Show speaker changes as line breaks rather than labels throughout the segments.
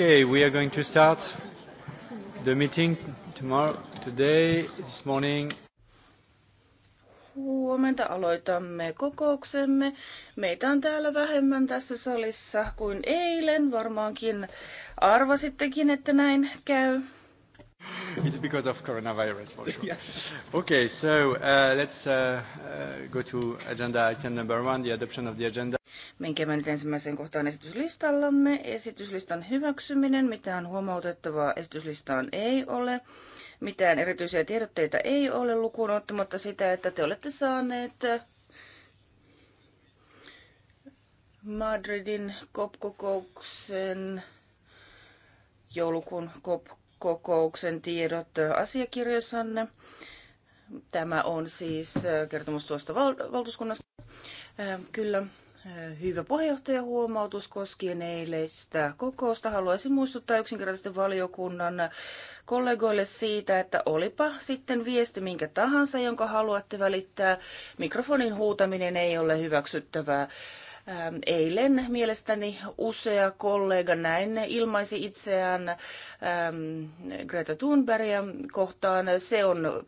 Okay, we are going to start the meeting tomorrow, today, this morning.
Huomenta aloitamme kokouksemme. Meitä on täällä vähemmän tässä salissa kuin eilen. Varmaankin arvasittekin, että näin käy.
It's because of coronavirus for sure. Okay, so uh, let's uh, uh, go to agenda item number one, the adoption of the agenda. Menkäämme nyt ensimmäiseen kohtaan esityslistallamme. Esityslistan
hyväksyminen. Mitään huomautettavaa esityslistaan ei ole. Mitään erityisiä tiedotteita ei ole lukuun ottamatta sitä, että te olette saaneet Madridin COP-kokouksen, joulukuun COP-kokouksen tiedot asiakirjoissanne. Tämä on siis kertomus tuosta valtuuskunnasta. Kyllä, hyvä puheenjohtaja huomautus koskien eilistä kokousta. Haluaisin muistuttaa yksinkertaisesti valiokunnan kollegoille siitä, että olipa sitten viesti minkä tahansa, jonka haluatte välittää. Mikrofonin huutaminen ei ole hyväksyttävää. Ähm, eilen mielestäni usea kollega näin ilmaisi itseään ähm, Greta Thunbergia kohtaan. Se on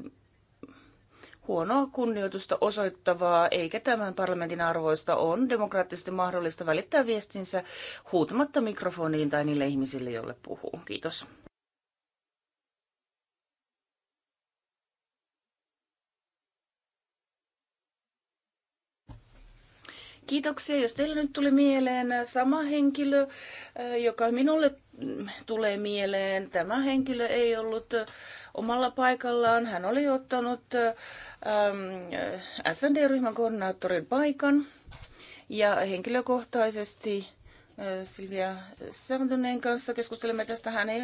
huonoa kunnioitusta osoittavaa, eikä tämän parlamentin arvoista on demokraattisesti mahdollista välittää viestinsä huutamatta mikrofoniin tai niille ihmisille, joille puhuu. Kiitos. Kiitoksia. Jos teillä nyt tuli mieleen sama henkilö, äh, joka minulle tulee mieleen, tämä henkilö ei ollut äh, omalla paikallaan. Hän oli ottanut äh, ähm, SND-ryhmän koordinaattorin paikan ja henkilökohtaisesti Silvia Savdonen kanssa keskustelimme tästä. Hän ei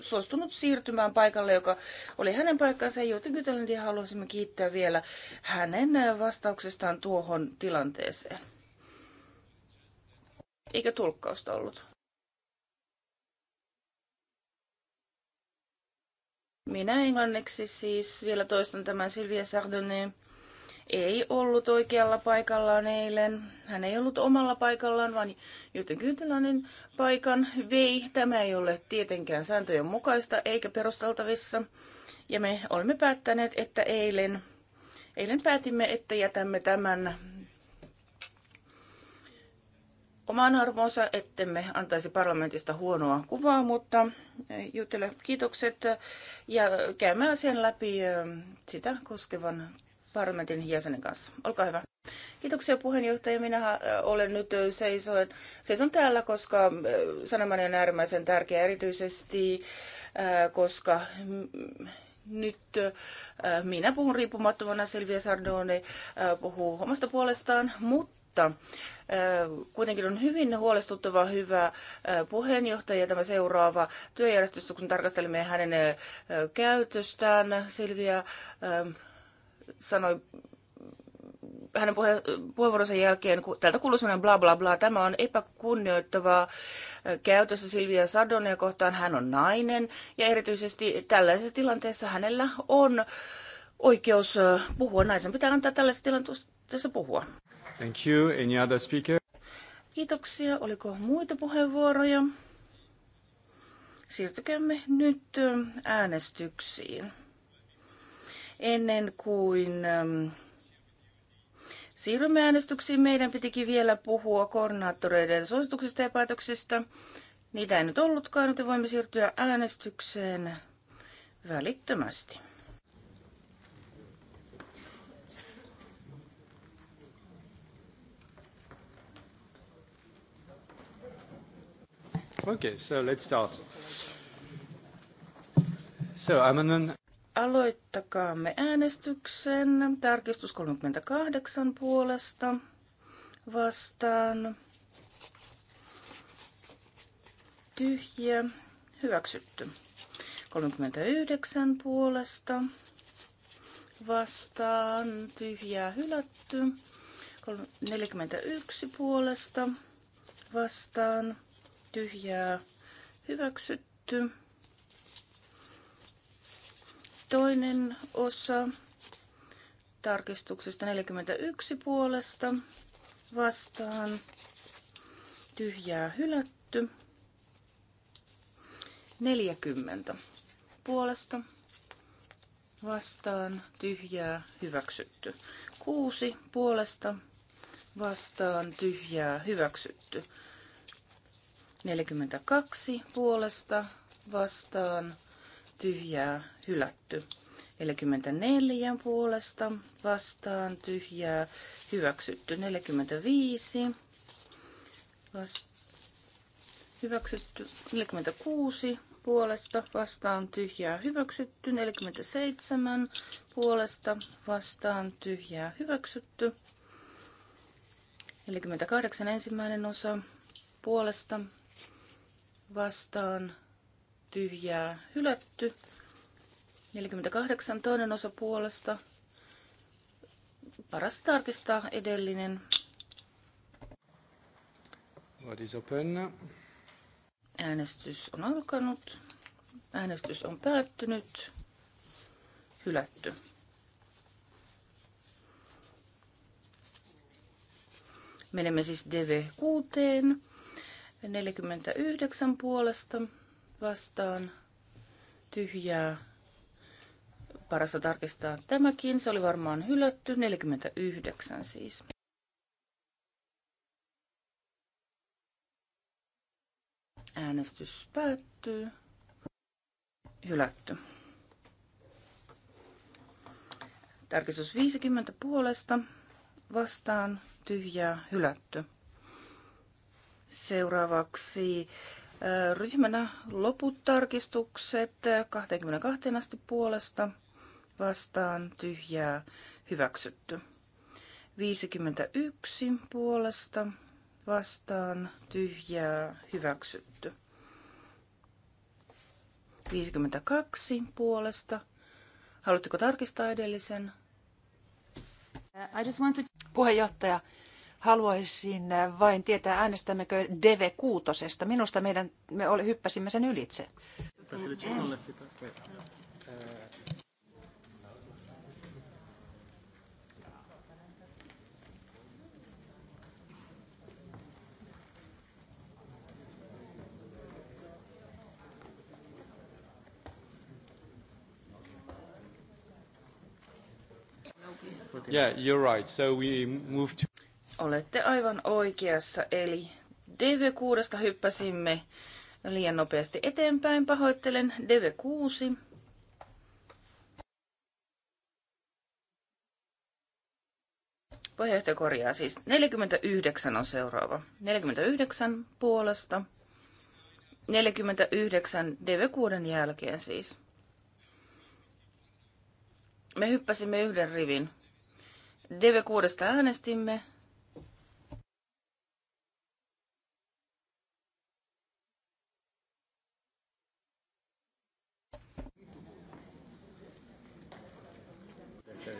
suostunut siirtymään paikalle, joka oli hänen paikkansa. Joten Gytelandia haluaisimme kiittää vielä hänen vastauksestaan tuohon tilanteeseen. Eikö tulkkausta ollut? Minä englanniksi siis vielä toistan tämän Silvia Sardone ei ollut oikealla paikallaan eilen. Hän ei ollut omalla paikallaan, vaan jotenkin tällainen paikan vei. Tämä ei ole tietenkään sääntöjen mukaista eikä perusteltavissa. Ja me olemme päättäneet, että eilen, eilen päätimme, että jätämme tämän oman arvonsa, ettemme antaisi parlamentista huonoa kuvaa, mutta eh, Jutille kiitokset ja käymme asian läpi eh, sitä koskevan parlamentin jäsenen kanssa. Olkaa hyvä. Kiitoksia puheenjohtaja. Minä eh, olen nyt seisoin, seison täällä, koska sanomani on äärimmäisen tärkeä erityisesti, koska nyt minä puhun riippumattomana, Silvia Sardone puhuu omasta puolestaan, mutta mutta kuitenkin on hyvin huolestuttava hyvä puheenjohtaja tämä seuraava työjärjestys, kun tarkastelimme hänen käytöstään. Silvia sanoi hänen puhe- puheenvuoronsa jälkeen, kun tältä kuuluu sellainen bla bla bla, tämä on epäkunnioittavaa käytössä Silvia Sadonia kohtaan, hän on nainen ja erityisesti tällaisessa tilanteessa hänellä on oikeus puhua. Naisen pitää antaa tällaisessa tilanteessa puhua.
Thank you. Any other speaker?
Kiitoksia. Oliko muita puheenvuoroja? Siirtykäämme nyt ähm, äänestyksiin. Ennen kuin ähm, siirrymme äänestyksiin, meidän pitikin vielä puhua koordinaattoreiden suosituksista ja päätöksistä. Niitä ei nyt ollutkaan, joten voimme siirtyä äänestykseen välittömästi. Aloittakaamme äänestyksen. Tarkistus 38 puolesta vastaan. Tyhjä. Hyväksytty. 39 puolesta vastaan. Tyhjää hylätty. 41 puolesta vastaan tyhjää hyväksytty. Toinen osa tarkistuksesta 41 puolesta vastaan tyhjää hylätty. 40 puolesta vastaan tyhjää hyväksytty. 6 puolesta vastaan tyhjää hyväksytty. 42 puolesta vastaan tyhjää hylätty. 44 puolesta vastaan tyhjää hyväksytty. 45 vastaan hyväksytty 46 puolesta vastaan tyhjää hyväksytty 47 puolesta vastaan tyhjää hyväksytty 48 ensimmäinen osa puolesta vastaan tyhjää hylätty. 48 toinen osa puolesta. Paras tarkistaa edellinen.
What is open? Äänestys on
alkanut. Äänestys on päättynyt. Hylätty. Menemme siis DV6. 49 puolesta vastaan tyhjää. Parasta tarkistaa tämäkin. Se oli varmaan hylätty. 49 siis. Äänestys päättyy. Hylätty. Tarkistus 50 puolesta vastaan tyhjää hylätty. Seuraavaksi ryhmänä loput tarkistukset 22 asti puolesta vastaan tyhjää hyväksytty. 51 puolesta vastaan tyhjää hyväksytty. 52 puolesta. Haluatteko tarkistaa edellisen? Uh, Puheenjohtaja,
Haluaisin äh, vain tietää, äänestämmekö DV6. Minusta meidän, me oli, hyppäsimme sen
ylitse.
Yeah, you're right. So we move to
Olette aivan oikeassa, eli DV6 hyppäsimme liian nopeasti eteenpäin. Pahoittelen DV6. Puheenjohtaja korjaa siis. 49 on seuraava. 49 puolesta. 49 DV6 jälkeen siis. Me hyppäsimme yhden rivin. DV6 äänestimme,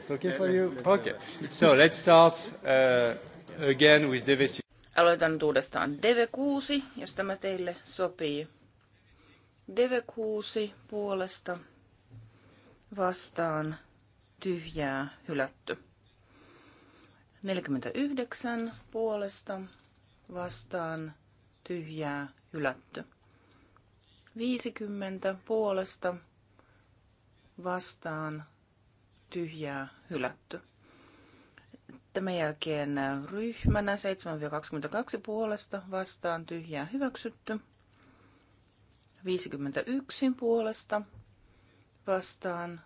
It's okay for you? Okay. So let's start uh, again with DV6. Aloitan nyt uudestaan.
DV6, jos tämä teille sopii. DV6 puolesta vastaan tyhjää hylätty. 49 puolesta vastaan tyhjää hylätty. 50 puolesta vastaan tyhjää hylätty. Tämän jälkeen ryhmänä 7-22 puolesta vastaan tyhjää hyväksytty. 51 puolesta vastaan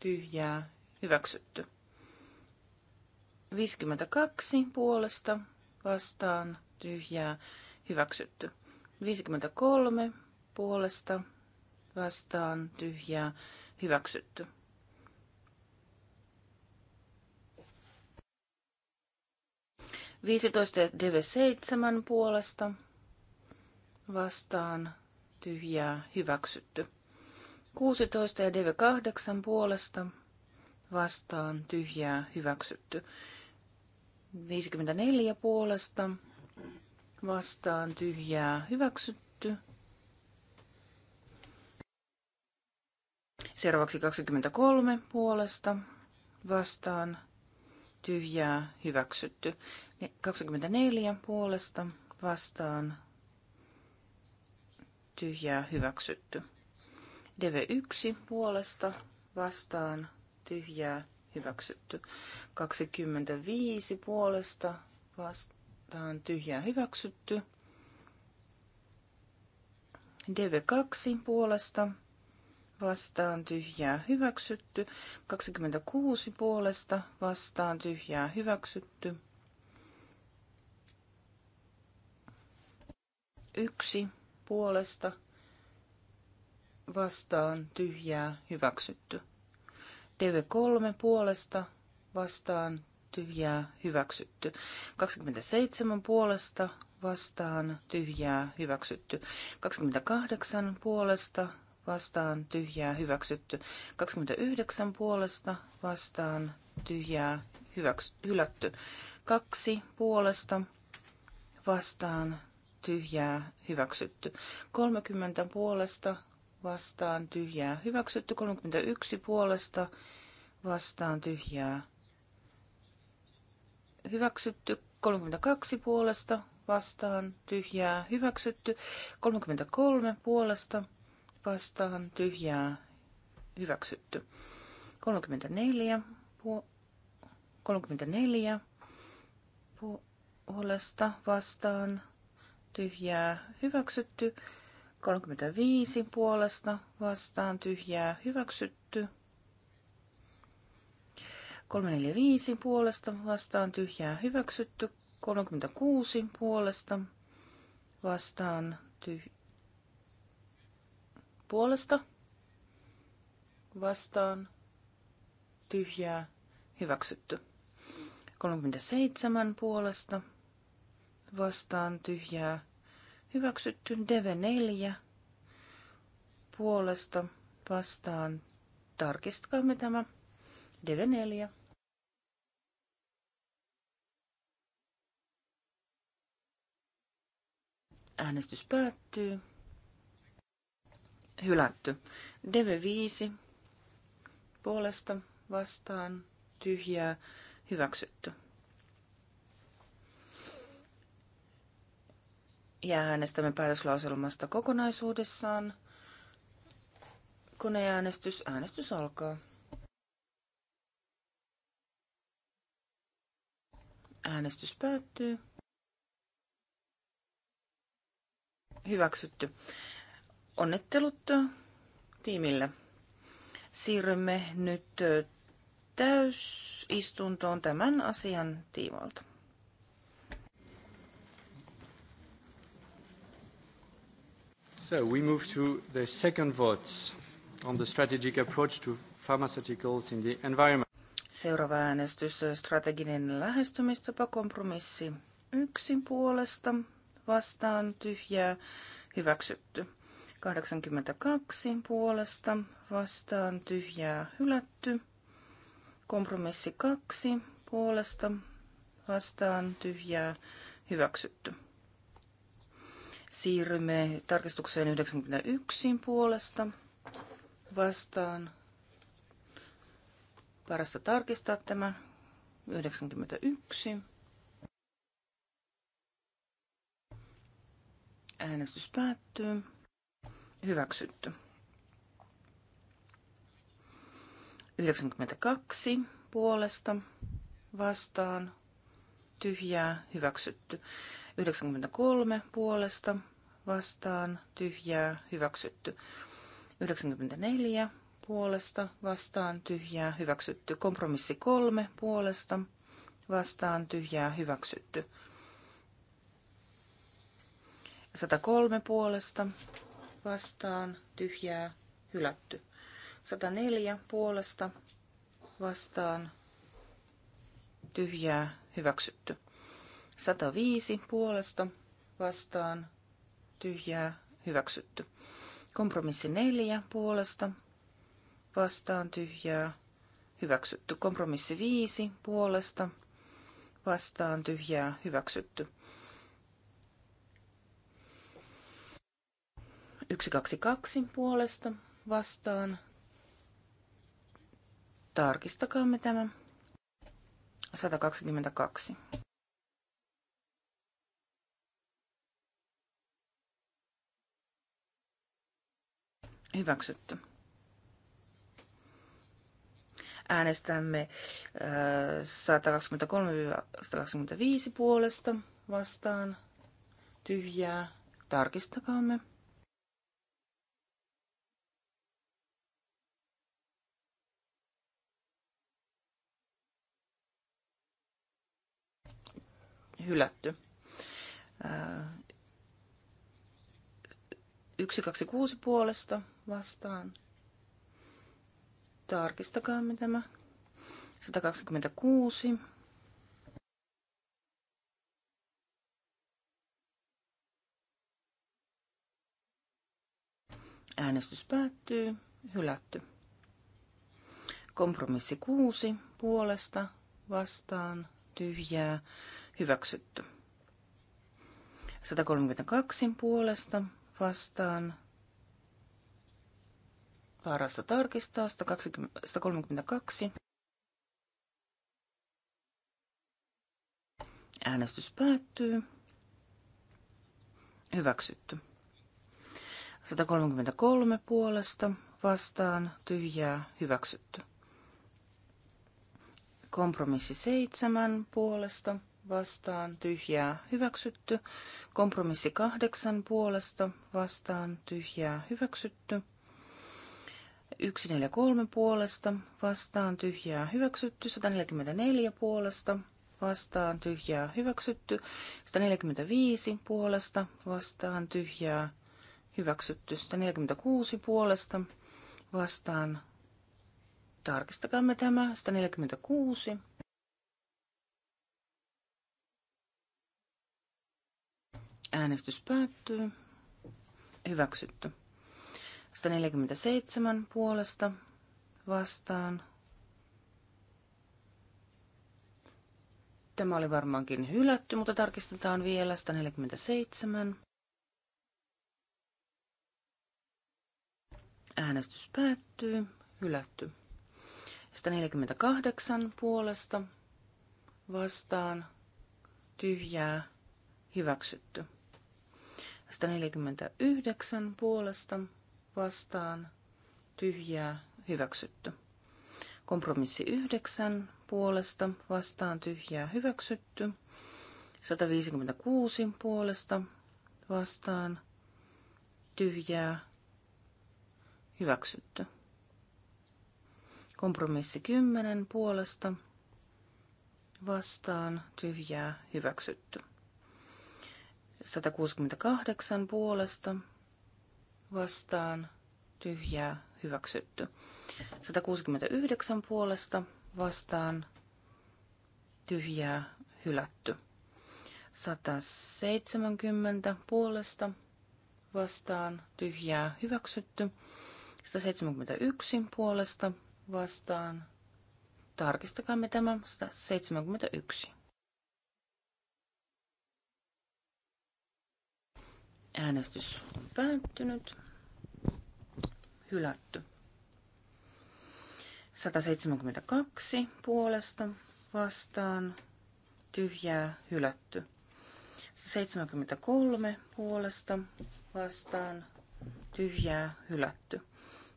tyhjää hyväksytty. 52 puolesta vastaan tyhjää hyväksytty. 53 puolesta vastaan tyhjää hyväksytty. 15 DV7 puolesta vastaan tyhjää hyväksytty. 16 ja DV8 puolesta vastaan tyhjää hyväksytty. 54 puolesta vastaan tyhjää hyväksytty. Seuraavaksi 23 puolesta vastaan tyhjää hyväksytty. 24 puolesta vastaan tyhjää hyväksytty. DV1 puolesta vastaan tyhjää hyväksytty. 25 puolesta vastaan tyhjää hyväksytty. DV2 puolesta vastaan tyhjää hyväksytty. 26 puolesta vastaan tyhjää hyväksytty. Yksi puolesta vastaan tyhjää hyväksytty. tv 3 puolesta vastaan tyhjää hyväksytty. 27 puolesta vastaan tyhjää hyväksytty. 28 puolesta vastaan tyhjää hyväksytty. 29 puolesta vastaan tyhjää hyväks, hylätty. 2 puolesta vastaan tyhjää hyväksytty. 30 puolesta vastaan tyhjää hyväksytty. 31 puolesta vastaan tyhjää hyväksytty. 32 puolesta vastaan tyhjää hyväksytty. 33 puolesta vastaan tyhjää hyväksytty. 34, pu- 34 puolesta vastaan tyhjää hyväksytty. 35 puolesta vastaan tyhjää hyväksytty. 345 puolesta vastaan tyhjää hyväksytty. 36 puolesta vastaan tyhjää puolesta vastaan tyhjää hyväksytty. 37 puolesta vastaan tyhjää hyväksytty. Deve 4 puolesta vastaan tarkistakaamme tämä Deve 4 Äänestys päättyy hylätty. DV5 puolesta vastaan tyhjää hyväksytty. Ja äänestämme päätöslauselmasta kokonaisuudessaan. Koneäänestys, äänestys alkaa. Äänestys päättyy. Hyväksytty. Onnittelut tiimille. Siirrymme nyt täysistuntoon tämän asian tiimoilta.
So we move to the second vote on the strategic approach to pharmaceuticals in the environment.
Seuraava äänestys, strateginen lähestymistapa, kompromissi. Yksin puolesta, vastaan, tyhjää, hyväksytty. 82 puolesta vastaan tyhjää hylätty. Kompromissi 2 puolesta vastaan tyhjää hyväksytty. Siirrymme tarkistukseen 91 puolesta vastaan. Parasta tarkistaa tämä 91. Äänestys päättyy hyväksytty. 92 puolesta vastaan tyhjää hyväksytty. 93 puolesta vastaan tyhjää hyväksytty. 94 puolesta vastaan tyhjää hyväksytty. Kompromissi 3 puolesta vastaan tyhjää hyväksytty. 103 puolesta vastaan tyhjää hylätty. 104 puolesta vastaan tyhjää hyväksytty. 105 puolesta vastaan tyhjää hyväksytty. Kompromissi 4 puolesta vastaan tyhjää hyväksytty. Kompromissi 5 puolesta vastaan tyhjää hyväksytty. 122 puolesta vastaan. Tarkistakaamme tämä. 122. Hyväksytty. Äänestämme 123-125 äh, puolesta vastaan tyhjää. Tarkistakaamme. hylätty. Äh, kuusi puolesta vastaan. me tämä. 126. Äänestys päättyy. Hylätty. Kompromissi 6 puolesta vastaan tyhjää hyväksytty. 132 puolesta vastaan. Vaarasta tarkistaa 132. Äänestys päättyy. Hyväksytty. 133 puolesta vastaan tyhjää hyväksytty. Kompromissi 7 puolesta vastaan tyhjää hyväksytty. Kompromissi kahdeksan puolesta vastaan tyhjää hyväksytty. 143 puolesta vastaan tyhjää hyväksytty. 144 puolesta vastaan tyhjää hyväksytty. 145 puolesta vastaan tyhjää hyväksytty. 146 puolesta vastaan. Tarkistakaamme tämä. 146. Äänestys päättyy. Hyväksytty. 147 puolesta vastaan. Tämä oli varmaankin hylätty, mutta tarkistetaan vielä 147. Äänestys päättyy. Hylätty. 148 puolesta vastaan. Tyhjää. Hyväksytty. 149 puolesta vastaan tyhjää hyväksytty. Kompromissi 9 puolesta vastaan tyhjää hyväksytty. 156 puolesta vastaan tyhjää hyväksytty. Kompromissi 10 puolesta vastaan tyhjää hyväksytty. 168 puolesta vastaan tyhjää hyväksytty. 169 puolesta vastaan tyhjää hylätty. 170 puolesta vastaan tyhjää hyväksytty. 171 puolesta vastaan. me tämä 171. Äänestys on päättynyt. Hylätty. 172 puolesta vastaan tyhjää hylätty. 173 puolesta vastaan tyhjää hylätty.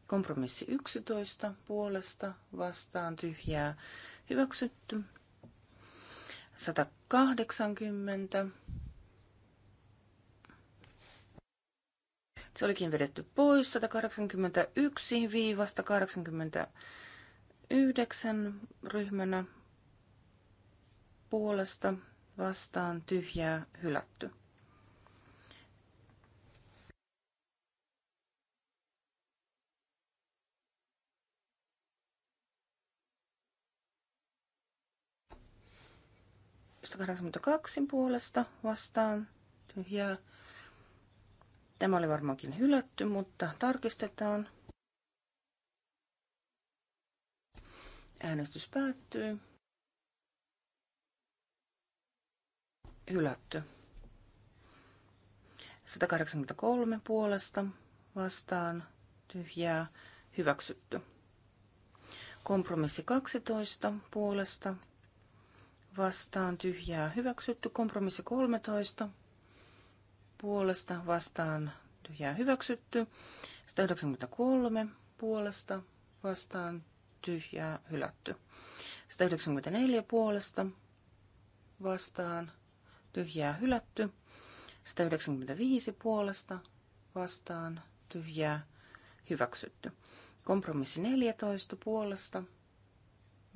Kompromissi 11 puolesta vastaan tyhjää hyväksytty. 180 Se olikin vedetty pois 181-89 ryhmänä puolesta vastaan tyhjää hylätty. puolesta puolesta vastaan tyhjää Tämä oli varmaankin hylätty, mutta tarkistetaan. Äänestys päättyy. Hylätty. 183 puolesta vastaan tyhjää hyväksytty. Kompromissi 12 puolesta vastaan tyhjää hyväksytty. Kompromissi 13 puolesta vastaan tyhjää hyväksytty. 193 puolesta vastaan tyhjää hylätty. 194 puolesta vastaan tyhjää hylätty. 195 puolesta vastaan tyhjää hyväksytty. Kompromissi 14 puolesta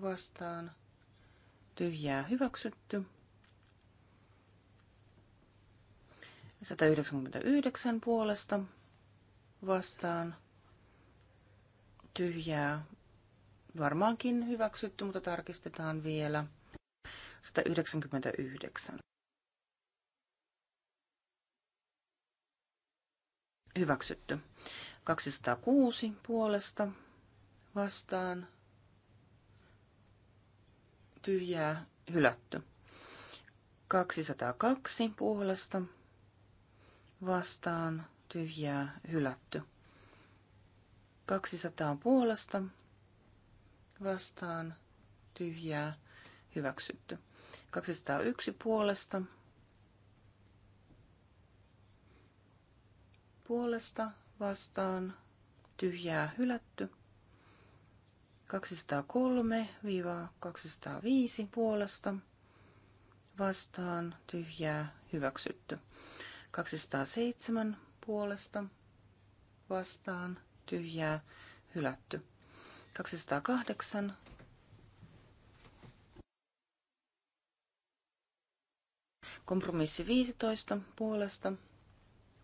vastaan tyhjää hyväksytty. 199 puolesta vastaan tyhjää varmaankin hyväksytty, mutta tarkistetaan vielä 199. Hyväksytty. 206 puolesta vastaan tyhjää hylätty. 202 puolesta vastaan tyhjää hylätty. 200 puolesta vastaan tyhjää hyväksytty. 201 puolesta puolesta vastaan tyhjää hylätty. 203-205 puolesta vastaan tyhjää hyväksytty. 207 puolesta vastaan tyhjää hylätty. 208 Kompromissi 15 puolesta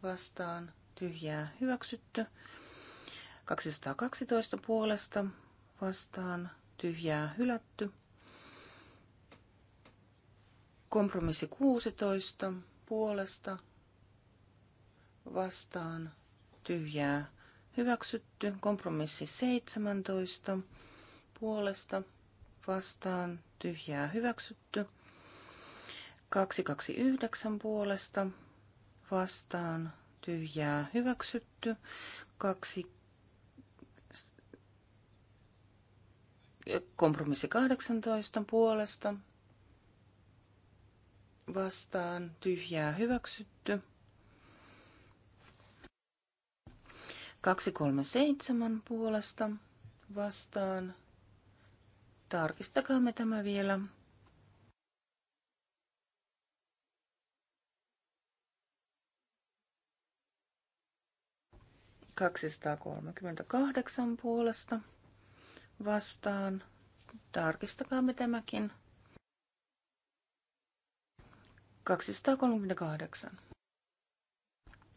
vastaan tyhjää hyväksytty. 212 puolesta vastaan tyhjää hylätty. Kompromissi 16 puolesta vastaan tyhjää hyväksytty. Kompromissi 17 puolesta vastaan tyhjää hyväksytty. 229 puolesta vastaan tyhjää hyväksytty. 2 kompromissi 18 puolesta vastaan tyhjää hyväksytty. 237 puolesta vastaan. Tarkistakaamme tämä vielä. kahdeksan puolesta vastaan. Tarkistakaamme tämäkin. 238.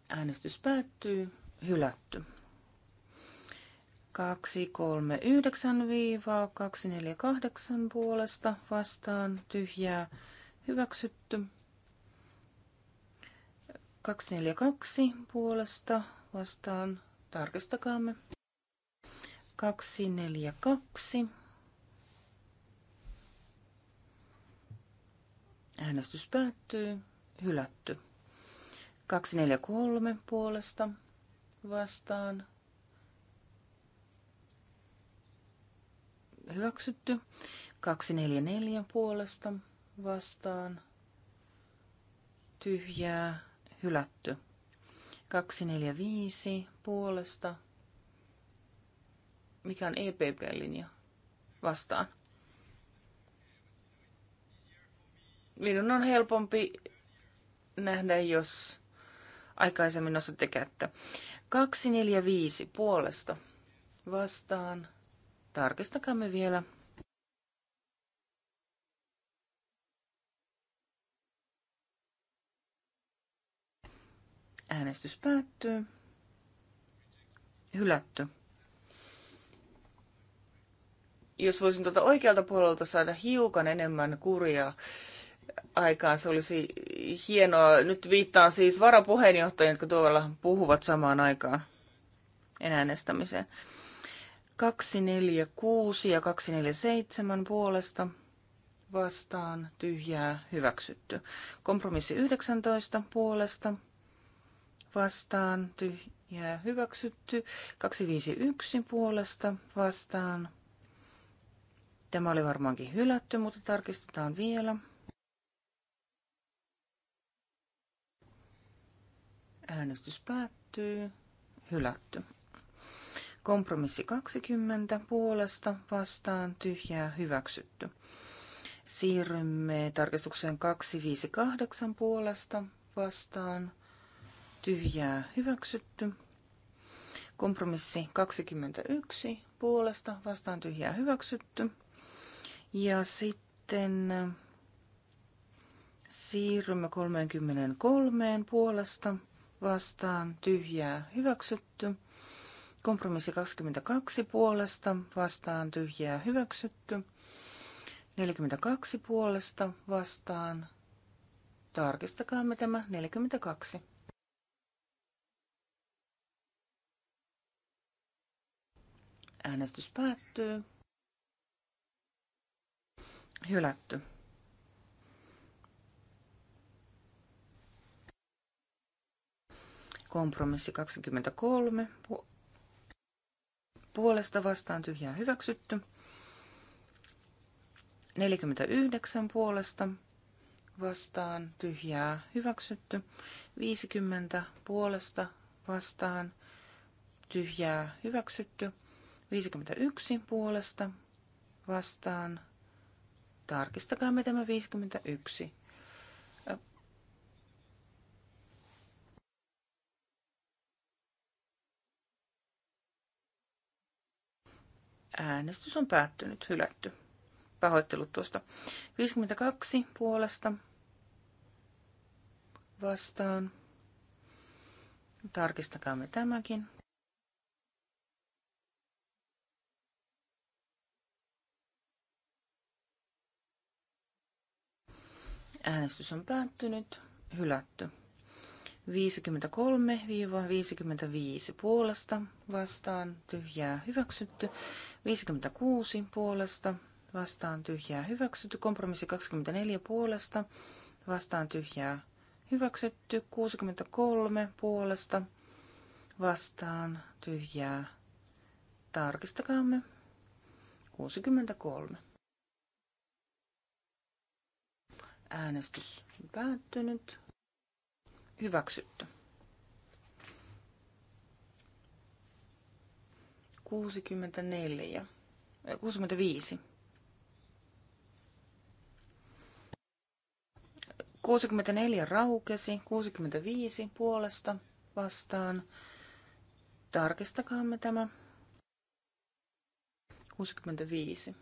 Äänestys päättyy hylätty. 239-248 puolesta vastaan tyhjää hyväksytty. 242 puolesta vastaan tarkistakaamme. 242. Äänestys päättyy. Hylätty. 243 puolesta vastaan hyväksytty. 244 puolesta vastaan tyhjää hylätty. 245 puolesta. Mikä on EPP-linja? Vastaan. Minun on helpompi nähdä, jos aikaisemmin nostitte kättä. 245 puolesta vastaan. Tarkistakaamme vielä. Äänestys päättyy. Hylätty. Jos voisin tuota oikealta puolelta saada hiukan enemmän kuria aikaan. Se olisi hienoa. Nyt viittaan siis varapuheenjohtajien, jotka tuolla puhuvat samaan aikaan enäänestämiseen. 246 ja 247 puolesta vastaan tyhjää hyväksytty. Kompromissi 19 puolesta vastaan tyhjää hyväksytty. 251 puolesta vastaan. Tämä oli varmaankin hylätty, mutta tarkistetaan vielä. Äänestys päättyy. Hylätty. Kompromissi 20 puolesta vastaan tyhjää hyväksytty. Siirrymme tarkistukseen 258 puolesta vastaan tyhjää hyväksytty. Kompromissi 21 puolesta vastaan tyhjää hyväksytty. Ja sitten siirrymme 33 puolesta vastaan tyhjää hyväksytty. Kompromissi 22 puolesta vastaan tyhjää hyväksytty. 42 puolesta vastaan. Tarkistakaamme tämä 42. Äänestys päättyy. Hylätty. Kompromissi 23. Puolesta vastaan tyhjää hyväksytty. 49 puolesta vastaan tyhjää hyväksytty. 50 puolesta vastaan tyhjää hyväksytty. 51 puolesta vastaan. Tarkistakaa me tämä 51. Äänestys on päättynyt, hylätty. Pahoittelut tuosta. 52 puolesta vastaan. Tarkistakaamme tämäkin. Äänestys on päättynyt, hylätty. 53-55 puolesta vastaan tyhjää hyväksytty. 56 puolesta vastaan tyhjää hyväksytty. Kompromissi 24 puolesta vastaan tyhjää hyväksytty. 63 puolesta vastaan tyhjää. Tarkistakaamme. 63. Äänestys päättynyt. Hyväksytty. 64, 65. 64 raukesi, 65 puolesta vastaan. Tarkistakaamme tämä. 65.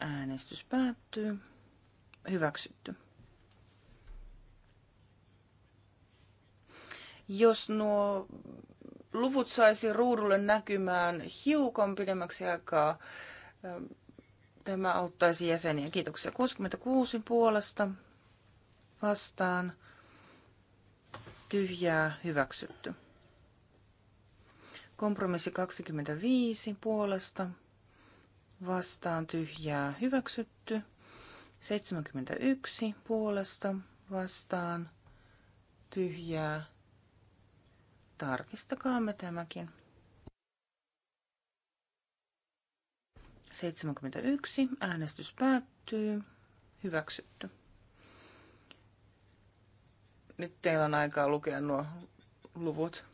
Äänestys päättyy. Hyväksytty. Jos nuo luvut saisi ruudulle näkymään hiukan pidemmäksi aikaa, tämä auttaisi jäseniä. Kiitoksia. 66 puolesta vastaan. Tyhjää hyväksytty. Kompromissi 25 puolesta vastaan tyhjää hyväksytty. 71 puolesta vastaan tyhjää Tarkistakaamme tämäkin. 71. Äänestys päättyy. Hyväksytty. Nyt teillä on aikaa lukea nuo luvut.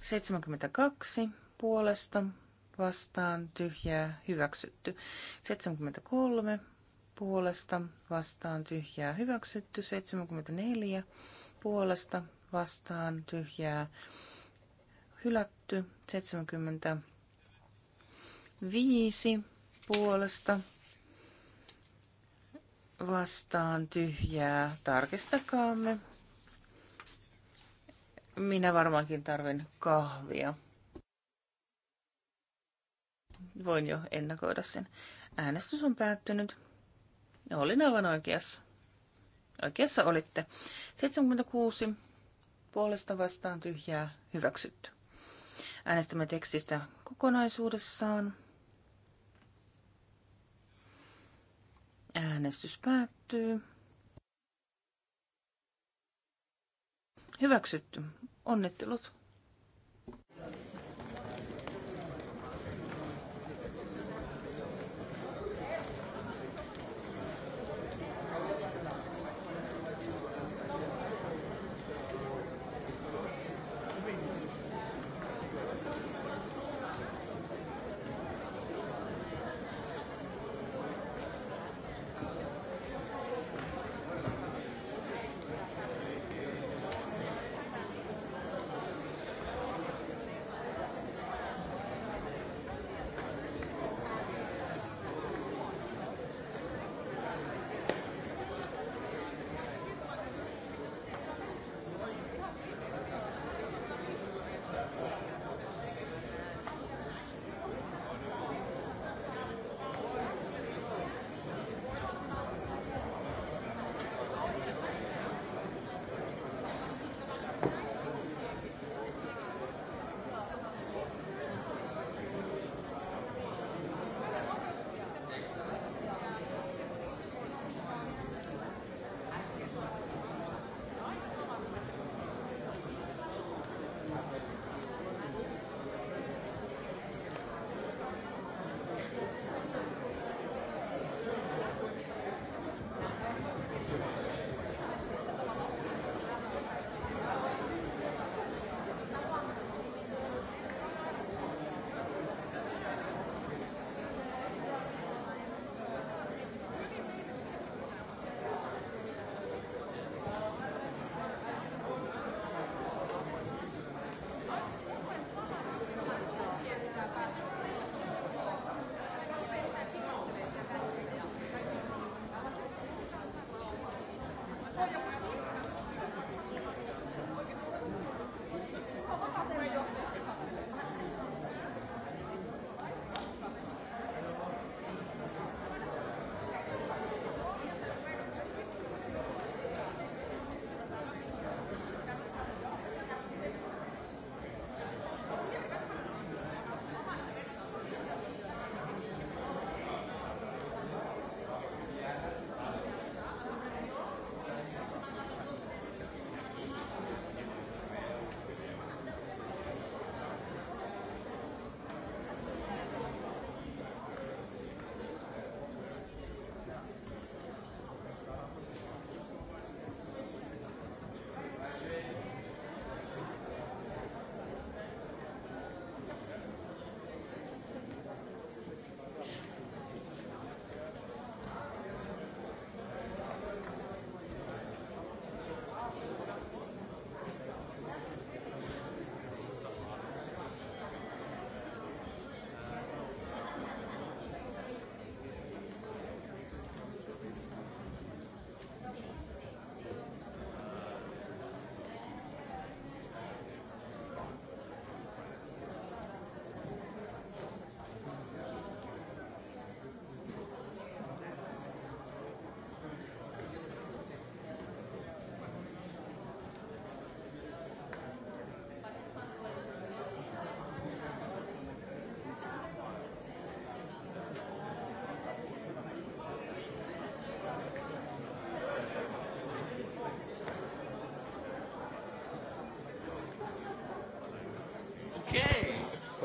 72 puolesta vastaan tyhjää hyväksytty. 73 puolesta vastaan tyhjää hyväksytty. 74 puolesta vastaan tyhjää hylätty 75 puolesta vastaan tyhjää. Tarkistakaamme. Minä varmaankin tarvin kahvia. Voin jo ennakoida sen. Äänestys on päättynyt. Olin aivan oikeassa. Oikeassa olitte. 76 puolesta vastaan tyhjää hyväksytty. Äänestämme tekstistä kokonaisuudessaan. Äänestys päättyy. Hyväksytty. Onnittelut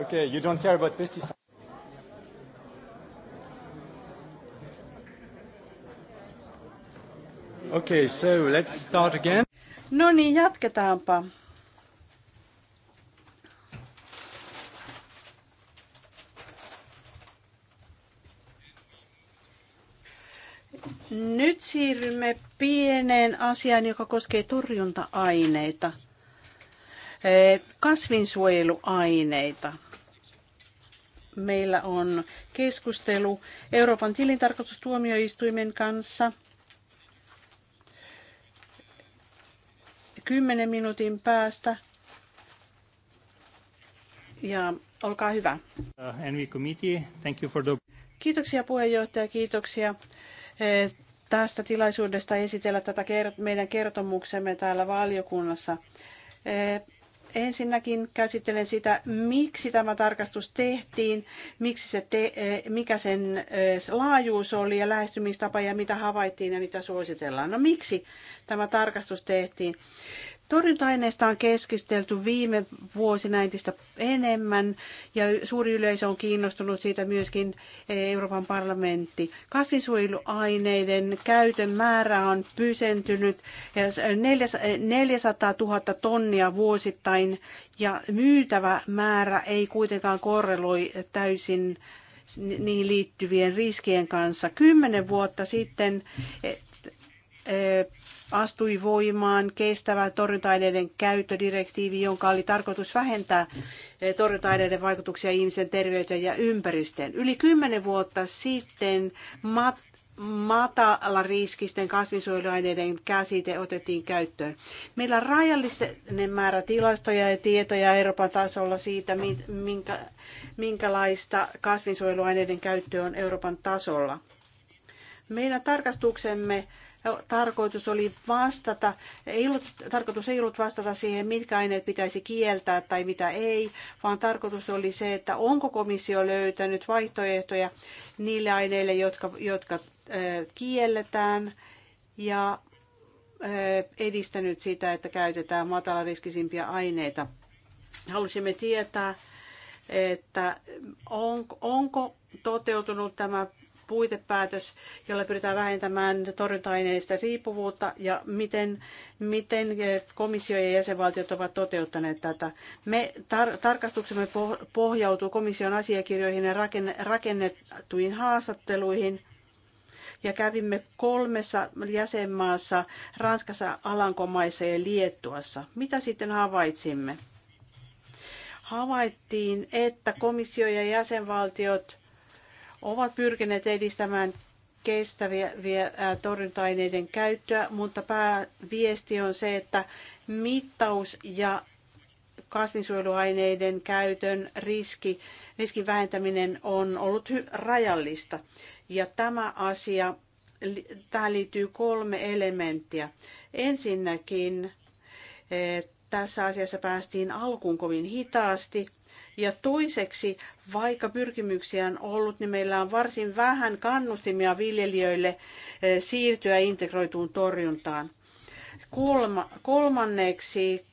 Okay, you don't care about pesticides. Okay, so let's start again.
No niin, jatketaanpa. Nyt siirrymme pieneen asiaan, joka koskee torjunta-aineita, eh, kasvinsuojeluaineita meillä on keskustelu Euroopan tilintarkastustuomioistuimen kanssa. Kymmenen minuutin päästä. Ja olkaa hyvä. Uh, kiitoksia puheenjohtaja, kiitoksia eh, tästä tilaisuudesta esitellä tätä meidän kertomuksemme täällä valiokunnassa. Eh, Ensinnäkin käsittelen sitä, miksi tämä tarkastus tehtiin, miksi se te, eh, mikä sen eh, laajuus oli ja lähestymistapa ja mitä havaittiin ja mitä suositellaan. No miksi tämä tarkastus tehtiin? Torjunta-aineista on keskusteltu viime vuosina entistä enemmän ja suuri yleisö on kiinnostunut siitä myöskin eh, Euroopan parlamentti. Kasvinsuojeluaineiden käytön määrä on pysentynyt 400 000 tonnia vuosittain ja myytävä määrä ei kuitenkaan korreloi täysin niihin liittyvien riskien kanssa. Kymmenen vuotta sitten eh, eh, astui voimaan kestävä torjunta-aineiden käyttödirektiivi, jonka oli tarkoitus vähentää eh, torjunta-aineiden vaikutuksia ihmisen terveyteen ja ympäristöön. Yli kymmenen vuotta sitten mat- matalariskisten kasvinsuojeluaineiden käsite otettiin käyttöön. Meillä on rajallinen määrä tilastoja ja tietoja Euroopan tasolla siitä, minkä, minkälaista kasvinsuojeluaineiden käyttö on Euroopan tasolla. Meidän tarkastuksemme tarkoitus oli vastata, ei ollut, tarkoitus ei ollut vastata siihen, mitkä aineet pitäisi kieltää tai mitä ei, vaan tarkoitus oli se, että onko komissio löytänyt vaihtoehtoja niille aineille, jotka, jotka äh, kielletään ja äh, edistänyt sitä, että käytetään matalariskisimpiä aineita. Halusimme tietää, että on, onko toteutunut tämä puitepäätös, jolla pyritään vähentämään torjunta aineista riippuvuutta ja miten, miten komissio ja jäsenvaltiot ovat toteuttaneet tätä. Me tar- tarkastuksemme pohjautuu komission asiakirjoihin ja rakenne- rakennettuihin haastatteluihin ja kävimme kolmessa jäsenmaassa, Ranskassa, Alankomaissa ja Liettuassa. Mitä sitten havaitsimme? Havaittiin, että komissio ja jäsenvaltiot ovat pyrkineet edistämään kestäviä torjunta-aineiden käyttöä, mutta pääviesti on se, että mittaus ja kasvinsuojeluaineiden käytön riski, riskin vähentäminen on ollut rajallista. Ja tämä asia, tähän liittyy kolme elementtiä. Ensinnäkin eh, tässä asiassa päästiin alkuun kovin hitaasti ja toiseksi, vaikka pyrkimyksiä on ollut, niin meillä on varsin vähän kannustimia viljelijöille eh, siirtyä integroituun torjuntaan. Kolma, kolmanneksi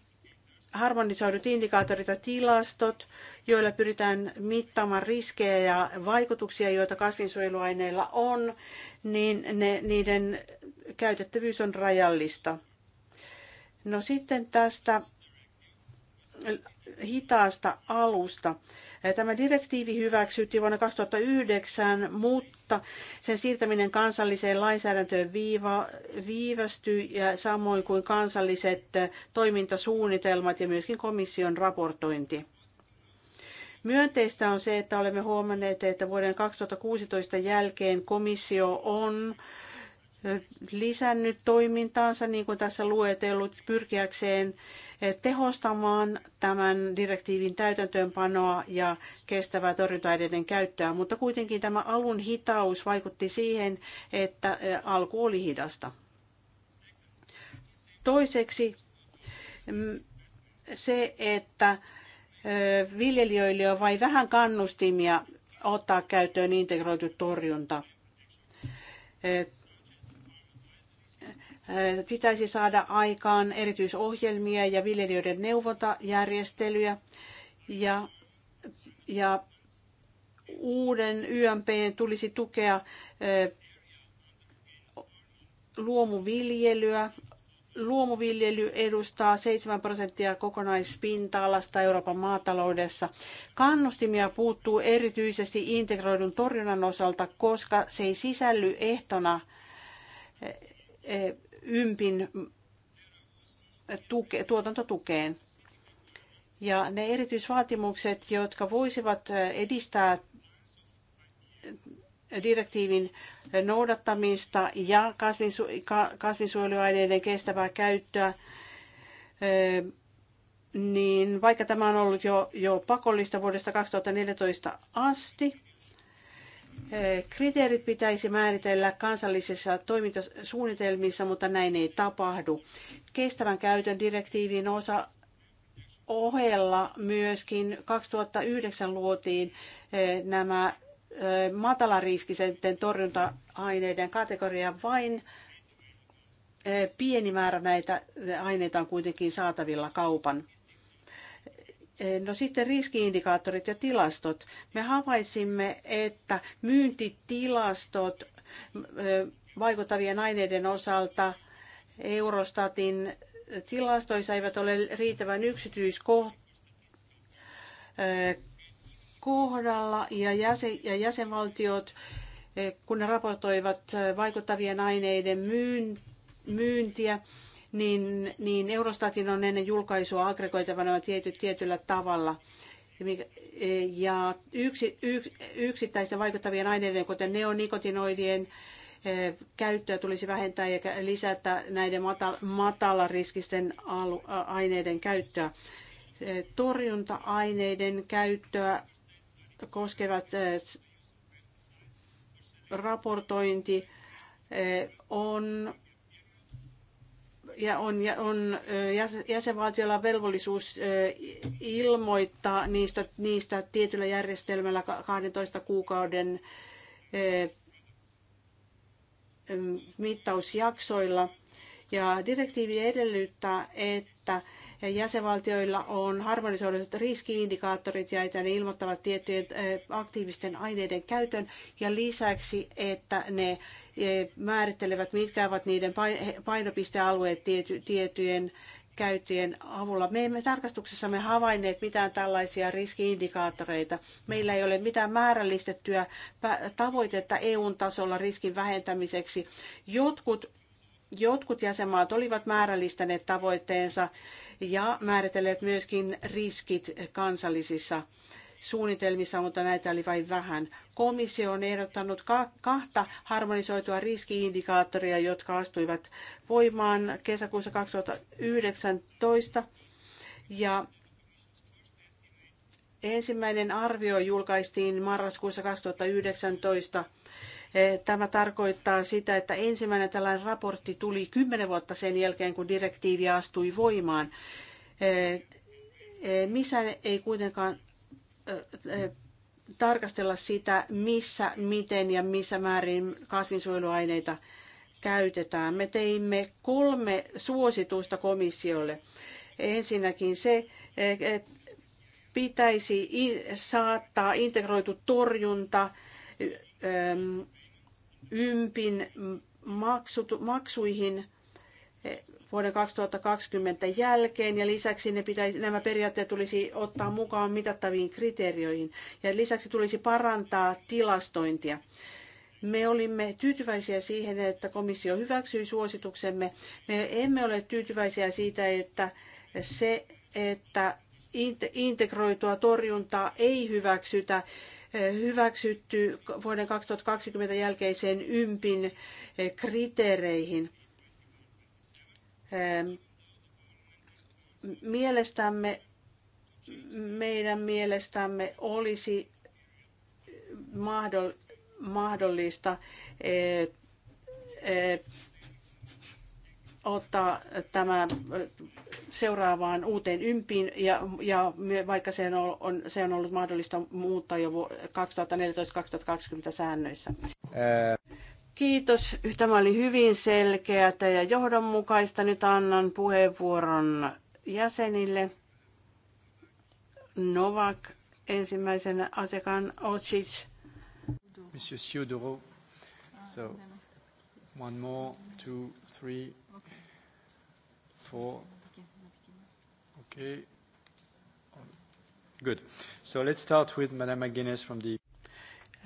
harmonisoidut indikaatorit ja tilastot, joilla pyritään mittaamaan riskejä ja vaikutuksia, joita kasvinsuojeluaineilla on, niin ne, niiden käytettävyys on rajallista. No sitten tästä hitaasta alusta. Tämä direktiivi hyväksyttiin vuonna 2009, mutta sen siirtäminen kansalliseen lainsäädäntöön viiva, viivästyi ja samoin kuin kansalliset toimintasuunnitelmat ja myöskin komission raportointi. Myönteistä on se, että olemme huomanneet, että vuoden 2016 jälkeen komissio on lisännyt toimintaansa, niin kuin tässä luetellut, pyrkiäkseen tehostamaan tämän direktiivin täytäntöönpanoa ja kestävää torjuntaaineiden käyttöä, mutta kuitenkin tämä alun hitaus vaikutti siihen, että alku oli hidasta. Toiseksi mm, se, että viljelijöille on vain vähän kannustimia ottaa käyttöön integroitu torjunta Pitäisi saada aikaan erityisohjelmia ja viljelijöiden neuvontajärjestelyjä ja, ja uuden YMP tulisi tukea luomuviljelyä. Luomuviljely edustaa 7 prosenttia kokonaispinta-alasta Euroopan maataloudessa. Kannustimia puuttuu erityisesti integroidun torjunnan osalta, koska se ei sisälly ehtona ympin tuke, tuotantotukeen. Ja ne erityisvaatimukset, jotka voisivat edistää direktiivin noudattamista ja kasvinsuojeluaineiden kestävää käyttöä, niin vaikka tämä on ollut jo, jo pakollista vuodesta 2014 asti, Kriteerit pitäisi määritellä kansallisissa toimintasuunnitelmissa, mutta näin ei tapahdu. Kestävän käytön direktiivin osa ohella myöskin 2009 luotiin nämä matalariskisenten torjunta-aineiden kategoria vain pieni määrä näitä aineita on kuitenkin saatavilla kaupan No sitten riskiindikaattorit ja tilastot. Me havaitsimme, että myyntitilastot vaikuttavien aineiden osalta Eurostatin tilastoissa eivät ole riittävän yksityiskohdalla ja, jäsen, ja jäsenvaltiot, kun ne raportoivat vaikuttavien aineiden myyntiä, niin, niin Eurostatin on ennen julkaisua noin tiety, tietyllä tavalla. Ja e, yksi, yks, yksittäisten vaikuttavien aineiden, kuten neonikotinoidien, e, käyttöä tulisi vähentää ja lisätä näiden matal- matalariskisten aineiden käyttöä. E, torjunta-aineiden käyttöä koskevat raportointi on ja on, on jäsenvaltiolla velvollisuus ilmoittaa niistä, niistä tietyllä järjestelmällä 12 kuukauden mittausjaksoilla. Ja direktiivi edellyttää, että jäsenvaltioilla on harmonisoidut riskiindikaattorit, että ne ilmoittavat tiettyjen aktiivisten aineiden käytön ja lisäksi, että ne määrittelevät, mitkä ovat niiden painopistealueet tiettyjen käyttöjen avulla. Me emme tarkastuksessamme havainneet mitään tällaisia riskiindikaattoreita. Meillä ei ole mitään määrällistettyä tavoitetta EUn tasolla riskin vähentämiseksi. Jotkut Jotkut jäsenmaat olivat määrällistäneet tavoitteensa ja määritelleet myöskin riskit kansallisissa suunnitelmissa, mutta näitä oli vain vähän. Komissio on ehdottanut kahta harmonisoitua riskiindikaattoria, jotka astuivat voimaan kesäkuussa 2019. Ja ensimmäinen arvio julkaistiin marraskuussa 2019 Tämä tarkoittaa sitä, että ensimmäinen tällainen raportti tuli kymmenen vuotta sen jälkeen, kun direktiivi astui voimaan. missä ei kuitenkaan tarkastella sitä, missä, miten ja missä määrin kasvinsuojeluaineita käytetään. Me teimme kolme suositusta komissiolle. Ensinnäkin se, että pitäisi saattaa integroitu torjunta ympin maksut, maksuihin eh, vuoden 2020 jälkeen ja lisäksi ne pitäisi, nämä periaatteet tulisi ottaa mukaan mitattaviin kriteerioihin ja lisäksi tulisi parantaa tilastointia. Me olimme tyytyväisiä siihen, että komissio hyväksyi suosituksemme. Me emme ole tyytyväisiä siitä, että se, että integroitua torjuntaa ei hyväksytä hyväksytty vuoden 2020 jälkeiseen ympin eh, kriteereihin. Mielestämme, meidän mielestämme olisi mahdollista eh, eh, ottaa tämä seuraavaan uuteen ympiin, ja, ja vaikka se on, on, se on ollut mahdollista muuttaa jo 2014-2020 säännöissä. Kiitos. Tämä oli hyvin selkeää ja johdonmukaista. Nyt annan puheenvuoron jäsenille. Novak ensimmäisenä asiakkaan Ocic.
Monsieur Siodoro. So, one more, two, three, four. Okay. Good. So let's start with Madame McGuinness from the...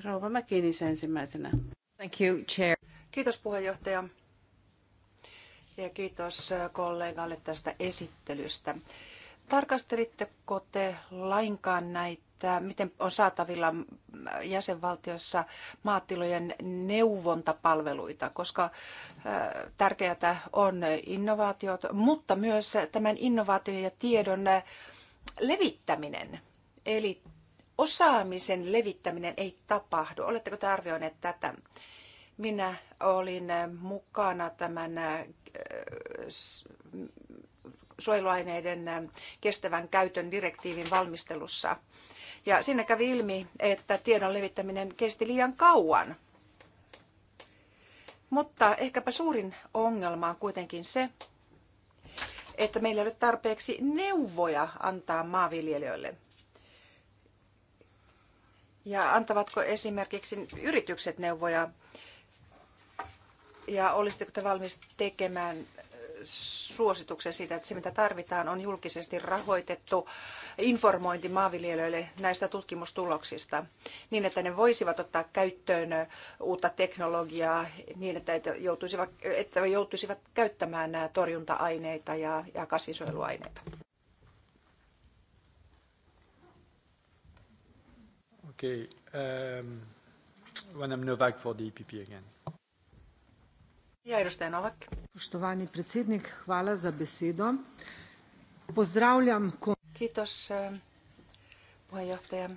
Rouva McGuinness ensimmäisenä. Thank you, Chair. Kiitos puheenjohtaja.
Ja kiitos äh, kollegalle tästä esittelystä. Tarkastelitteko te lainkaan näitä että miten on saatavilla jäsenvaltiossa maatilojen neuvontapalveluita, koska tärkeätä on innovaatiot, mutta myös tämän innovaation ja tiedon levittäminen. Eli osaamisen levittäminen ei tapahdu. Oletteko te arvioineet tätä? Minä olin mukana tämän suojeluaineiden kestävän käytön direktiivin valmistelussa. Ja sinne kävi ilmi, että tiedon levittäminen kesti liian kauan. Mutta ehkäpä suurin ongelma on kuitenkin se, että meillä ei ole tarpeeksi neuvoja antaa maanviljelijöille. Ja antavatko esimerkiksi yritykset neuvoja ja olisitteko te valmis tekemään suosituksen siitä, että se mitä tarvitaan on julkisesti rahoitettu informointi maanviljelijöille näistä tutkimustuloksista niin, että ne voisivat ottaa käyttöön uutta teknologiaa niin, että joutuisivat, että joutuisivat käyttämään nämä torjunta-aineita ja, ja kasvinsuojeluaineita.
Okay. Um, ähm, Novak for the EPP again.
Ja edustaja Novak. Poštovani predsjednik, hvala za besedo. Pozdravljam... Kiitos eh, puheenjohtaja.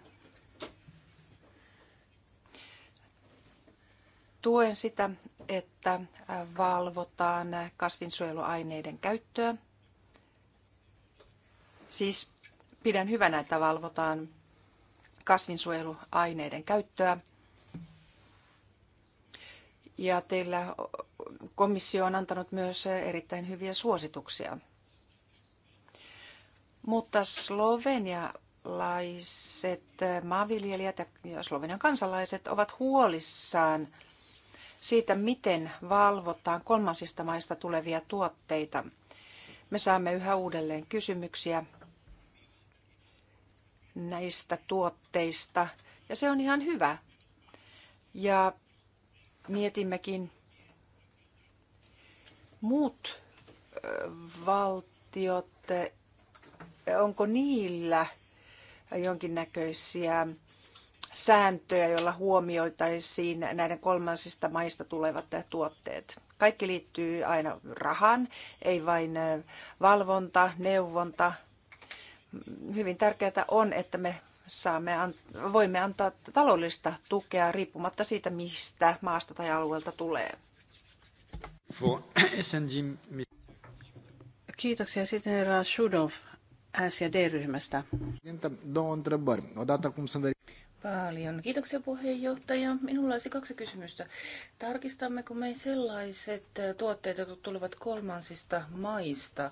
Tuen sitä, että eh, valvotaan eh, kasvinsuojeluaineiden käyttöä. Siis pidän hyvänä, että valvotaan kasvinsuojeluaineiden käyttöä. Ja teillä komissio on antanut myös erittäin hyviä suosituksia. Mutta slovenialaiset maanviljelijät ja Slovenian kansalaiset ovat huolissaan siitä, miten valvotaan kolmansista maista tulevia tuotteita. Me saamme yhä uudelleen kysymyksiä näistä tuotteista ja se on ihan hyvä. Ja mietimmekin, muut valtiot, onko niillä jonkinnäköisiä sääntöjä, joilla huomioitaisiin näiden kolmansista maista tulevat tuotteet? Kaikki liittyy aina rahaan, ei vain valvonta, neuvonta. Hyvin tärkeää on, että me saamme, voimme antaa taloudellista tukea riippumatta siitä, mistä maasta tai alueelta tulee.
For
Kiitoksia sitten herra Shudov sd ryhmästä Paljon.
Kiitoksia puheenjohtaja. Minulla olisi kaksi kysymystä. Tarkistammeko me sellaiset tuotteet, jotka tulevat kolmansista maista?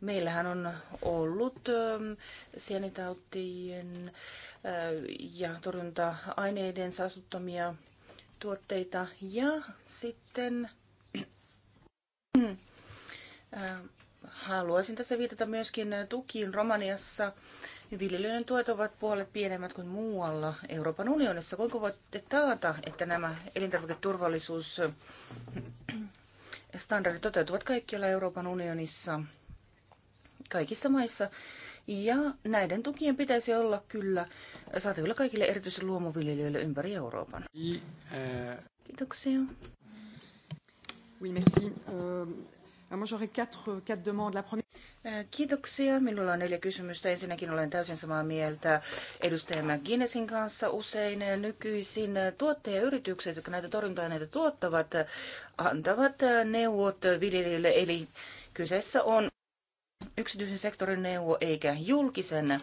Meillähän on ollut ähm, sienitautien äh, ja torjunta-aineiden saastuttamia tuotteita ja sitten Haluaisin tässä viitata myöskin tukiin Romaniassa. Viljelyiden tuet ovat puolet pienemmät kuin muualla Euroopan unionissa. Kuinka voitte taata, että nämä elintarviketurvallisuusstandardit toteutuvat kaikkialla Euroopan unionissa, kaikissa maissa? Ja näiden tukien pitäisi olla kyllä saatavilla kaikille erityisesti luomuviljelijöille ympäri Euroopan. Eh, Kiitoksia. Oui, merci. Euh, moi, j'aurais quatre, quatre demandes. La première... Äh, kiitoksia. Minulla on neljä kysymystä. Ensinnäkin olen täysin samaa mieltä edustaja McGuinnessin kanssa. Usein äh, nykyisin äh, tuottajayritykset, jotka näitä torjunta-aineita tuottavat, antavat neuvot viljelijöille. Eli kyseessä on yksityisen sektorin neuvo eikä julkisen.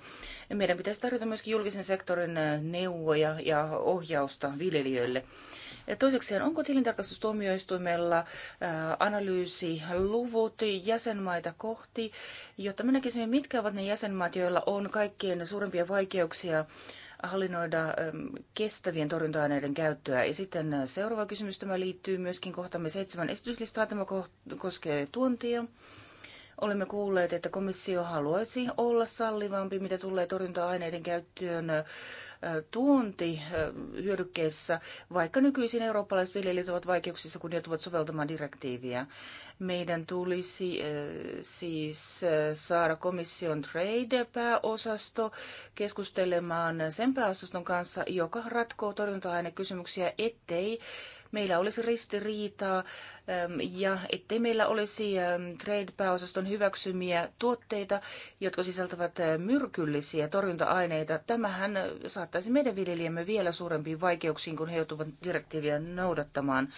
Meidän pitäisi tarjota myöskin julkisen sektorin neuvoja ja ohjausta viljelijöille. Toisekseen, onko tilintarkastustuomioistuimella analyysiluvut jäsenmaita kohti, jotta me näkisimme, mitkä ovat ne jäsenmaat, joilla on kaikkien suurimpia vaikeuksia hallinnoida kestävien torjunta-aineiden käyttöä. Ja sitten seuraava kysymys, tämä liittyy myöskin kohtamme seitsemän esityslistaa, tämä koskee tuontia. Olemme kuulleet, että komissio haluaisi olla sallivampi, mitä tulee torjunta-aineiden käyttöön tuonti hyödykkeessä, vaikka nykyisin eurooppalaiset viljelijät ovat vaikeuksissa, kun joutuvat soveltamaan direktiiviä. Meidän tulisi siis saada komission trade-pääosasto keskustelemaan sen pääosaston kanssa, joka ratkoo torjunta-ainekysymyksiä, ettei meillä olisi ristiriitaa ja ettei meillä olisi Trade-pääosaston hyväksymiä tuotteita, jotka sisältävät myrkyllisiä torjunta-aineita. Tämähän saattaisi meidän viljelijämme vielä suurempiin vaikeuksiin, kun he joutuvat direktiiviä noudattamaan.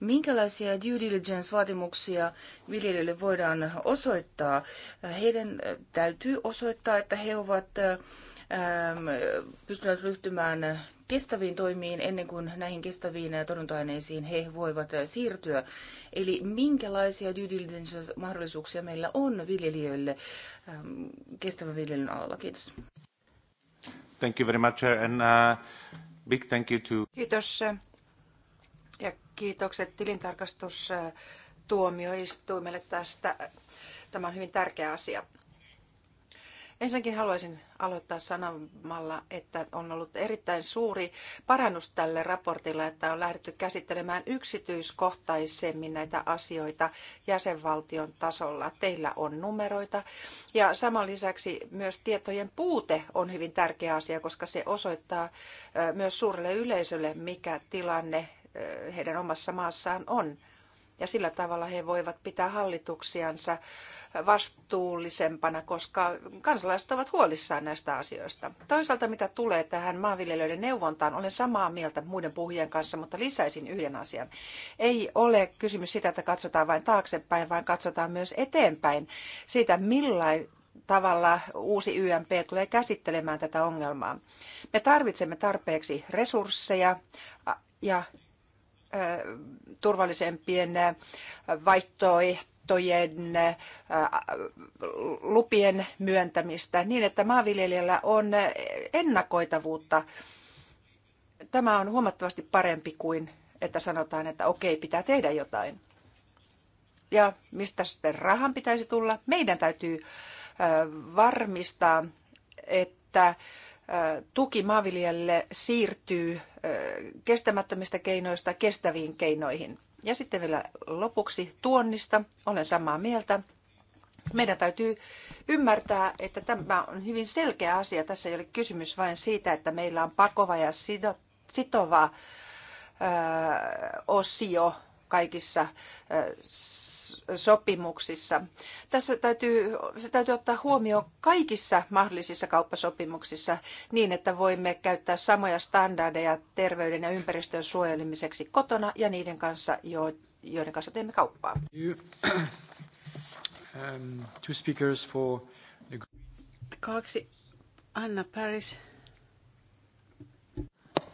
Minkälaisia due diligence-vaatimuksia viljelijöille voidaan osoittaa? Heidän täytyy osoittaa, että he ovat pystyneet ryhtymään kestäviin toimiin ennen kuin näihin kestäviin torjunta-aineisiin he voivat siirtyä. Eli minkälaisia due diligence-mahdollisuuksia meillä on viljelijöille ähm, kestävän viljelyn alalla? Kiitos.
Thank you very much and uh, big thank you to... Kiitos ja kiitokset tilintarkastustuomioistuimelle tästä. Tämä on hyvin tärkeä asia. Ensinnäkin haluaisin aloittaa sanomalla, että on ollut erittäin suuri parannus tälle raportilla, että on lähdetty käsittelemään yksityiskohtaisemmin näitä asioita jäsenvaltion tasolla. Teillä on numeroita ja saman lisäksi myös tietojen puute on hyvin tärkeä asia, koska se osoittaa myös suurelle yleisölle, mikä tilanne heidän omassa maassaan on ja sillä tavalla he voivat pitää hallituksiansa vastuullisempana, koska kansalaiset ovat huolissaan näistä asioista. Toisaalta mitä tulee tähän maanviljelijöiden neuvontaan, olen samaa mieltä muiden puhujien kanssa, mutta lisäisin yhden asian. Ei ole kysymys sitä, että katsotaan vain taaksepäin, vaan katsotaan myös eteenpäin siitä, millainen tavalla uusi YMP tulee käsittelemään tätä ongelmaa. Me tarvitsemme tarpeeksi resursseja ja turvallisempien vaihtoehtojen aitojen lupien myöntämistä niin, että maanviljelijällä on ennakoitavuutta. Tämä on huomattavasti parempi kuin, että sanotaan, että okei, pitää tehdä jotain. Ja mistä sitten rahan pitäisi tulla? Meidän täytyy varmistaa, että tuki maanviljelijälle siirtyy kestämättömistä keinoista kestäviin keinoihin – ja sitten vielä lopuksi tuonnista. Olen samaa mieltä. Meidän täytyy ymmärtää, että tämä on hyvin selkeä asia. Tässä ei ole kysymys vain siitä, että meillä on pakova ja sitova osio kaikissa sopimuksissa. Tässä täytyy, se täytyy ottaa huomioon kaikissa mahdollisissa kauppasopimuksissa niin, että voimme käyttää samoja standardeja terveyden ja ympäristön suojelemiseksi kotona ja niiden kanssa, joiden kanssa teemme kauppaa.
Kaksi. Anna Paris.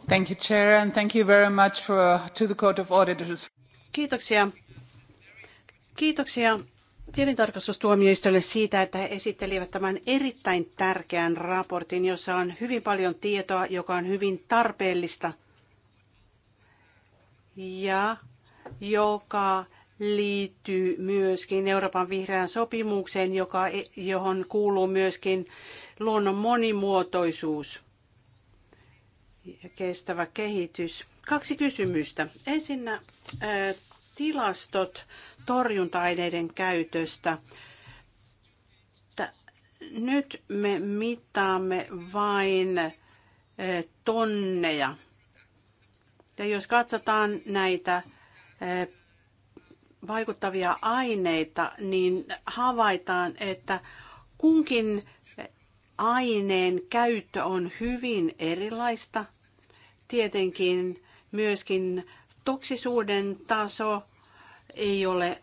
Thank you, Chair, and thank you very much for, uh, to the Court of Auditors Kiitoksia. Kiitoksia tilintarkastustuomioistolle siitä, että he esittelivät tämän erittäin tärkeän raportin, jossa on hyvin paljon tietoa, joka on hyvin tarpeellista ja joka liittyy myöskin Euroopan vihreään sopimukseen, joka, e-, johon kuuluu myöskin luonnon monimuotoisuus ja kestävä kehitys. Kaksi kysymystä. Ensinnä äh, tilastot torjunta-aineiden käytöstä. Nyt me mittaamme vain eh, tonneja. Ja jos katsotaan näitä eh, vaikuttavia aineita, niin havaitaan, että kunkin eh, aineen käyttö on hyvin erilaista. Tietenkin myöskin Toksisuuden taso ei ole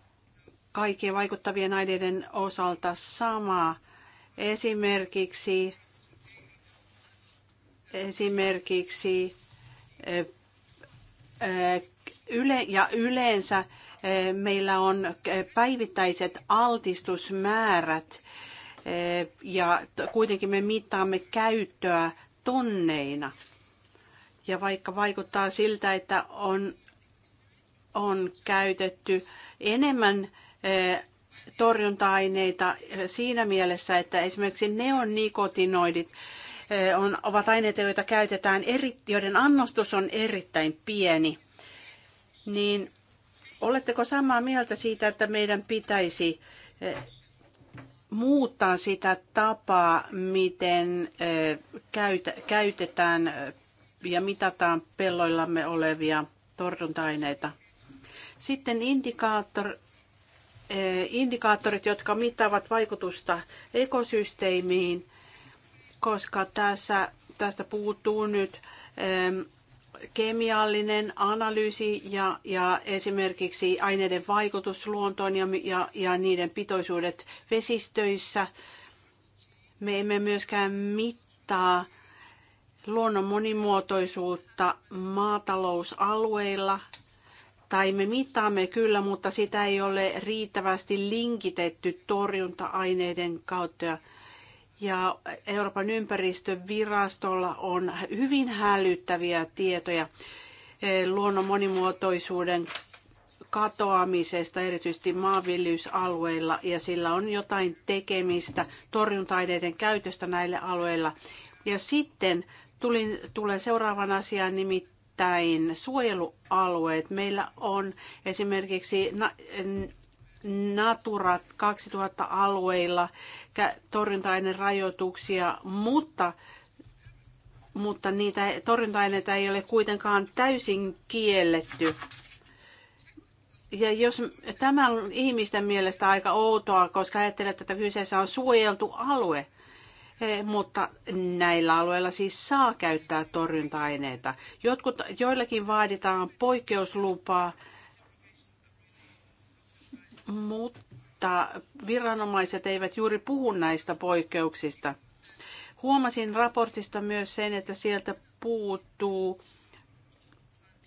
kaikkien vaikuttavien aineiden osalta sama. Esimerkiksi, esimerkiksi eh, eh, yle, ja yleensä eh, meillä on päivittäiset altistusmäärät ja kuitenkin me mittaamme käyttöä tonneina. Ja vaikka vaikuttaa siltä, että on on käytetty enemmän eh, torjunta-aineita eh, siinä mielessä, että esimerkiksi neonikotinoidit eh, on, ovat aineita, joita käytetään, eri, joiden annostus on erittäin pieni. Niin oletteko samaa mieltä siitä, että meidän pitäisi muuttaa sitä tapaa, miten käytetään ja mitataan pelloillamme olevia torjunta-aineita? Sitten indikaattor, eh, indikaattorit, jotka mittaavat vaikutusta ekosysteemiin, koska tässä, tästä puuttuu nyt kemiallinen analyysi ja, ja esimerkiksi aineiden vaikutus luontoon ja, ja, ja niiden pitoisuudet vesistöissä. Me emme myöskään mittaa luonnon monimuotoisuutta maatalousalueilla – tai me mittaamme kyllä, mutta sitä ei ole riittävästi linkitetty torjunta-aineiden kautta. Ja Euroopan ympäristövirastolla on hyvin hälyttäviä tietoja eh, luonnon monimuotoisuuden katoamisesta, erityisesti maanviljelysalueilla, ja sillä on jotain tekemistä torjuntaideiden käytöstä näillä alueilla. Ja sitten tulin, tulee seuraavan asiaan, nimittäin erittäin suojelualueet. Meillä on esimerkiksi Natura 2000-alueilla torjunta-aineen rajoituksia, mutta, mutta niitä torjunta-aineita ei ole kuitenkaan täysin kielletty. Ja jos tämä on ihmisten mielestä aika outoa, koska ajattelee, että kyseessä on suojeltu alue, Eh, mutta näillä alueilla siis saa käyttää torjunta-aineita. Jotkut, joillakin vaaditaan poikkeuslupaa, mutta viranomaiset eivät juuri puhu näistä poikkeuksista. Huomasin raportista myös sen, että sieltä puuttuu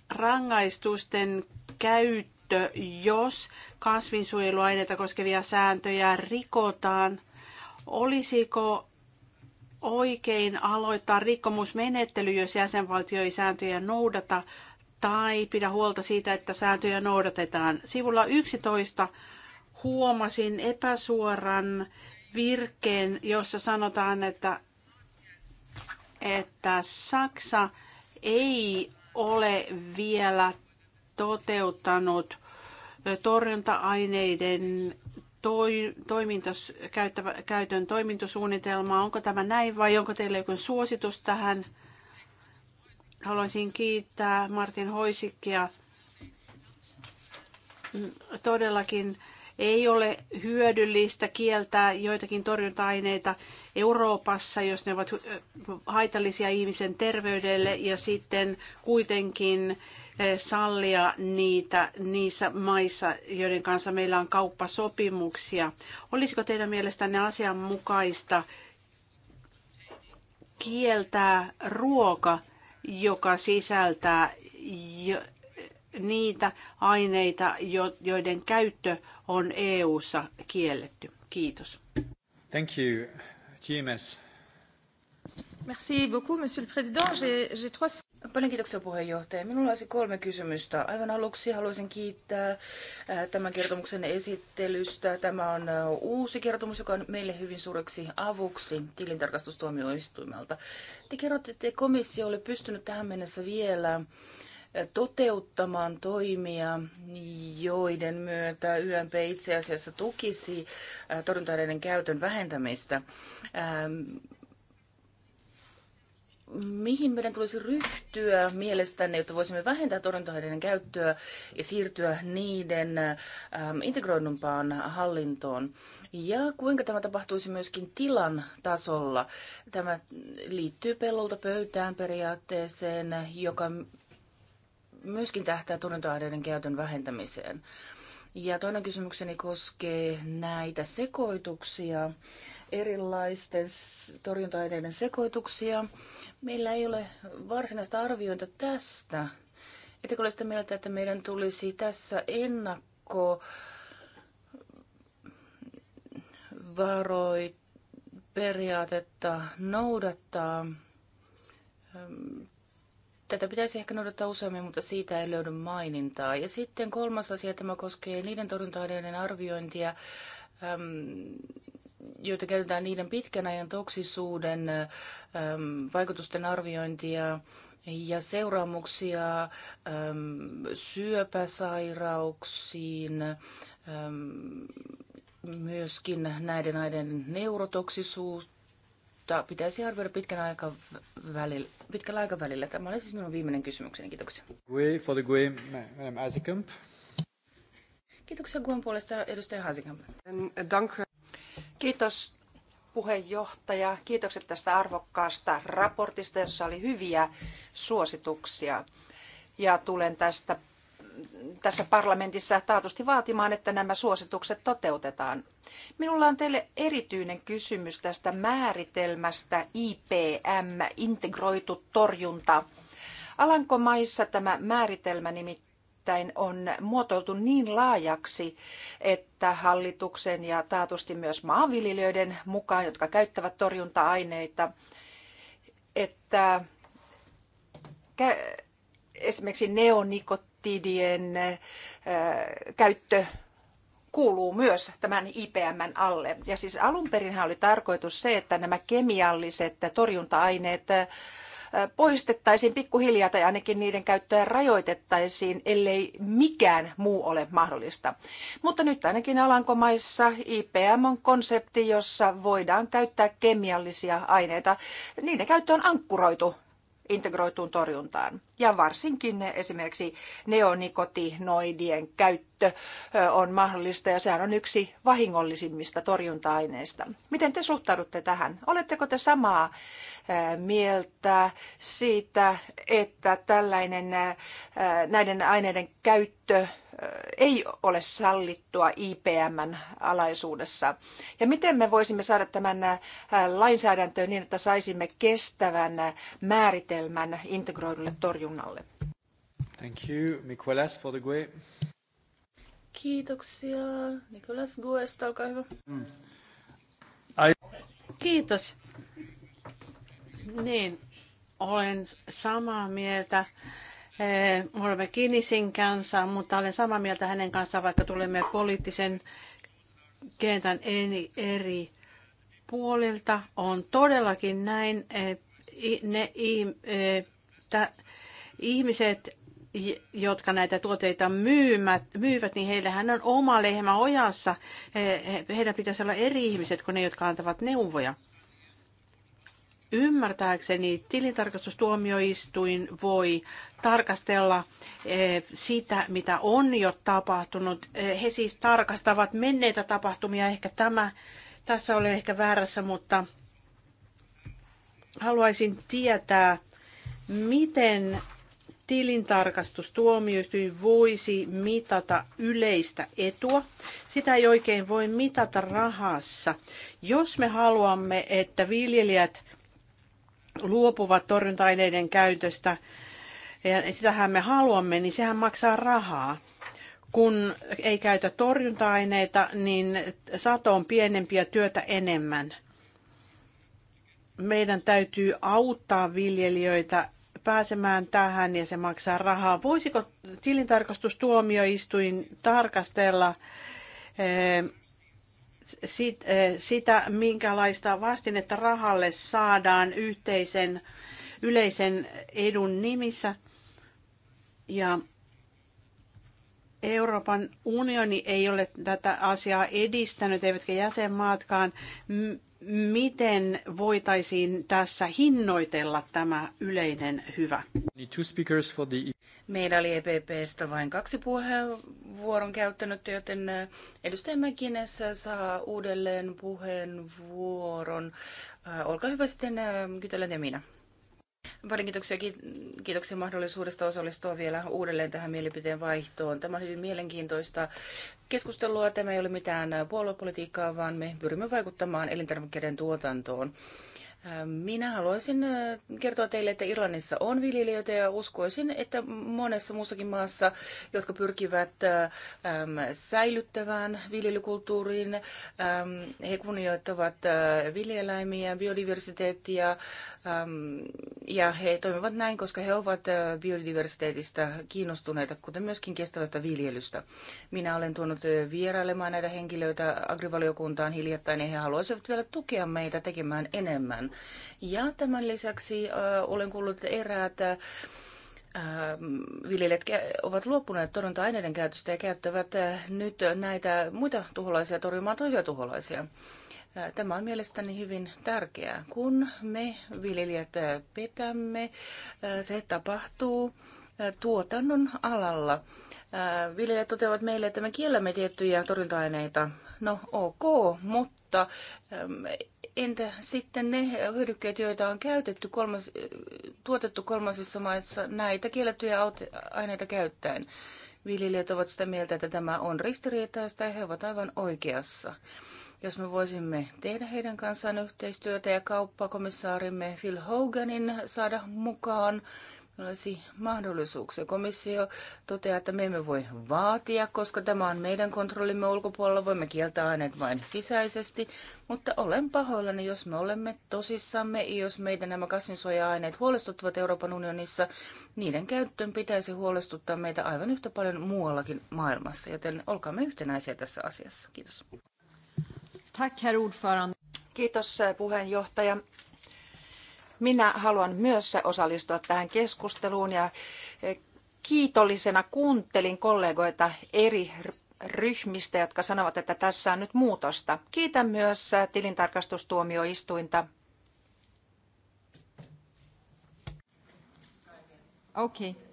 rangaistusten käyttö, jos kasvinsuojeluaineita koskevia sääntöjä rikotaan. Olisiko oikein aloittaa rikkomusmenettely, jos jäsenvaltio ei sääntöjä noudata tai pidä huolta siitä, että sääntöjä noudatetaan. Sivulla 11 huomasin epäsuoran virkkeen, jossa sanotaan, että, että Saksa ei ole vielä toteuttanut torjunta-aineiden toi, toimintos, käyttävä, käytön toimintosuunnitelmaa Onko tämä näin vai onko teillä joku suositus tähän? Haluaisin kiittää Martin Hoisikkia. Todellakin ei ole hyödyllistä kieltää joitakin torjunta-aineita Euroopassa, jos ne ovat haitallisia ihmisen terveydelle ja sitten kuitenkin sallia niitä niissä maissa, joiden kanssa meillä on kauppasopimuksia. Olisiko teidän mielestänne asianmukaista kieltää ruoka, joka sisältää niitä aineita, joiden käyttö on EU:ssa kielletty? Kiitos.
Thank you, GMS.
Merci beaucoup, Monsieur le Président. J'ai trois Paljon kiitoksia puheenjohtaja. Minulla olisi kolme kysymystä. Aivan aluksi haluaisin kiittää tämän kertomuksen esittelystä. Tämä on uusi kertomus, joka on meille hyvin suureksi avuksi tilintarkastustuomioistuimelta. Te kerrotte, että komissio oli pystynyt tähän mennessä vielä toteuttamaan toimia, joiden myötä YMP itse asiassa tukisi torjunta käytön vähentämistä mihin meidän tulisi ryhtyä mielestänne, jotta voisimme vähentää torjuntaaineiden käyttöä ja siirtyä niiden ähm, integroidumpaan hallintoon? Ja kuinka tämä tapahtuisi myöskin tilan tasolla? Tämä liittyy pellolta pöytään periaatteeseen, joka myöskin tähtää torjuntaaineiden käytön vähentämiseen. Ja toinen kysymykseni koskee näitä sekoituksia erilaisten torjunta-aineiden sekoituksia. Meillä ei ole varsinaista arviointa tästä. Ettekö ole sitä mieltä, että meidän tulisi tässä ennakko varoi periaatetta noudattaa. Tätä pitäisi ehkä noudattaa useammin, mutta siitä ei löydy mainintaa. Ja sitten kolmas asia, tämä koskee niiden torjunta-aineiden arviointia, joita käytetään niiden pitkän ajan toksisuuden ähm, vaikutusten arviointia ja seuraamuksia ähm, syöpäsairauksiin, ähm, myöskin näiden aiden neurotoksisuutta pitäisi arvioida pitkän aikavälillä, pitkällä aikavälillä. Tämä oli siis minun viimeinen kysymykseni. Kiitoksia.
for the Gue, Madam
Kiitoksia Guen puolesta edustaja Hasikamp. Kiitos puheenjohtaja.
Kiitokset tästä arvokkaasta raportista, jossa oli hyviä suosituksia. Ja tulen tästä, tässä parlamentissa taatusti vaatimaan, että nämä suositukset toteutetaan. Minulla on teille erityinen kysymys tästä määritelmästä IPM, integroitu torjunta. Alankomaissa tämä määritelmä nimittäin nimittäin on muotoiltu niin laajaksi, että hallituksen ja taatusti myös maanviljelijöiden mukaan, jotka käyttävät torjunta-aineita, että esimerkiksi neonikotidien äh, käyttö kuuluu myös tämän IPMn alle. Ja siis alun perinhän oli tarkoitus se, että nämä kemialliset torjunta-aineet poistettaisiin pikkuhiljaa tai ainakin niiden käyttöä rajoitettaisiin, ellei mikään muu ole mahdollista. Mutta nyt ainakin Alankomaissa IPM on konsepti, jossa voidaan käyttää kemiallisia aineita. Niiden käyttö on ankkuroitu integroituun torjuntaan. Ja varsinkin esimerkiksi neonikotinoidien käyttö on mahdollista ja sehän on yksi vahingollisimmista torjunta-aineista. Miten te suhtaudutte tähän? Oletteko te samaa mieltä siitä, että tällainen näiden aineiden käyttö ei ole sallittua IPMn alaisuudessa. Ja miten me voisimme saada tämän äh, lainsäädäntöön niin, että saisimme kestävän äh, määritelmän integroidulle torjunnalle?
Thank you, Nicolas, for the way. E.
Kiitoksia. Nicolas Guest, olkaa hyvä.
Mm. I...
Kiitos. Niin, olen samaa mieltä Eh, Morve Kinisin kanssa, mutta olen samaa mieltä hänen kanssaan, vaikka tulemme poliittisen kentän eri puolilta. On todellakin näin, eh, ne eh, ihmiset, jotka näitä tuotteita myymät, myyvät, niin heillähän on oma lehmä ojassa. Heidän pitäisi olla eri ihmiset kuin ne, jotka antavat neuvoja. Ymmärtääkseni tilintarkastustuomioistuin voi tarkastella eh, sitä, mitä on jo tapahtunut. Eh, he siis tarkastavat menneitä tapahtumia. Ehkä tämä, tässä oli ehkä väärässä, mutta haluaisin tietää, miten tilintarkastustuomioistuin voisi mitata yleistä etua. Sitä ei oikein voi mitata rahassa. Jos me haluamme, että viljelijät luopuvat torjunta-aineiden käytöstä, ja sitähän me haluamme, niin sehän maksaa rahaa. Kun ei käytä torjunta-aineita, niin sato on pienempi ja työtä enemmän. Meidän täytyy auttaa viljelijöitä pääsemään tähän ja se maksaa rahaa. Voisiko tilintarkastustuomioistuin tarkastella eh, Eh, sitä, minkälaista vastinetta rahalle saadaan yhteisen yleisen edun nimissä. Ja Euroopan unioni ei ole tätä asiaa edistänyt, eivätkä jäsenmaatkaan miten voitaisiin tässä hinnoitella tämä yleinen hyvä? Meillä oli EPPstä vain kaksi puheenvuoron käyttänyt, joten äh, edustaja
Mäkines saa uudelleen puheenvuoron. Äh, olkaa hyvä sitten äh, Kytälän ja minä. Paljon kiitoksia, kiitoksia mahdollisuudesta osallistua vielä uudelleen tähän mielipiteen vaihtoon. Tämä on hyvin mielenkiintoista keskustelua. Tämä ei ole mitään puoluepolitiikkaa, vaan me pyrimme vaikuttamaan elintarvikkeiden tuotantoon. Ähm, minä haluaisin äh, kertoa teille, että Irlannissa on viljelijöitä ja uskoisin, että monessa muussakin maassa, jotka pyrkivät äh, ähm, säilyttävään viljelykulttuuriin, ähm, he kunnioittavat äh, viljeläimiä, biodiversiteettia ja he toimivat näin, koska he ovat biodiversiteetistä kiinnostuneita, kuten myöskin kestävästä viljelystä. Minä olen tuonut vierailemaan näitä henkilöitä agrivaliokuntaan hiljattain ja he haluaisivat vielä tukea meitä tekemään enemmän paljon. Ja tämän lisäksi äh, olen kuullut, eräät äh, viljelijät ovat luopuneet torjunta-aineiden käytöstä ja käyttävät nyt näitä muita tuholaisia torjumaan toisia tuholaisia. Tämä on mielestäni hyvin tärkeää. Kun me viljelijät petämme, se tapahtuu tuotannon alalla. Viljelijät toteavat meille, että me kiellämme tiettyjä torjunta-aineita. No ok, mutta Entä sitten ne hyödykkeet, joita on käytetty kolmas, tuotettu kolmansissa maissa näitä kiellettyjä aineita käyttäen? Viljelijät ovat sitä mieltä, että tämä on ristiriitaista ja he ovat aivan oikeassa. Jos me voisimme tehdä heidän kanssaan yhteistyötä ja kauppakomissaarimme Phil Hoganin saada mukaan olisi mahdollisuuksia. Komissio toteaa, että me emme voi vaatia, koska tämä on meidän kontrollimme ulkopuolella. Voimme kieltää aineet vain sisäisesti, mutta olen pahoillani, jos me olemme tosissamme, jos meidän nämä kasvinsuoja-aineet huolestuttavat Euroopan unionissa, niiden käyttöön pitäisi huolestuttaa meitä aivan yhtä paljon muuallakin maailmassa, joten olkaamme yhtenäisiä tässä asiassa. Kiitos. Tack, herr Kiitos
eh, puheenjohtaja. Minä haluan myös osallistua tähän keskusteluun ja kiitollisena kuuntelin kollegoita eri ryhmistä, jotka sanovat, että tässä on nyt muutosta. Kiitän myös tilintarkastustuomioistuinta. Okei. Okay.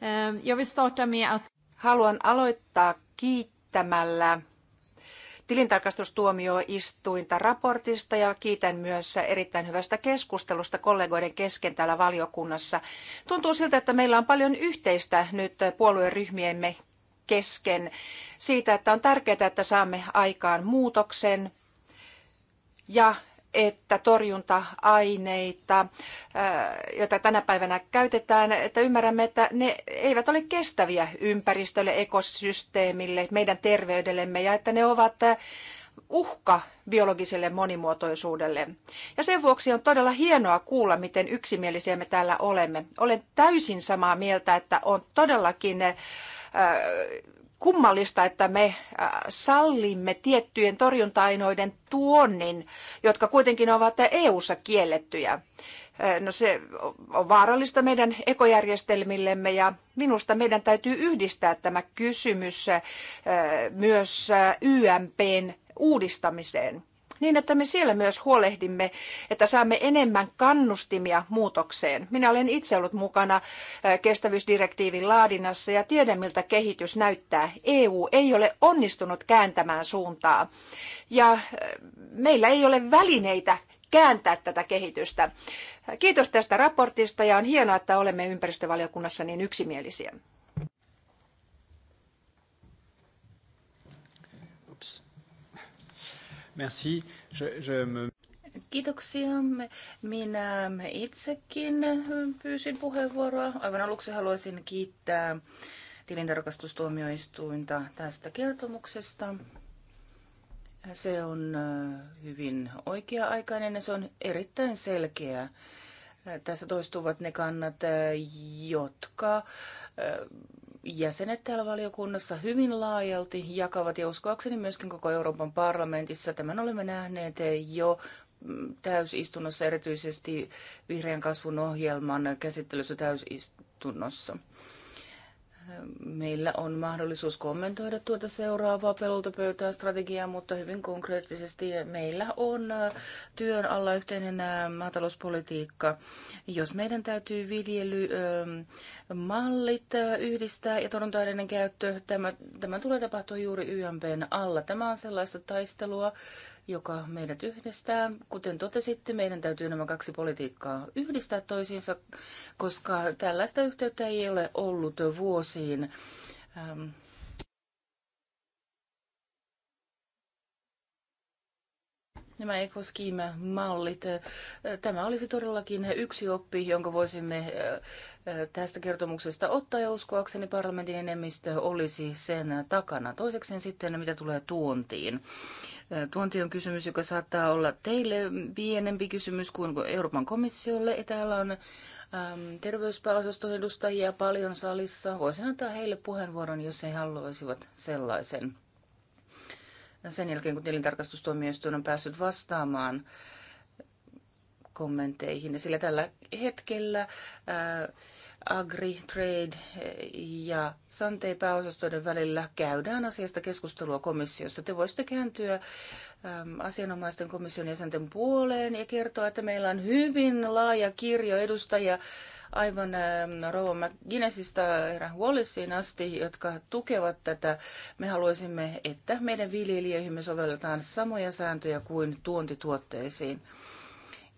Ehm, jag vill starta med att... Haluan aloittaa kiittämällä tilintarkastustuomioistuinta raportista ja kiitän myös erittäin hyvästä keskustelusta kollegoiden kesken täällä valiokunnassa. Tuntuu siltä, että meillä on paljon yhteistä nyt puolueryhmiemme kesken siitä, että on tärkeää, että saamme aikaan muutoksen ja että torjunta-aineita, äh, joita tänä päivänä käytetään, että ymmärrämme, että ne eivät ole kestäviä ympäristölle, ekosysteemille, meidän terveydellemme ja että ne ovat äh, uhka biologiselle monimuotoisuudelle. Ja sen vuoksi on todella hienoa kuulla, miten yksimielisiä me täällä olemme. Olen täysin samaa mieltä, että on todellakin äh, kummallista, että me äh, sallimme tiettyjen torjunta-aineiden tuonnin, jotka kuitenkin ovat EU-ssa kiellettyjä. Äh, no se on vaarallista meidän ekojärjestelmillemme ja minusta meidän täytyy yhdistää tämä kysymys äh, myös YMPn uudistamiseen niin että me siellä myös huolehdimme, että saamme enemmän kannustimia muutokseen. Minä olen itse ollut mukana kestävyysdirektiivin laadinnassa ja tiedän, miltä kehitys näyttää. EU ei ole onnistunut kääntämään suuntaa ja meillä ei ole välineitä kääntää tätä kehitystä. Kiitos tästä raportista ja on hienoa, että olemme ympäristövaliokunnassa niin yksimielisiä.
Merci. Je, je me...
Kiitoksia. Minä itsekin pyysin puheenvuoroa. Aivan aluksi haluaisin kiittää tilintarkastustuomioistuinta tästä kertomuksesta. Se on äh, hyvin oikea-aikainen ja se on erittäin selkeä. Äh, tässä toistuvat ne kannat, äh, jotka jäsenet täällä valiokunnassa hyvin laajalti jakavat ja uskoakseni myöskin koko Euroopan parlamentissa. Tämän olemme nähneet jo mm, täysistunnossa, erityisesti vihreän kasvun ohjelman käsittelyssä täysistunnossa. Meillä on mahdollisuus kommentoida tuota seuraavaa pelolta strategiaa, mutta hyvin konkreettisesti meillä on työn alla yhteinen maatalouspolitiikka. Jos meidän täytyy viljelymallit yhdistää ja torjunta-aineiden käyttö, tämä, tämä tulee tapahtua juuri YMPn alla. Tämä on sellaista taistelua, joka meidät yhdistää. Kuten totesitte, meidän täytyy nämä kaksi politiikkaa yhdistää toisiinsa, koska tällaista yhteyttä ei ole ollut vuosiin. Ähm, nämä ekoskiimämallit. Tämä olisi todellakin yksi oppi, jonka voisimme tästä kertomuksesta ottaa ja uskoakseni parlamentin enemmistö olisi sen takana. Toiseksi sitten, mitä tulee tuontiin. Tuonti on kysymys, joka saattaa olla teille pienempi kysymys kuin Euroopan komissiolle. Täällä on terveyspääosaston edustajia paljon salissa. Voisin antaa heille puheenvuoron, jos he haluaisivat sellaisen. No, sen jälkeen, kun tilintarkastustuomioistuin on päässyt vastaamaan kommentteihin. Sillä tällä hetkellä ää, äh, Agri, Trade äh, ja Santei pääosastoiden välillä käydään asiasta keskustelua komissiossa. Te voisitte kääntyä ähm, asianomaisten komission jäsenten puoleen ja kertoa, että meillä on hyvin laaja kirjo edustajia aivan ähm, Rouva McGuinnessista herra Wallisiin asti, jotka tukevat tätä. Me haluaisimme, että meidän viljelijöihimme sovelletaan samoja sääntöjä kuin tuontituotteisiin.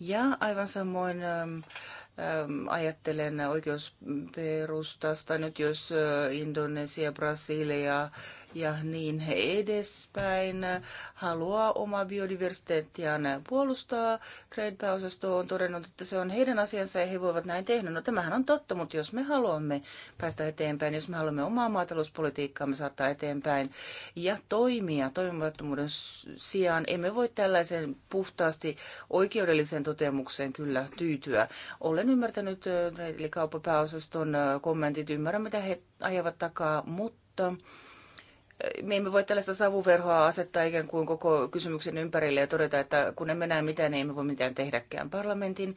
Ja aivan samoin ähm, ähm, ajattelen oikeusperustasta nyt, jos äh, Indonesia, Brasilia, ja niin he edespäin, haluaa omaa biodiversiteettiaan puolustaa. Trade-pääosasto on todennut, että se on heidän asiansa ja he voivat näin tehdä. No tämähän on totta, mutta jos me haluamme päästä eteenpäin, jos me haluamme omaa maatalouspolitiikkaamme saattaa eteenpäin ja toimia toimimattomuuden sijaan, emme voi tällaisen puhtaasti oikeudelliseen toteamukseen kyllä tyytyä. Olen ymmärtänyt, eh, eli kauppapääosaston eh, kommentit, ymmärrän mitä he ajavat takaa, mutta mutta me emme voi tällaista savuverhoa asettaa ikään kuin koko kysymyksen ympärille ja todeta, että kun emme näe mitään, niin emme voi mitään tehdäkään. Parlamentin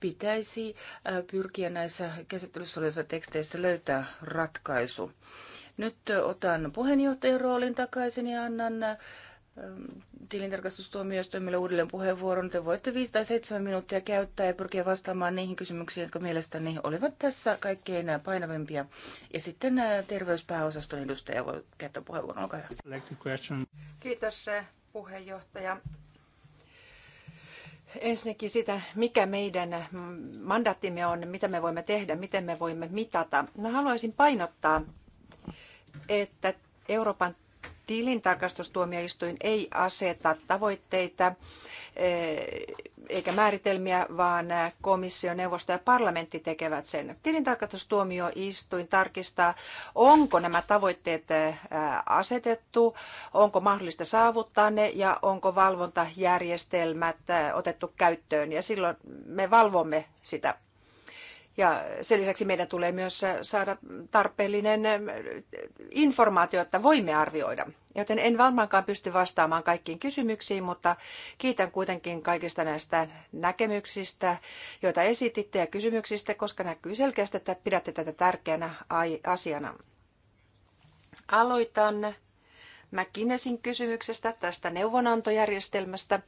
pitäisi äh, pyrkiä näissä käsittelyssä olevissa teksteissä löytää ratkaisu. Nyt otan puheenjohtajan roolin takaisin ja annan äh, tilintarkastustuomioistuimelle uudelleen puheenvuoron. Te voitte 5 tai 7 minuuttia käyttää ja pyrkiä vastaamaan niihin kysymyksiin, jotka mielestäni olivat tässä kaikkein painavimpia. Ja sitten terveyspääosaston edustaja voi käyttää puheenvuoron. Olkaa hyvä.
Kiitos puheenjohtaja.
Ensinnäkin sitä, mikä
meidän mandaattimme on, mitä me voimme tehdä, miten me voimme mitata. No, haluaisin painottaa, että Euroopan tilintarkastustuomioistuin ei aseta tavoitteita eh, eikä määritelmiä, vaan komissio, neuvosto ja parlamentti tekevät sen. Tilintarkastustuomioistuin tarkistaa, onko nämä tavoitteet eh, asetettu, onko mahdollista saavuttaa ne ja onko valvontajärjestelmät eh, otettu käyttöön. Ja silloin me valvomme sitä. Ja sen lisäksi meidän tulee myös saada tarpeellinen informaatio, että voimme arvioida. Joten en varmaankaan pysty vastaamaan kaikkiin kysymyksiin, mutta kiitän kuitenkin kaikista näistä näkemyksistä, joita esititte ja kysymyksistä, koska näkyy selkeästi, että pidätte tätä tärkeänä asiana. Aloitan McKinneysin kysymyksestä tästä neuvonantojärjestelmästä.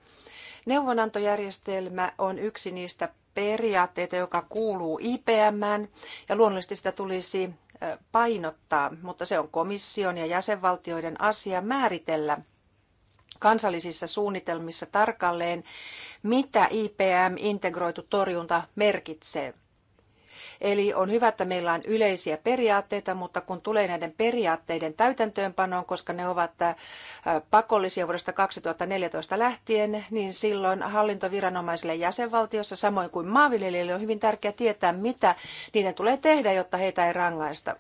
Neuvonantojärjestelmä on yksi niistä periaatteita, joka kuuluu IPMään, ja luonnollisesti sitä tulisi painottaa, mutta se on komission ja jäsenvaltioiden asia määritellä kansallisissa suunnitelmissa tarkalleen, mitä IPM integroitu torjunta merkitsee. Eli on hyvä, että meillä on yleisiä periaatteita, mutta kun tulee näiden periaatteiden täytäntöönpanoon, koska ne ovat äh, pakollisia vuodesta 2014 lähtien, niin silloin hallintoviranomaisille jäsenvaltiossa, samoin kuin maanviljelijöille, on hyvin tärkeää tietää, mitä niiden tulee tehdä, jotta heitä ei rangaista.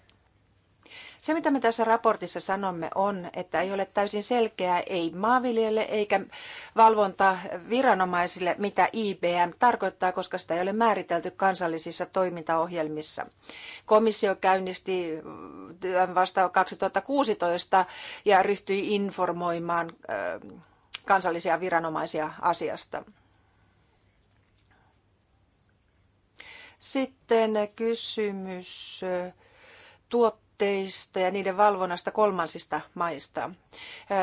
Se, mitä me tässä raportissa sanomme, on, että ei ole täysin selkeää ei maanviljelijöille eikä valvontaviranomaisille, mitä IBM tarkoittaa, koska sitä ei ole määritelty kansallisissa toimintaohjelmissa. Komissio käynnisti työn vasta 2016 ja ryhtyi informoimaan kansallisia viranomaisia asiasta. Sitten kysymys tuottaa tuotteista ja niiden valvonnasta kolmansista maista.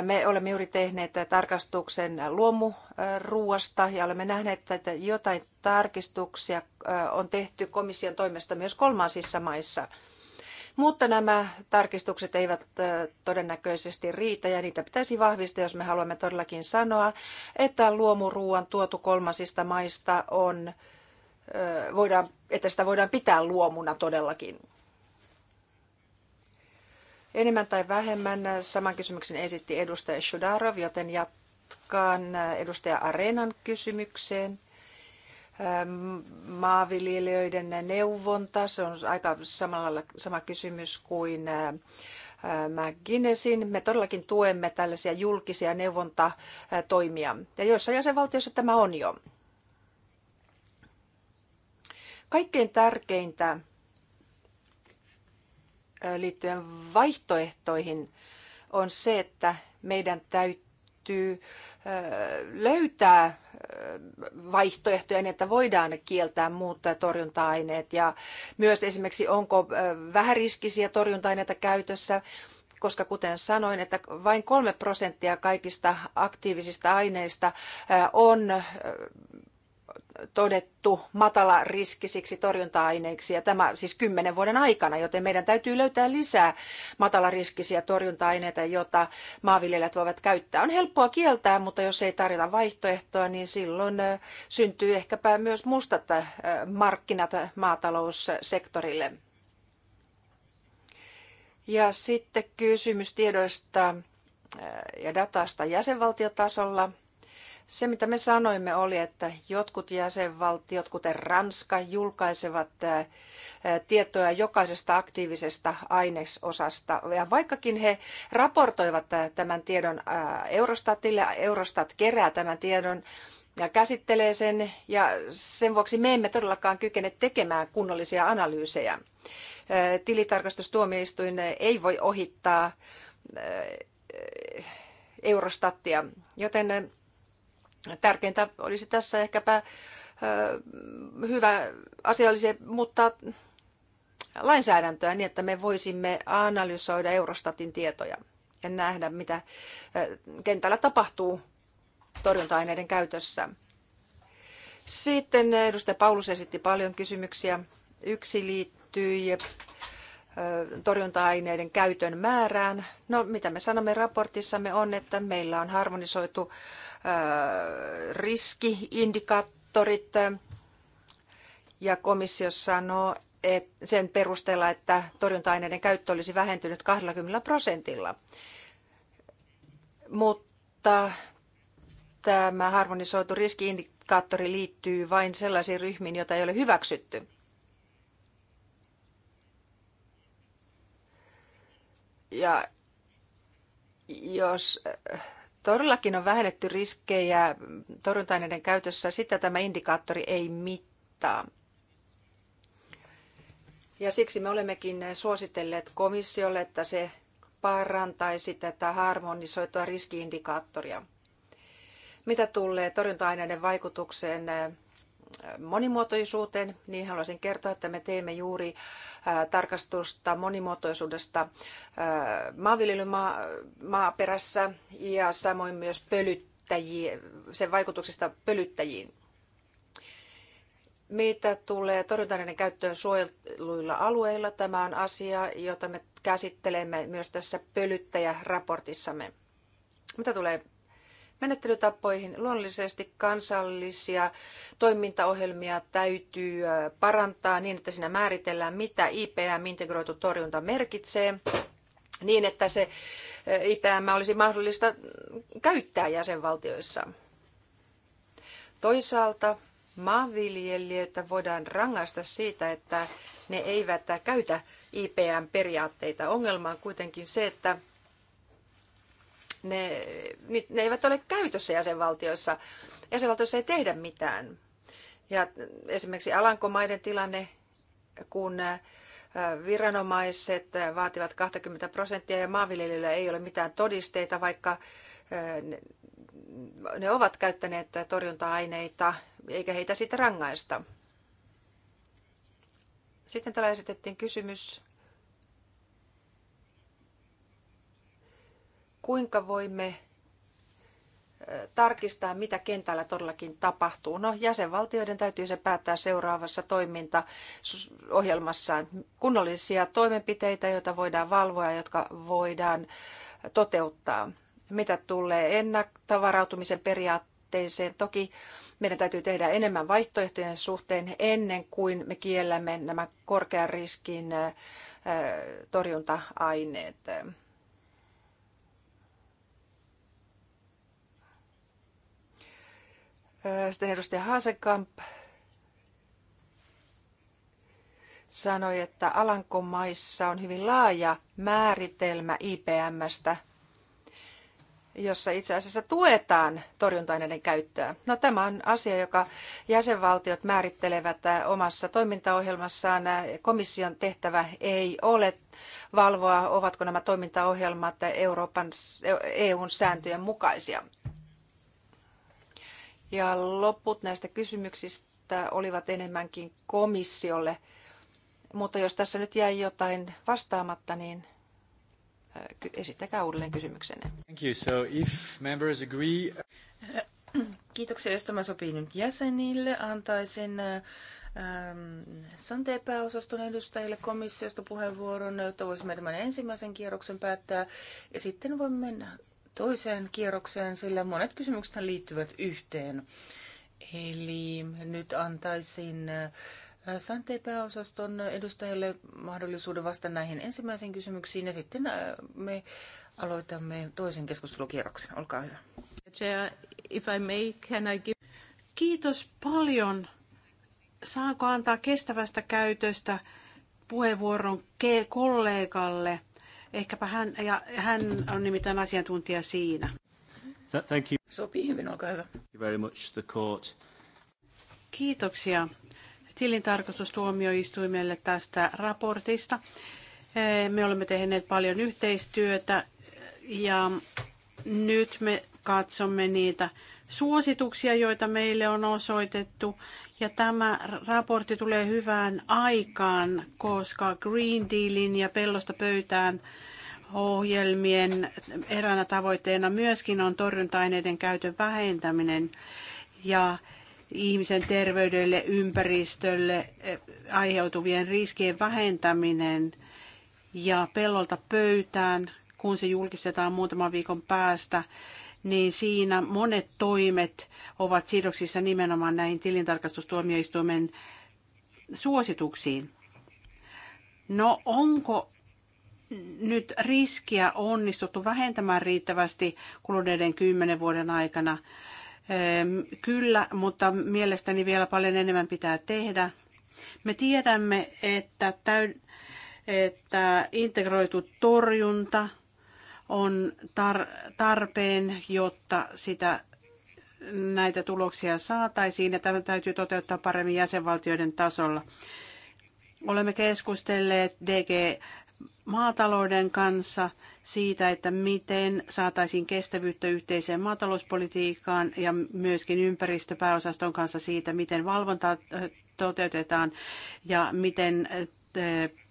Me olemme juuri tehneet tarkastuksen luomuruuasta ja olemme nähneet, että jotain tarkistuksia on tehty komission toimesta myös kolmansissa maissa. Mutta nämä tarkistukset eivät todennäköisesti riitä ja niitä pitäisi vahvistaa, jos me haluamme todellakin sanoa, että luomuruuan tuotu kolmansista maista on, voidaan, että sitä voidaan pitää luomuna todellakin. Enemmän tai vähemmän saman kysymyksen esitti edustaja Shudarov, joten jatkan edustaja Areenan kysymykseen ähm, maanviljelijöiden neuvonta, se on aika samalla, sama kysymys kuin äh, McGinnessin. Me todellakin tuemme tällaisia julkisia neuvontatoimia, ja joissa jäsenvaltioissa tämä on jo. Kaikkein tärkeintä liittyen vaihtoehtoihin on se, että meidän täytyy löytää vaihtoehtoja, niin että voidaan kieltää muut torjunta-aineet ja myös esimerkiksi onko vähäriskisiä torjunta-aineita käytössä, koska kuten sanoin, että vain kolme prosenttia kaikista aktiivisista aineista on todettu matala riskisiksi torjunta-aineiksi ja tämä siis kymmenen vuoden aikana, joten meidän täytyy löytää lisää matalariskisiä torjunta-aineita, joita maanviljelijät voivat käyttää. On helppoa kieltää, mutta jos ei tarjota vaihtoehtoa, niin silloin syntyy ehkäpä myös mustat markkinat maataloussektorille. Ja sitten kysymys tiedoista ja datasta jäsenvaltiotasolla – se, mitä me sanoimme, oli, että jotkut jäsenvaltiot, kuten Ranska, julkaisevat tietoja jokaisesta aktiivisesta ainesosasta. Ja vaikkakin he raportoivat tämän tiedon Eurostatille, Eurostat kerää tämän tiedon ja käsittelee sen, ja sen vuoksi me emme todellakaan kykene tekemään kunnollisia analyysejä. Tilitarkastustuomioistuin ei voi ohittaa Eurostattia, joten Tärkeintä olisi tässä ehkäpä hyvä asia olisi muuttaa lainsäädäntöä niin, että me voisimme analysoida Eurostatin tietoja ja nähdä, mitä kentällä tapahtuu torjunta-aineiden käytössä. Sitten edustaja Paulus esitti paljon kysymyksiä. Yksi liittyy torjunta-aineiden käytön määrään. No, mitä me sanomme raportissamme on, että meillä on harmonisoitu riskiindikaattorit. Ja komissio sanoo et sen perusteella, että torjunta-aineiden käyttö olisi vähentynyt 20 prosentilla. Mutta tämä harmonisoitu riskiindikaattori liittyy vain sellaisiin ryhmiin, joita ei ole hyväksytty. Ja jos todellakin on vähennetty riskejä torjunta-aineiden käytössä, sitä tämä indikaattori ei mittaa. Ja siksi me olemmekin suositelleet komissiolle, että se parantaisi tätä harmonisoitua riskiindikaattoria. Mitä tulee torjunta-aineiden vaikutukseen monimuotoisuuteen, niin haluaisin kertoa, että me teemme juuri tarkastusta monimuotoisuudesta maanviljelymaaperässä ja samoin myös pölyttäjiin, sen vaikutuksista pölyttäjiin. Mitä tulee torjuntaneiden käyttöön suojeluilla alueilla, tämä on asia, jota me käsittelemme myös tässä pölyttäjäraportissamme. Mitä tulee menettelytapoihin. Luonnollisesti kansallisia toimintaohjelmia täytyy parantaa niin, että siinä määritellään, mitä IPM-integroitu torjunta merkitsee, niin että se IPM olisi mahdollista käyttää jäsenvaltioissa. Toisaalta maanviljelijöitä voidaan rangaista siitä, että ne eivät käytä IPM-periaatteita. Ongelma on kuitenkin se, että ne, ne eivät ole käytössä jäsenvaltioissa. Jäsenvaltioissa ei tehdä mitään. Ja esimerkiksi Alankomaiden tilanne, kun äh, viranomaiset vaativat 20 prosenttia ja maanviljelijöillä ei ole mitään todisteita, vaikka äh, ne ovat käyttäneet torjunta-aineita, eikä heitä siitä rangaista. Sitten täällä esitettiin kysymys kuinka voimme tarkistaa, mitä kentällä todellakin tapahtuu. No, jäsenvaltioiden täytyy se päättää seuraavassa toimintaohjelmassaan kunnollisia toimenpiteitä, joita voidaan valvoa ja jotka voidaan toteuttaa. Mitä tulee ennakkovarautumisen periaatteeseen, toki meidän täytyy tehdä enemmän vaihtoehtojen suhteen ennen kuin me kiellämme nämä korkean riskin torjunta-aineet. Sitten edustaja Haasekamp sanoi, että Alankomaissa on hyvin laaja määritelmä IPMstä, jossa itse asiassa tuetaan torjuntaineiden käyttöä. No, tämä on asia, joka jäsenvaltiot määrittelevät omassa toimintaohjelmassaan. Komission tehtävä ei ole valvoa, ovatko nämä toimintaohjelmat Euroopan, EUn sääntöjen mukaisia. Ja loput näistä kysymyksistä olivat enemmänkin komissiolle. Mutta jos tässä nyt jäi jotain vastaamatta,
niin esittäkää uudelleen kysymyksenne.
Thank you. So if members agree...
Kiitoksia, jos tämä sopii nyt jäsenille. Antaisin ähm, Santee-pääosaston edustajille komissiosta puheenvuoron, jotta voisimme tämän ensimmäisen kierroksen päättää. Ja sitten voimme mennä toiseen kierrokseen, sillä monet kysymykset liittyvät yhteen. Eli nyt antaisin äh, Santei-pääosaston edustajille mahdollisuuden vastata näihin ensimmäisiin kysymyksiin ja sitten äh, me aloitamme toisen keskustelukierroksen. Olkaa hyvä.
If I may, can I give... Kiitos paljon. Saanko antaa kestävästä käytöstä puheenvuoron kollegalle? Ehkäpä hän, ja hän on nimittäin asiantuntija siinä.
Thank you. Sopii hyvin, olkaa hyvä. Thank you very much the court.
Kiitoksia tilintarkastustuomioistuimelle tästä raportista. Eh, me olemme tehneet paljon yhteistyötä ja nyt me katsomme niitä suosituksia, joita meille on osoitettu. Ja tämä raportti tulee hyvään aikaan, koska Green Dealin ja pellosta pöytään ohjelmien eräänä tavoitteena myöskin on torjunta-aineiden käytön vähentäminen ja ihmisen terveydelle, ympäristölle e, aiheutuvien riskien vähentäminen ja pellolta pöytään, kun se julkistetaan muutaman viikon päästä niin siinä monet toimet ovat sidoksissa nimenomaan näihin tilintarkastustuomioistuimen suosituksiin. No onko nyt riskiä onnistuttu vähentämään riittävästi kuluneiden kymmenen vuoden aikana? Ehm, kyllä, mutta mielestäni vielä paljon enemmän pitää tehdä. Me tiedämme, että, täy- että integroitu torjunta – on tar- tarpeen, jotta sitä näitä tuloksia saataisiin ja tämä täytyy toteuttaa paremmin jäsenvaltioiden tasolla. Olemme keskustelleet DG maatalouden kanssa siitä, että miten saataisiin kestävyyttä yhteiseen maatalouspolitiikkaan ja myöskin ympäristöpääosaston kanssa siitä, miten valvontaa äh, toteutetaan ja miten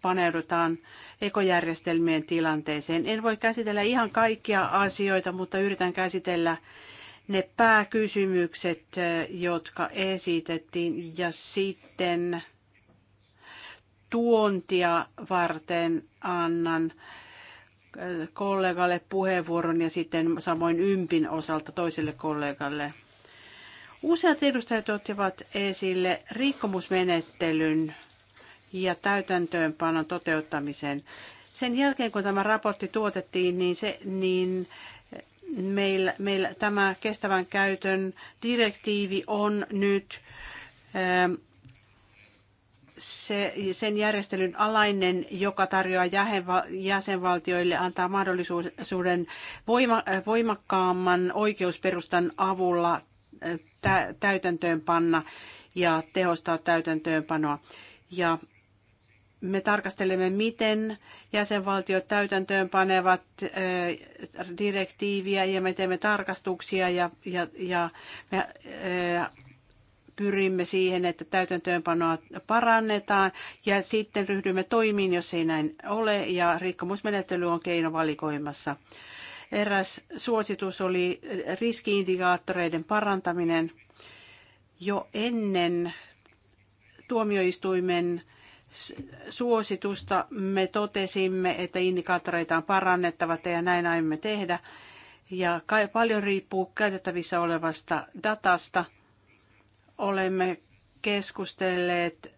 paneudutaan ekojärjestelmien tilanteeseen. En voi käsitellä ihan kaikkia asioita, mutta yritän käsitellä ne pääkysymykset, jotka esitettiin, ja sitten tuontia varten annan kollegalle puheenvuoron ja sitten samoin ympin osalta toiselle kollegalle. Useat edustajat ottivat esille rikkomusmenettelyn ja täytäntöönpanon toteuttamiseen. Sen jälkeen, kun tämä raportti tuotettiin, niin, se, niin meillä, meillä tämä kestävän käytön direktiivi on nyt ähm, se, sen järjestelyn alainen, joka tarjoaa jäsenvaltioille antaa mahdollisuuden voima, voimakkaamman oikeusperustan avulla äh, täytäntöönpanna ja tehostaa täytäntöönpanoa. Ja me tarkastelemme, miten jäsenvaltiot täytäntöön panevat äh, direktiiviä ja me teemme tarkastuksia ja, ja, ja me äh, pyrimme siihen, että täytäntöönpanoa parannetaan ja sitten ryhdymme toimiin, jos ei näin ole ja rikkomusmenettely on keino valikoimassa. Eräs suositus oli riskiindikaattoreiden parantaminen jo ennen tuomioistuimen suositusta me totesimme, että indikaattoreita on parannettava ja näin aiomme tehdä. Ja paljon riippuu käytettävissä olevasta datasta. Olemme keskustelleet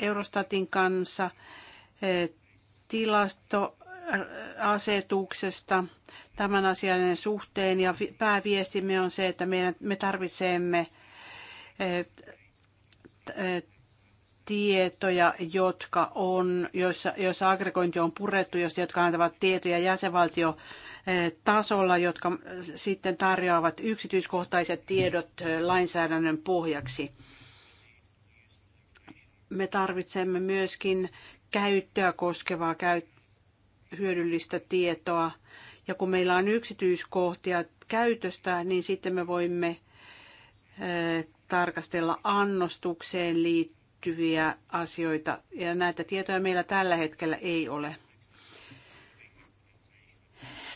Eurostatin kanssa eh, tilastoasetuksesta tämän asian suhteen ja pääviestimme on se, että meidän, me tarvitsemme eh, eh, tietoja, jotka on, joissa, joissa aggregointi on purettu, jotka antavat tietoja jäsenvaltio tasolla, jotka sitten tarjoavat yksityiskohtaiset tiedot eh, lainsäädännön pohjaksi. Me tarvitsemme myöskin käyttöä koskevaa hyödyllistä tietoa. Ja kun meillä on yksityiskohtia käytöstä, niin sitten me voimme eh, tarkastella annostukseen liittyen liittyviä asioita, ja näitä tietoja meillä tällä hetkellä ei ole.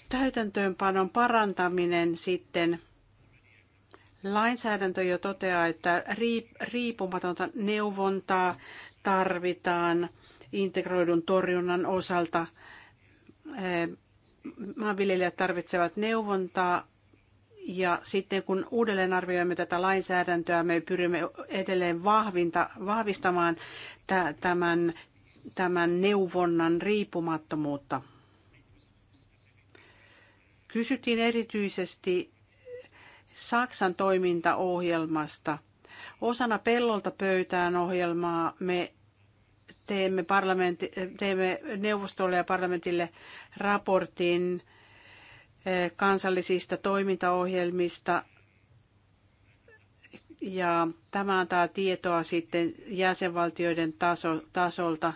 Täytäntöönpanon parantaminen sitten. Lainsäädäntö jo toteaa, että riippumatonta neuvontaa tarvitaan integroidun torjunnan osalta maanviljelijät tarvitsevat neuvontaa ja sitten kun uudelleen arvioimme tätä lainsäädäntöä, me pyrimme edelleen vahvinta, vahvistamaan tämän, tämän neuvonnan riippumattomuutta. Kysyttiin erityisesti Saksan toimintaohjelmasta. Osana pellolta pöytään ohjelmaa me teemme, parlamentti, teemme neuvostolle ja parlamentille raportin – kansallisista toimintaohjelmista ja tämä antaa tietoa sitten jäsenvaltioiden taso, tasolta.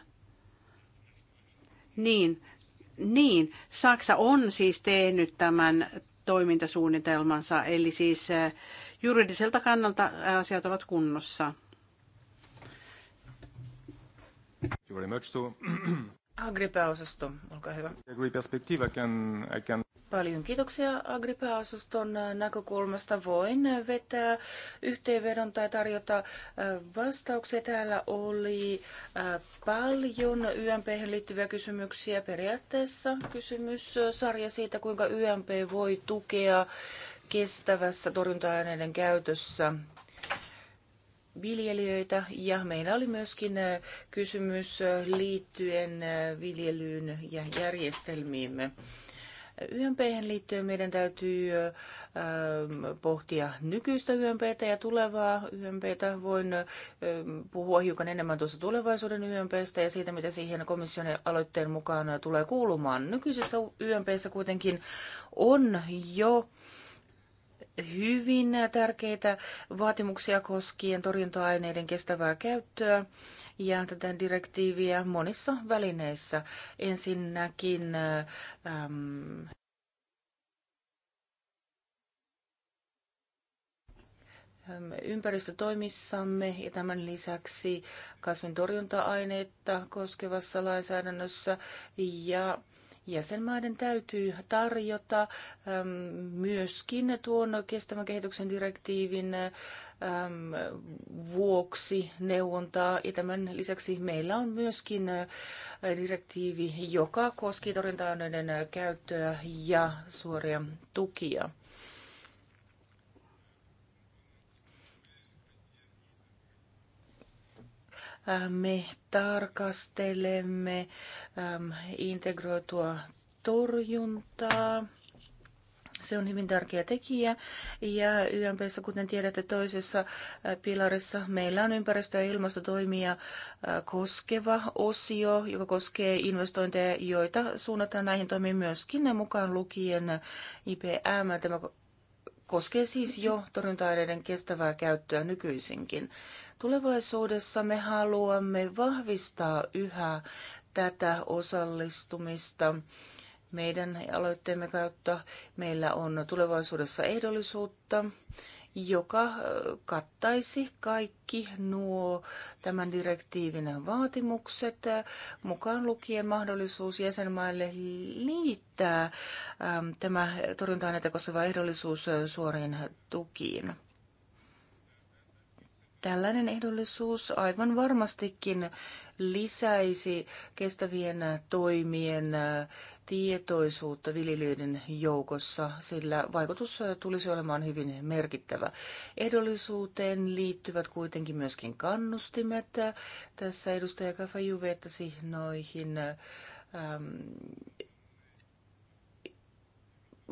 Niin, niin, Saksa on siis tehnyt tämän toimintasuunnitelmansa, eli siis juridiselta kannalta asiat ovat kunnossa.
Agripa-osasto, olkaa hyvä.
can, I can...
Paljon kiitoksia Agripa-osaston näkökulmasta. Voin vetää yhteenvedon tai tarjota vastauksia. Täällä oli paljon YMP liittyviä kysymyksiä. Periaatteessa kysymys sarja siitä, kuinka YMP voi tukea kestävässä torjunta-aineiden käytössä viljelijöitä ja meillä oli myöskin kysymys liittyen viljelyyn ja järjestelmiimme. YMP liittyen meidän täytyy ähm, pohtia nykyistä YMPtä ja tulevaa YMPtä. Voin ähm, puhua hiukan enemmän tuossa tulevaisuuden YMPstä ja siitä, mitä siihen komission aloitteen mukaan tulee kuulumaan. Nykyisessä YMPssä kuitenkin on jo hyvin tärkeitä vaatimuksia koskien torjunta-aineiden kestävää käyttöä ja tätä direktiiviä monissa välineissä. Ensinnäkin ähm, ähm ympäristötoimissamme ja tämän lisäksi kasvintorjunta-aineita koskevassa lainsäädännössä ja jäsenmaiden täytyy tarjota myöskin tuon kestävän kehityksen direktiivin vuoksi neuvontaa. Ja tämän lisäksi meillä on myöskin direktiivi, joka koskee torjunta-aineiden käyttöä ja suoria tukia. me tarkastelemme ähm, integroitua torjuntaa. Se on hyvin tärkeä tekijä. Ja YMPssä, kuten tiedätte, toisessa äh, pilarissa meillä on ympäristö- ja ilmastotoimia äh, koskeva osio, joka koskee investointeja, joita suunnataan näihin toimiin myöskin mukaan lukien IPM. Tämä koskee siis jo torjunta-aineiden kestävää käyttöä nykyisinkin. Tulevaisuudessa me haluamme vahvistaa yhä tätä osallistumista meidän aloitteemme kautta. Meillä on tulevaisuudessa ehdollisuutta joka kattaisi kaikki nuo tämän direktiivin vaatimukset, mukaan lukien mahdollisuus jäsenmaille liittää tämä torjunta-aineita koskeva ehdollisuus suoriin tukiin. Tällainen ehdollisuus aivan varmastikin lisäisi kestävien toimien tietoisuutta viljelijöiden joukossa, sillä vaikutus tulisi olemaan hyvin merkittävä. Ehdollisuuteen liittyvät kuitenkin myöskin kannustimet. Tässä edustaja Kafaju vetäsi noihin ähm,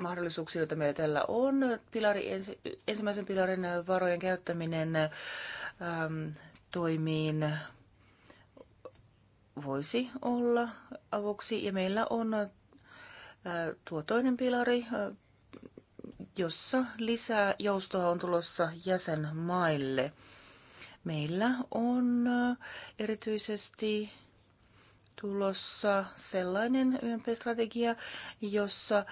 mahdollisuuksiin, joita meillä tällä on. Pilari, ensi, ensimmäisen pilarin varojen käyttäminen ähm, toimiin voisi olla avuksi. Ja meillä on äh, tuo toinen pilari, äh, jossa lisää joustoa on tulossa jäsenmaille. Meillä on äh, erityisesti tulossa sellainen YMP-strategia, jossa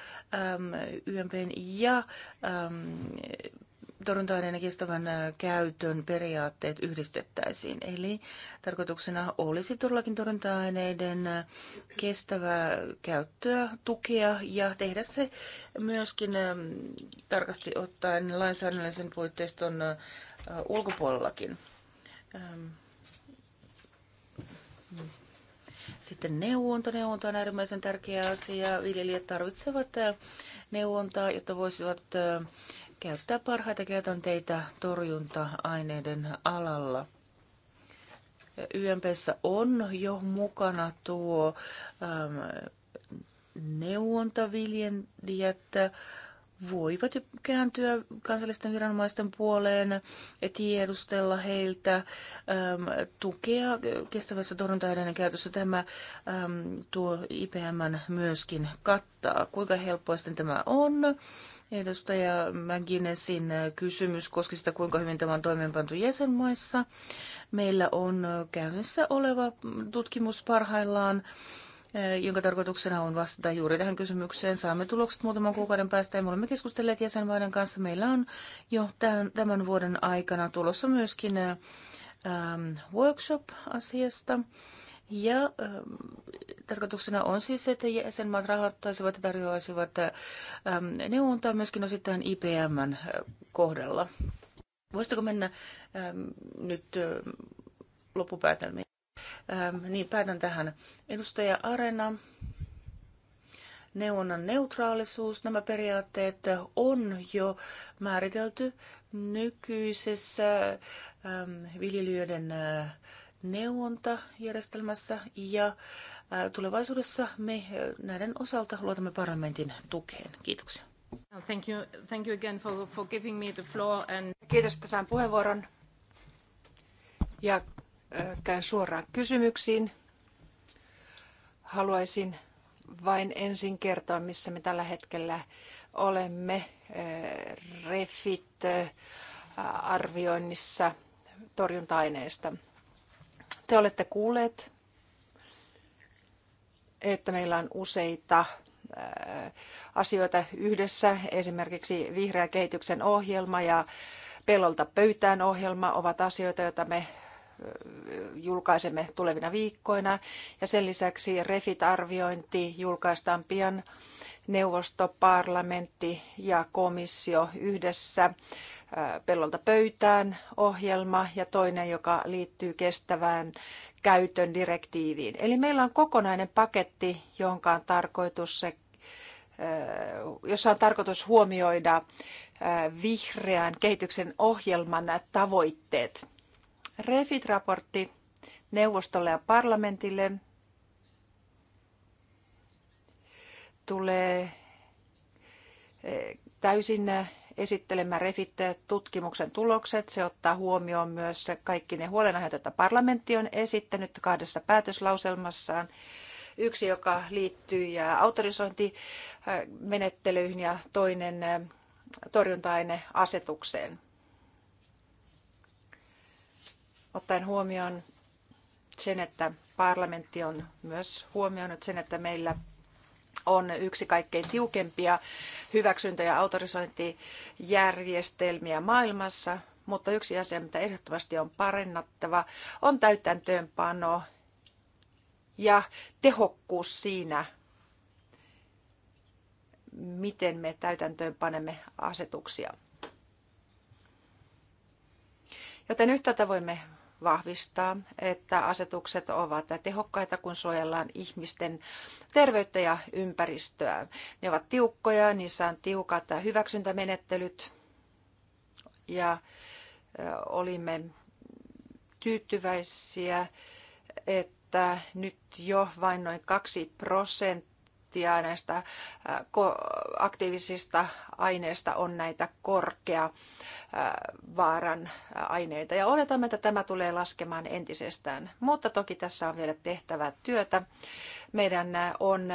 YMP ja äm, torjunta-aineiden kestävän äh, käytön periaatteet yhdistettäisiin. Eli tarkoituksena olisi todellakin torjunta-aineiden äh, kestävää käyttöä tukea ja tehdä se myöskin ähm, tarkasti ottaen lainsäädännöllisen puitteiston äh, ulkopuolellakin. Ähm, sitten neuvonta. Neuvonta on äärimmäisen tärkeä asia. Viljelijät tarvitsevat neuvontaa, jotta voisivat käyttää parhaita käytänteitä torjunta-aineiden alalla. YMPssä on jo mukana tuo ähm, neuvontaviljelijät voivat kääntyä kansallisten viranomaisten puoleen ja tiedustella heiltä ähm, tukea kestävässä torjunta käytössä. Tämä ähm, tuo IPM myöskin kattaa. Kuinka helppoa sitten tämä on? Edustaja McGinnessin äh, kysymys koski sitä, kuinka hyvin tämä on toimeenpantu jäsenmaissa. Meillä on äh, käynnissä oleva tutkimus parhaillaan äh, jonka tarkoituksena on vastata juuri tähän kysymykseen. Saamme tulokset muutaman kuukauden päästä ja me olemme keskustelleet jäsenmaiden kanssa. Meillä on jo tämän, vuoden aikana tulossa myöskin ähm, workshop asiasta. Ja ähm, tarkoituksena on siis, että jäsenmaat rahoittaisivat ja tarjoaisivat ähm, neuvontaa myöskin osittain IPMn äh, kohdalla. Voisitko mennä ähm, nyt äh, loppupäätelmiin? niin, päätän tähän. Edustaja Arena, neuvonnan neutraalisuus, nämä periaatteet on jo määritelty nykyisessä ähm, viljelijöiden äh, neuvontajärjestelmässä ja tulevaisuudessa me näiden osalta luotamme parlamentin tukeen. Kiitoksia. Thank you, thank you again for, for giving
me the floor and... Kiitos, että saan puheenvuoron. Ja käyn suoraan kysymyksiin. Haluaisin vain ensin kertoa, missä me tällä hetkellä olemme refit arvioinnissa torjunta-aineista. Te olette kuulleet, että meillä on useita äh, asioita yhdessä, esimerkiksi vihreän kehityksen ohjelma ja pellolta pöytään ohjelma ovat asioita, joita me äh, julkaisemme tulevina viikkoina. Ja sen lisäksi REFIT-arviointi julkaistaan pian neuvosto, parlamentti ja komissio yhdessä pellolta pöytään ohjelma ja toinen, joka liittyy kestävään käytön direktiiviin. Eli meillä on kokonainen paketti, jonka on tarkoitus se, jossa on tarkoitus huomioida vihreän kehityksen ohjelman tavoitteet. Refit-raportti neuvostolle ja parlamentille tulee täysin esittelemään REFIT-tutkimuksen tulokset. Se ottaa huomioon myös kaikki ne huolenaiheet, joita parlamentti on esittänyt kahdessa päätöslauselmassaan. Yksi, joka liittyy autorisointimenettelyihin ja toinen torjunta-aineasetukseen. Ottaen huomioon sen, että parlamentti on myös huomioinut sen, että meillä on yksi kaikkein tiukempia hyväksyntä- ja autorisointijärjestelmiä maailmassa, mutta yksi asia, mitä ehdottomasti on parannettava, on täytäntöönpano ja tehokkuus siinä, miten me täytäntöönpanemme asetuksia. Joten yhtäältä voimme vahvistaa, että asetukset ovat tehokkaita, kun suojellaan ihmisten terveyttä ja ympäristöä. Ne ovat tiukkoja, niissä on tiukat hyväksyntämenettelyt ja olimme tyytyväisiä, että nyt jo vain noin kaksi prosenttia prosenttia näistä aktiivisista aineista on näitä korkea vaaran aineita. Ja oletamme, että tämä tulee laskemaan entisestään. Mutta toki tässä on vielä tehtävää työtä. Meidän on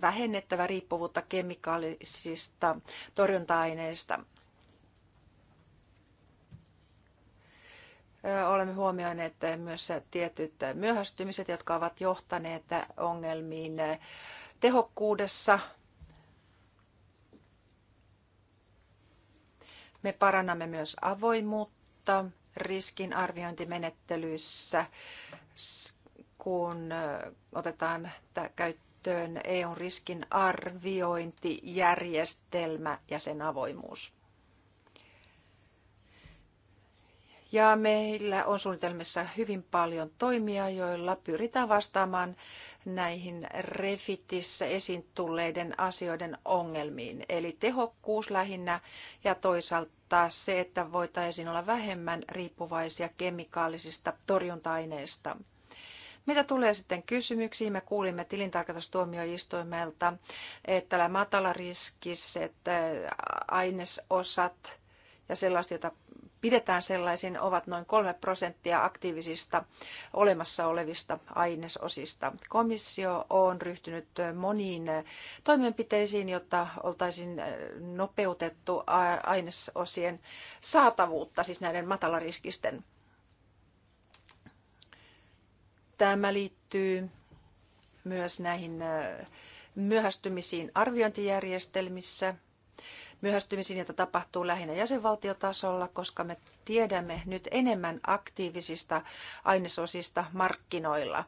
vähennettävä riippuvuutta kemikaalisista torjunta-aineista. olemme huomioineet myös tietyt myöhästymiset, jotka ovat johtaneet ongelmiin tehokkuudessa. Me parannamme myös avoimuutta riskinarviointimenettelyissä, kun äh, otetaan käyttöön EUn riskinarviointijärjestelmä ja sen avoimuus. Ja meillä on suunnitelmissa hyvin paljon toimia, joilla pyritään vastaamaan näihin refitissä esiin tulleiden asioiden ongelmiin. Eli tehokkuus lähinnä ja toisaalta se, että voitaisiin olla vähemmän riippuvaisia kemikaalisista torjunta-aineista. Mitä tulee sitten kysymyksiin, me kuulimme tilintarkastustuomioistuimelta, että nämä matalariskiset ainesosat ja sellaiset, joita pidetään sellaisin, ovat noin 3 prosenttia aktiivisista olemassa olevista ainesosista. Komissio on ryhtynyt moniin toimenpiteisiin, jotta oltaisiin nopeutettu ainesosien saatavuutta, siis näiden matalariskisten. Tämä liittyy myös näihin myöhästymisiin arviointijärjestelmissä – myöhästymisiin, joita tapahtuu lähinnä jäsenvaltiotasolla, koska me tiedämme nyt enemmän aktiivisista ainesosista markkinoilla,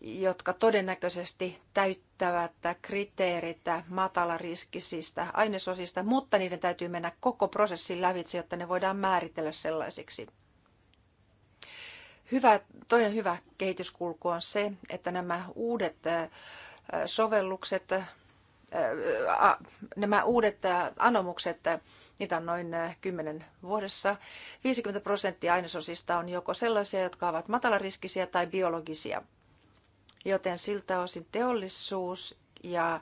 jotka todennäköisesti täyttävät kriteerit matalariskisistä ainesosista, mutta niiden täytyy mennä koko prosessin lävitse, jotta ne voidaan määritellä sellaisiksi. Hyvä, toinen hyvä kehityskulku on se, että nämä uudet äh, sovellukset nämä uudet anomukset, niitä on noin 10 vuodessa, 50 prosenttia ainesosista on joko sellaisia, jotka ovat matalariskisiä tai biologisia. Joten siltä osin teollisuus ja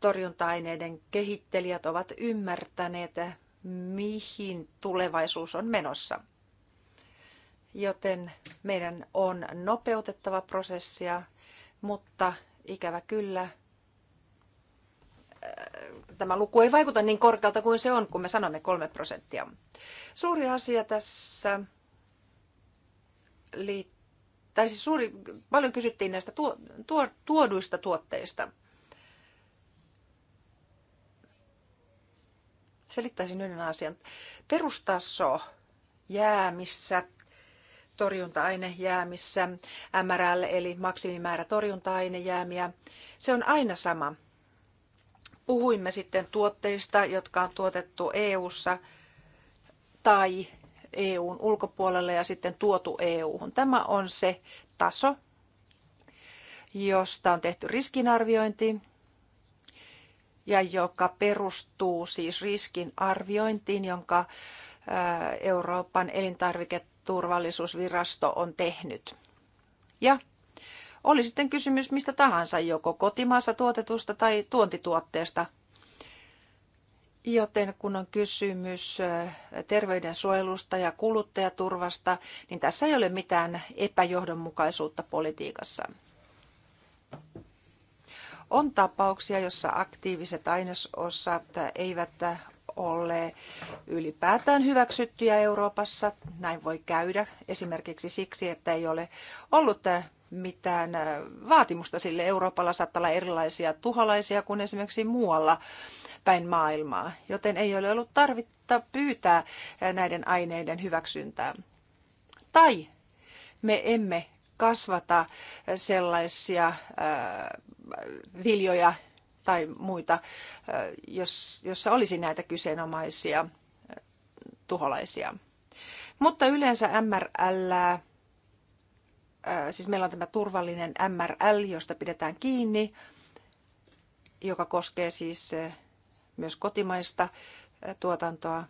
torjunta-aineiden kehittelijät ovat ymmärtäneet, mihin tulevaisuus on menossa. Joten meidän on nopeutettava prosessia, mutta ikävä kyllä tämä luku ei vaikuta niin korkealta kuin se on, kun me sanomme kolme prosenttia. Suuri asia tässä liittyy tai siis suuri, paljon kysyttiin näistä tuo, tuo, tuoduista tuotteista. Selittäisin yhden asian. Perustaso jäämissä, torjunta-aine jäämissä, MRL eli maksimimäärä torjunta-aine jäämiä, se on aina sama puhuimme sitten tuotteista, jotka on tuotettu EU:ssa tai EUn ulkopuolelle ja sitten tuotu EU-hun. Tämä on se taso, josta on tehty riskinarviointi ja joka perustuu siis riskinarviointiin, jonka äh, Euroopan elintarviketurvallisuusvirasto on tehnyt. Ja oli sitten kysymys mistä tahansa, joko kotimaassa tuotetusta tai tuontituotteesta. Joten kun on kysymys terveydensuojelusta ja kuluttajaturvasta, niin tässä ei ole mitään epäjohdonmukaisuutta politiikassa. On tapauksia, jossa aktiiviset ainesosat eivät ole ylipäätään hyväksyttyjä Euroopassa. Näin voi käydä esimerkiksi siksi, että ei ole ollut mitään äh, vaatimusta sille. Euroopalla saattaa olla erilaisia tuholaisia kuin esimerkiksi muualla päin maailmaa, joten ei ole ollut tarvitta pyytää äh, näiden aineiden hyväksyntää. Tai me emme kasvata äh, sellaisia viljoja tai muita, jos, jossa olisi näitä kyseenomaisia tuholaisia. Mutta yleensä MRL Äh, siis meillä on tämä turvallinen MRL, josta pidetään kiinni, joka koskee siis äh, myös kotimaista äh, tuotantoa.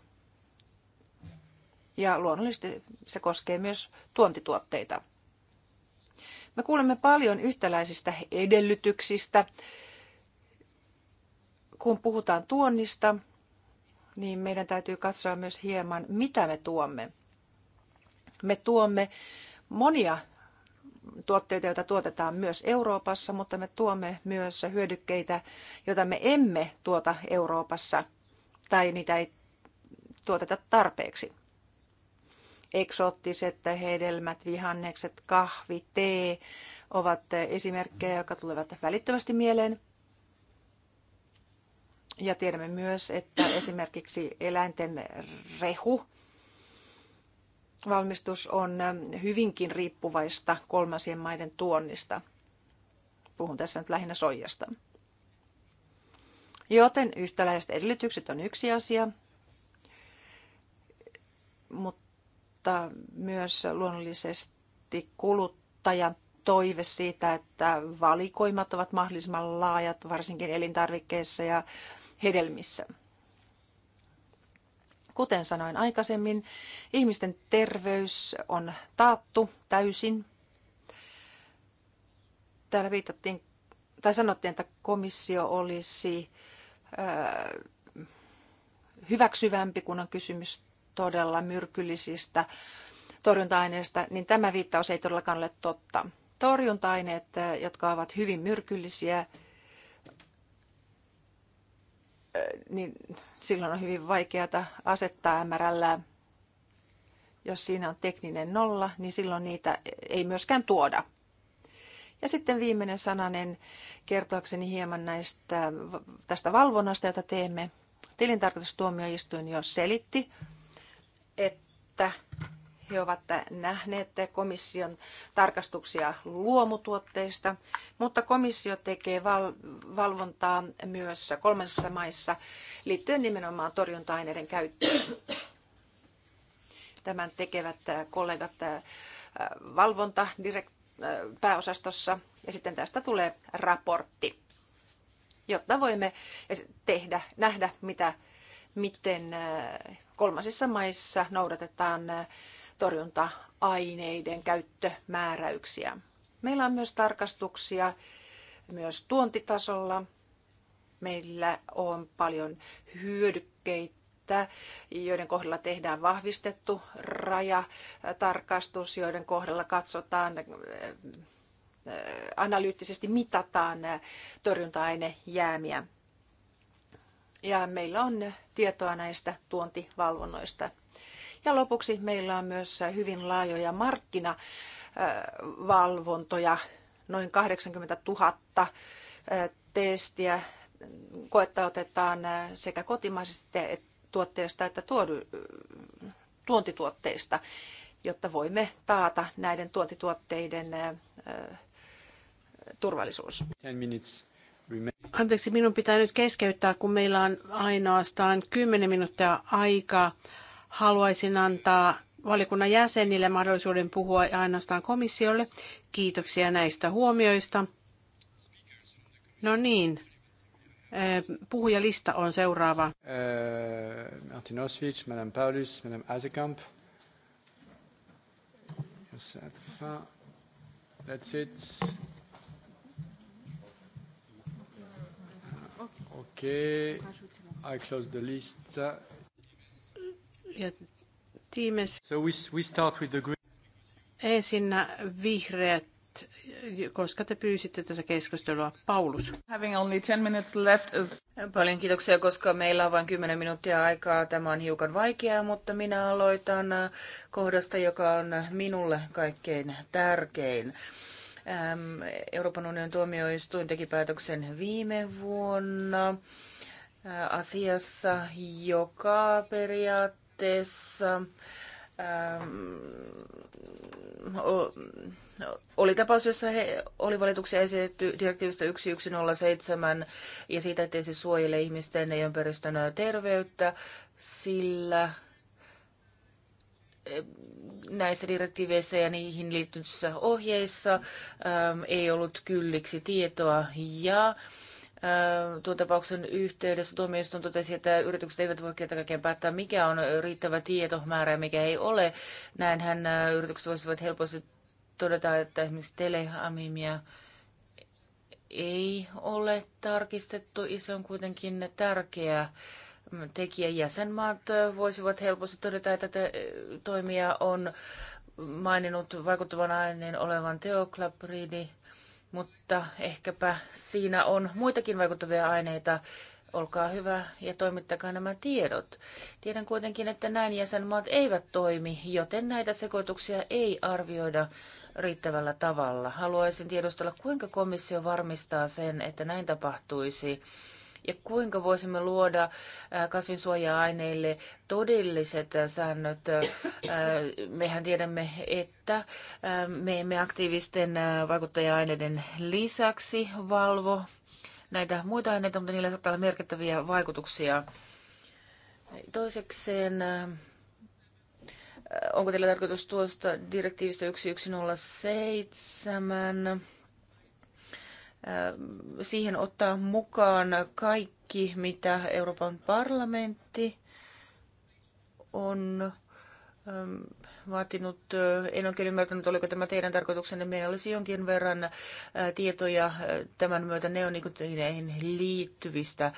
Ja luonnollisesti se koskee myös tuontituotteita. Me kuulemme paljon yhtäläisistä edellytyksistä. Kun puhutaan tuonnista, niin meidän täytyy katsoa myös hieman, mitä me tuomme. Me tuomme monia tuotteita, joita tuotetaan myös Euroopassa, mutta me tuomme myös hyödykkeitä, joita me emme tuota Euroopassa tai niitä ei tuoteta tarpeeksi. Eksoottiset hedelmät, vihannekset, kahvi, tee ovat esimerkkejä, jotka tulevat välittömästi mieleen. Ja tiedämme myös, että esimerkiksi eläinten rehu valmistus on ähm, hyvinkin riippuvaista kolmansien maiden tuonnista. Puhun tässä nyt lähinnä soijasta. Joten yhtäläiset edellytykset on yksi asia, mutta myös luonnollisesti kuluttajan toive siitä, että valikoimat ovat mahdollisimman laajat, varsinkin elintarvikkeissa ja hedelmissä. Kuten sanoin aikaisemmin, ihmisten terveys on taattu täysin. Täällä viitattiin, tai sanottiin, että komissio olisi äh, hyväksyvämpi, kun on kysymys todella myrkyllisistä torjunta-aineista, niin tämä viittaus ei todellakaan ole totta. Torjunta-aineet, äh, jotka ovat hyvin myrkyllisiä, niin silloin on hyvin vaikeata asettaa MRLää. Jos siinä on tekninen nolla, niin silloin niitä ei myöskään tuoda. Ja sitten viimeinen sananen kertoakseni hieman näistä, tästä valvonnasta, jota teemme. Tilintarkastustuomioistuin jo selitti, että he ovat nähneet komission tarkastuksia luomutuotteista, mutta komissio tekee val- valvontaa myös kolmansissa maissa liittyen nimenomaan torjunta-aineiden käyttöön. Tämän tekevät kollegat äh, valvontapääosastossa äh, ja sitten tästä tulee raportti, jotta voimme tehdä, nähdä, mitä, miten äh, kolmansissa maissa noudatetaan torjunta-aineiden käyttömääräyksiä. Meillä on myös tarkastuksia myös tuontitasolla. Meillä on paljon hyödykkeitä, joiden kohdalla tehdään vahvistettu rajatarkastus, joiden kohdalla katsotaan analyyttisesti mitataan torjunta-ainejäämiä. Ja meillä on tietoa näistä tuontivalvonnoista ja lopuksi meillä on myös hyvin laajoja markkinavalvontoja, noin 80 000 testiä koetta otetaan sekä kotimaisista tuotteista että tuontituotteista, jotta voimme taata näiden tuontituotteiden
turvallisuus.
Anteeksi, minun pitää nyt keskeyttää, kun meillä on ainoastaan 10 minuuttia aikaa Haluaisin antaa valikunnan jäsenille mahdollisuuden puhua ja ainoastaan komissiolle. Kiitoksia näistä huomioista. No niin,
eh, puhujalista on seuraava. Uh, Martin Oswich, Madame Paulus, Madame Azekamp. That's it. Okay, I close the list ja tiimes. So we, we start with the green.
vihreät, koska te pyysitte tätä keskustelua. Paulus.
Having only 10 minutes left is... Paljon kiitoksia, koska meillä on vain 10 minuuttia aikaa. Tämä on hiukan vaikeaa, mutta minä aloitan äh, kohdasta, joka on minulle kaikkein tärkein. Ähm, Euroopan unionin tuomioistuin teki päätöksen viime vuonna äh, asiassa, joka periaatteessa periaatteessa ähm, oli tapaus, jossa he oli valituksia esitetty direktiivistä 1107 ja siitä, ettei se suojele ihmisten ja ympäristön terveyttä, sillä eh, näissä direktiiveissä ja niihin liittyvissä ohjeissa ähm, ei ollut kylliksi tietoa ja tuon tapauksen yhteydessä tuomioistuin totesi, että yritykset eivät voi kerta kaikkiaan päättää, mikä on riittävä tietomäärä ja mikä ei ole. Näinhän yritykset voisivat helposti todeta, että esimerkiksi teleamimia ei ole tarkistettu. Se on kuitenkin tärkeä tekijä. Jäsenmaat voisivat helposti todeta, että toimija on maininnut vaikuttavan aineen olevan teoklapriidi – mutta ehkäpä siinä on muitakin vaikuttavia aineita. Olkaa hyvä ja toimittakaa nämä tiedot. Tiedän kuitenkin, että näin jäsenmaat eivät toimi, joten näitä sekoituksia ei arvioida riittävällä tavalla. Haluaisin tiedustella, kuinka komissio varmistaa sen, että näin tapahtuisi ja kuinka voisimme luoda äh, kasvinsuoja-aineille todelliset äh, säännöt. Äh, mehän tiedämme, että me emme aktiivisten vaikuttaja-aineiden lisäksi valvo näitä muita aineita, mutta niillä saattaa olla merkittäviä vaikutuksia. Toisekseen onko teillä tarkoitus tuosta direktiivistä 1107 siihen ottaa mukaan kaikki, mitä Euroopan parlamentti on vaatinut, en oikein ymmärtänyt, oliko tämä teidän tarkoituksenne, meillä olisi jonkin verran tietoja tämän myötä neonikotiineihin liittyvistä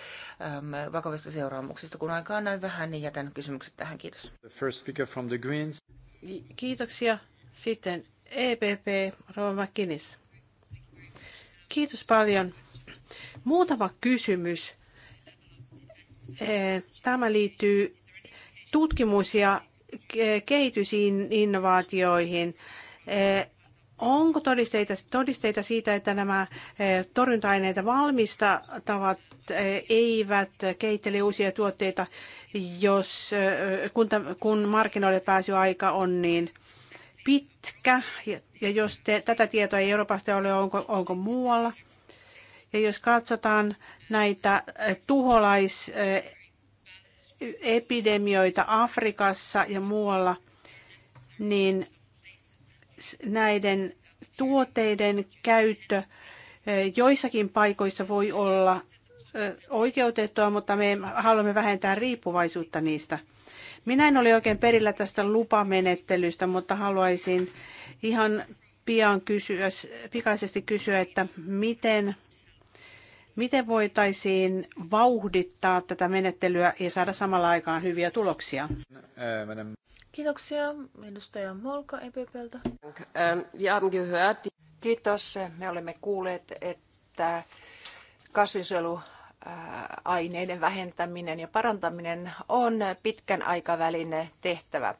vakavista seuraamuksista. Kun aikaa on näin vähän, niin jätän kysymykset tähän.
Kiitos. The first speaker from the Greens.
Kiitoksia. Sitten EPP, Rova McKinnis. Kiitos paljon. Muutama kysymys. Eh, tämä liittyy tutkimus- ja kehitysinnovaatioihin. Eh, onko todisteita, todisteita siitä, että nämä eh, torjunta-aineita valmistavat eivät kehittele uusia tuotteita, jos, kun, kun markkinoille pääsyaika aika on niin pitkä, ja jos te, tätä tietoa ei Euroopasta ole, onko, onko muualla. Ja jos katsotaan näitä eh, tuholaisepidemioita eh, Afrikassa ja muualla, niin näiden tuotteiden käyttö eh, joissakin paikoissa voi olla oikeutettua, mutta me haluamme vähentää riippuvaisuutta niistä – minä en ole oikein perillä tästä lupamenettelystä, mutta haluaisin ihan pian kysyä, pikaisesti kysyä, että miten, miten voitaisiin vauhdittaa tätä menettelyä ja saada samalla aikaan hyviä tuloksia?
Kiitoksia. Edustaja Molka EPPltä.
Ähm,
Kiitos. Me olemme kuulleet, että kasvinsuojelu aineiden vähentäminen ja parantaminen on pitkän aikavälin tehtävä.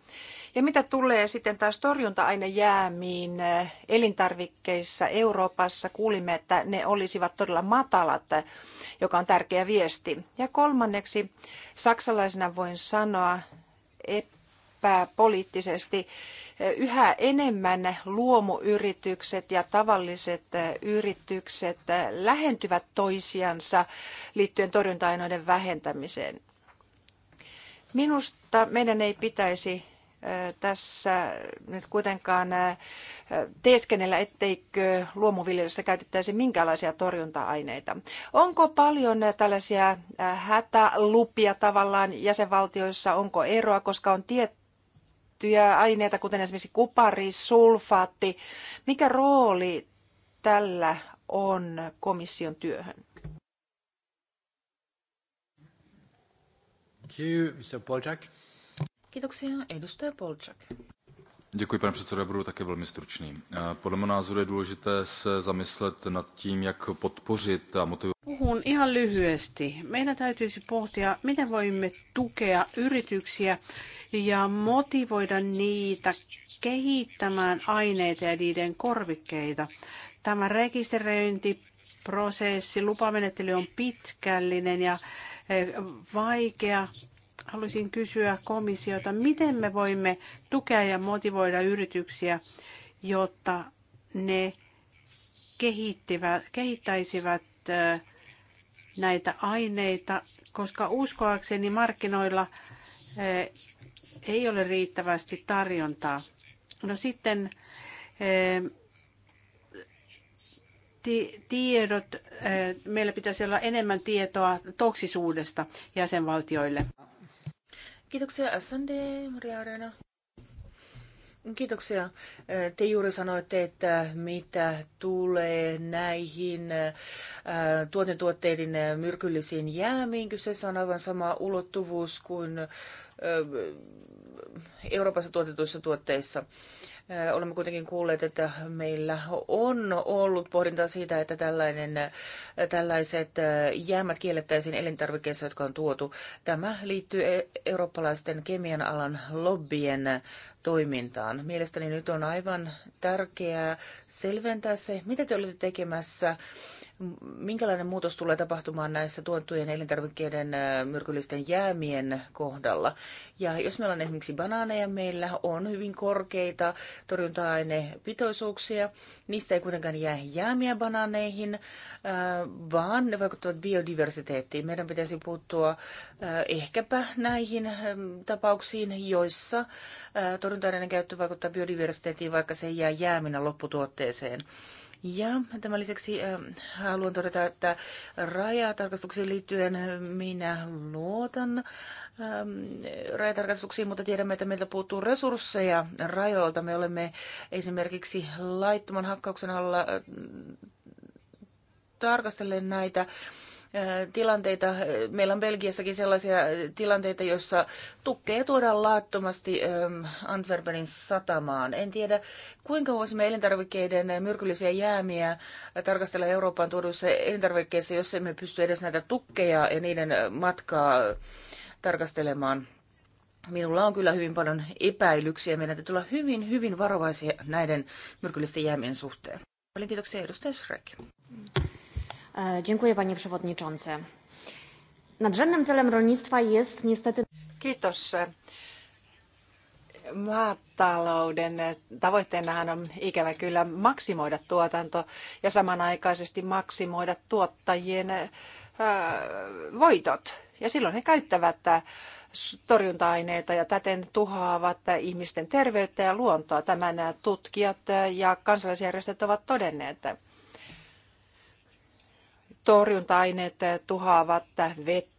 Ja mitä tulee sitten taas torjunta-ainejäämiin elintarvikkeissa Euroopassa, kuulimme, että ne olisivat todella matalat, joka on tärkeä viesti. Ja kolmanneksi saksalaisena voin sanoa epäpoliittisesti, yhä enemmän luomuyritykset ja tavalliset eh, yritykset eh, lähentyvät toisiansa liittyen torjunta-aineiden vähentämiseen. Minusta meidän ei pitäisi eh, tässä nyt kuitenkaan teeskennellä, etteikö luomuviljelyssä käytettäisi minkälaisia torjunta-aineita. Onko paljon tällaisia hätälupia tavallaan jäsenvaltioissa, onko eroa, koska on tietty tiettyjä aineita, kuten esimerkiksi kupari, sulfaatti. Mikä rooli tällä on komission työhön?
Kiitoksia. Edustaja Polčak.
Děkuji, pane předsedo, já budu také velmi stručný. Podle mého názoru je důležité se zamyslet nad tím, jak podpořit a motivovat.
Puhun ihan lyhyesti. Meidän täytyisi pohtia, miten voimme tukea yrityksiä, ja motivoida niitä kehittämään aineita ja niiden korvikkeita. Tämä rekisteröintiprosessi, lupamenettely on pitkällinen ja eh, vaikea. Haluaisin kysyä komissiota, miten me voimme tukea ja motivoida yrityksiä, jotta ne kehittäisivät eh, näitä aineita, koska uskoakseni markkinoilla eh, ei ole riittävästi tarjontaa. No sitten eh, tiedot, eh, meillä pitäisi olla enemmän tietoa toksisuudesta jäsenvaltioille.
Kiitoksia SND, Maria Arena. Kiitoksia. Äh, te juuri sanoitte, että mitä tulee näihin äh, tuotantotuotteiden myrkyllisiin jäämiin. Kyseessä on aivan sama ulottuvuus kuin äh, Euroopassa tuotetuissa tuotteissa. Olemme kuitenkin kuulleet, että meillä on ollut pohdintaa siitä, että tällainen, tällaiset jäämät kiellettäisiin elintarvikkeissa, jotka on tuotu. Tämä liittyy e-, eurooppalaisten kemian alan lobbien toimintaan. Mielestäni nyt on aivan tärkeää selventää se, mitä te olette tekemässä Minkälainen muutos tulee tapahtumaan näissä tuottujen elintarvikkeiden myrkyllisten jäämien kohdalla? Ja jos meillä on esimerkiksi banaaneja, meillä on hyvin korkeita torjunta-ainepitoisuuksia. Niistä ei kuitenkaan jää jäämiä banaaneihin, vaan ne vaikuttavat biodiversiteettiin. Meidän pitäisi puuttua ehkäpä näihin tapauksiin, joissa torjunta-aineiden käyttö vaikuttaa biodiversiteettiin, vaikka se ei jää jääminä lopputuotteeseen. Ja tämän lisäksi haluan todeta, että rajatarkastuksiin liittyen minä luotan rajatarkastuksiin, mutta tiedämme, että meiltä puuttuu resursseja rajoilta. Me olemme esimerkiksi laittoman hakkauksen alla tarkastelleet näitä tilanteita. Meillä on Belgiassakin sellaisia tilanteita, joissa tukkeja tuodaan laattomasti Antwerpenin satamaan. En tiedä, kuinka voisimme elintarvikkeiden myrkyllisiä jäämiä tarkastella Eurooppaan tuoduissa elintarvikkeissa, jos emme pysty edes näitä tukkeja ja niiden matkaa tarkastelemaan. Minulla on kyllä hyvin paljon epäilyksiä. Meidän täytyy olla hyvin, hyvin varovaisia näiden myrkyllisten jäämien suhteen. Paljon kiitoksia edustaja Shrek. E, dziękuję, panie przewodniczący.
Nadrzędnym celem rolnictwa jest niestety... Kiitos. Maatalouden tavoitteenahan on ikävä kyllä maksimoida tuotanto ja samanaikaisesti maksimoida tuottajien e, voitot. Ja silloin he käyttävät torjunta-aineita ja täten tuhoavat ihmisten terveyttä ja luontoa. Tämän tutkijat ja kansalaisjärjestöt ovat todenneet torjunta-aineet tuhoavat vettä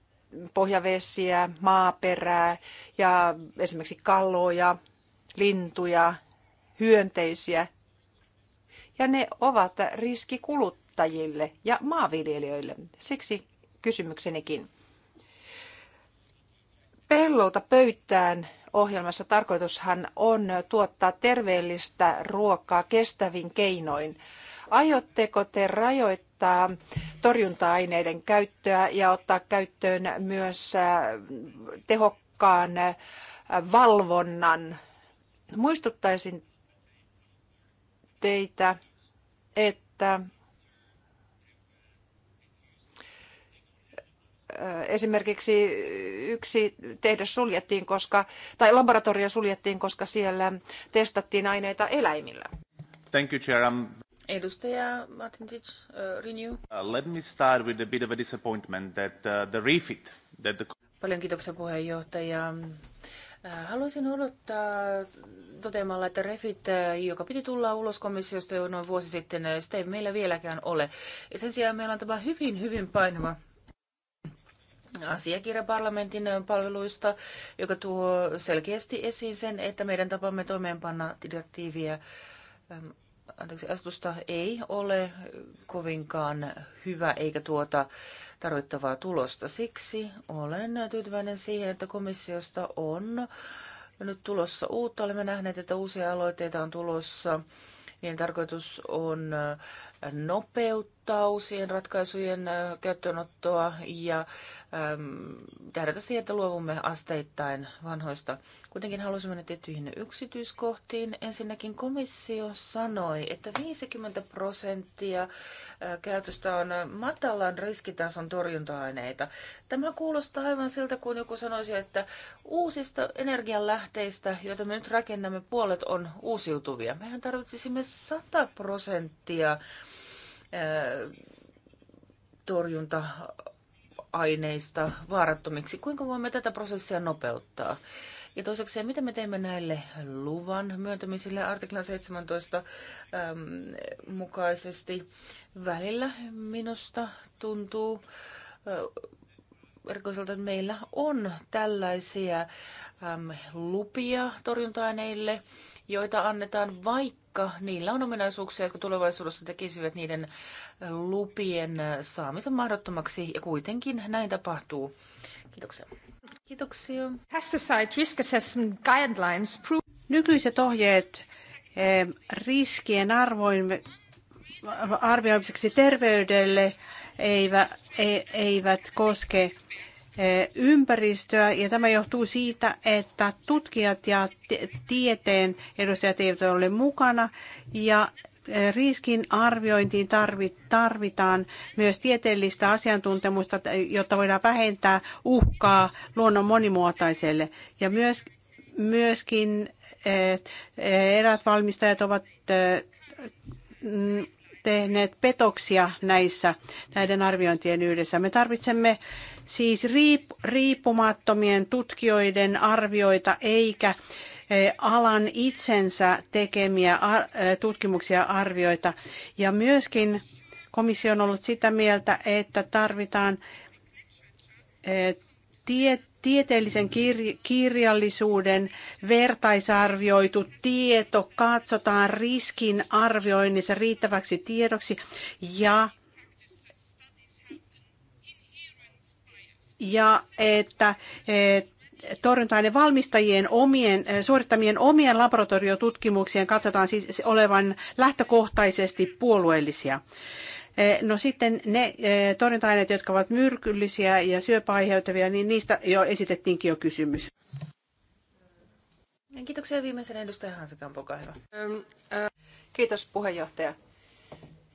pohjavesiä, maaperää ja esimerkiksi kaloja, lintuja, hyönteisiä. Ja ne ovat riski kuluttajille ja maanviljelijöille. Siksi kysymyksenikin. Pellolta pöytään ohjelmassa tarkoitushan on tuottaa terveellistä ruokaa kestävin keinoin. Aiotteko te rajoittaa rajoittaa torjunta-aineiden käyttöä ja ottaa käyttöön myös äh, tehokkaan äh, valvonnan. Muistuttaisin teitä, että äh, esimerkiksi yksi tehdas suljettiin, koska, tai laboratorio suljettiin, koska siellä testattiin aineita eläimillä.
Thank you, Chair.
Edustaja Martintich, uh, Renew. Uh, let me start with a bit of a disappointment that uh, the refit, that the... Paljon kiitoksia puheenjohtaja. Uh, haluaisin odottaa toteamalla, että refit, uh, joka piti tulla ulos komissiosta jo noin vuosi sitten, uh, sitä ei meillä vieläkään ole. Ja sen sijaan meillä on tämä hyvin, hyvin painava asiakirja parlamentin palveluista, joka tuo selkeästi esiin sen, että meidän tapamme toimeenpanna direktiiviä um, anteeksi, asutusta ei ole kovinkaan hyvä eikä tuota tarvittavaa tulosta. Siksi olen tyytyväinen siihen, että komissiosta on nyt tulossa uutta. Olemme nähneet, että uusia aloitteita on tulossa. Niiden tarkoitus on nopeuttaa uusien ratkaisujen käyttöönottoa ja tähdätä siihen, että luovumme asteittain vanhoista. Kuitenkin haluaisin mennä tiettyihin yksityiskohtiin. Ensinnäkin komissio sanoi, että 50 prosenttia käytöstä on matalan riskitason torjunta-aineita. Tämä kuulostaa aivan siltä, kuin joku sanoisi, että uusista energianlähteistä, joita me nyt rakennamme, puolet on uusiutuvia. Mehän tarvitsisimme 100 prosenttia torjunta-aineista vaarattomiksi. Kuinka voimme tätä prosessia nopeuttaa? Ja toiseksi, mitä me teemme näille luvan myöntämisille artiklan 17 äm, mukaisesti? Välillä minusta tuntuu äh, erikoiselta, että meillä on tällaisia äm, lupia torjunta-aineille, joita annetaan vaikka taikka niillä on ominaisuuksia, jotka tulevaisuudessa tekisivät niiden lupien saamisen mahdottomaksi, ja kuitenkin näin tapahtuu. Kiitoksia.
Kiitoksia. Pesticide risk assessment guidelines prove... Nykyiset ohjeet riskien arvoin, arvioimiseksi terveydelle eivät, e, eivät koske Eh, ympäristöä ja tämä johtuu siitä, että tutkijat ja tieteen edustajat eivät ole mukana ja eh, riskin arviointiin tarvitaan myös tieteellistä asiantuntemusta, jotta voidaan vähentää uhkaa luonnon monimuotoiselle. Ja myös, myöskin eh, eräät valmistajat ovat mm, tehneet petoksia näissä näiden arviointien yhdessä. Me tarvitsemme siis riippumattomien tutkijoiden arvioita eikä eh, alan itsensä tekemiä eh, tutkimuksia arvioita. Ja myöskin komissio on ollut sitä mieltä, että tarvitaan eh, tiet, tieteellisen kir- kirjallisuuden vertaisarvioitu tieto katsotaan riskin arvioinnissa riittäväksi tiedoksi ja ja että eh, torjunta valmistajien omien, eh, suorittamien omien laboratoriotutkimuksien katsotaan siis olevan lähtökohtaisesti puolueellisia. No sitten ne torjunta-aineet, jotka ovat myrkyllisiä ja syöpäaiheuttavia, niin niistä jo esitettiinkin jo kysymys.
Kiitoksia viimeisenä edustaja Hansakamp, olkaa hyvä. Ähm, äh. Kiitos puheenjohtaja.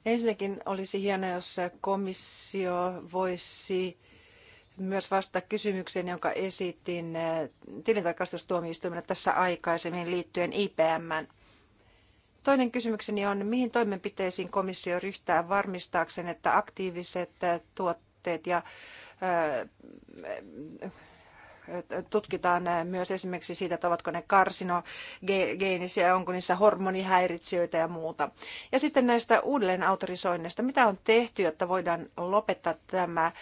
Ensinnäkin olisi hienoa, jos komissio voisi myös vastata kysymykseen, jonka esitin äh, tilintarkastustuomioistuimelle tässä aikaisemmin liittyen IPMn Toinen kysymykseni on, mihin toimenpiteisiin komissio ryhtää varmistaakseen, että aktiiviset äh, tuotteet ja äh, äh, tutkitaan myös esimerkiksi siitä, että ovatko ne karsinogeenisiä, onko niissä hormonihäiritsijöitä ja muuta. Ja sitten näistä uudelleenautorisoinneista. Mitä on tehty, jotta voidaan lopettaa tämä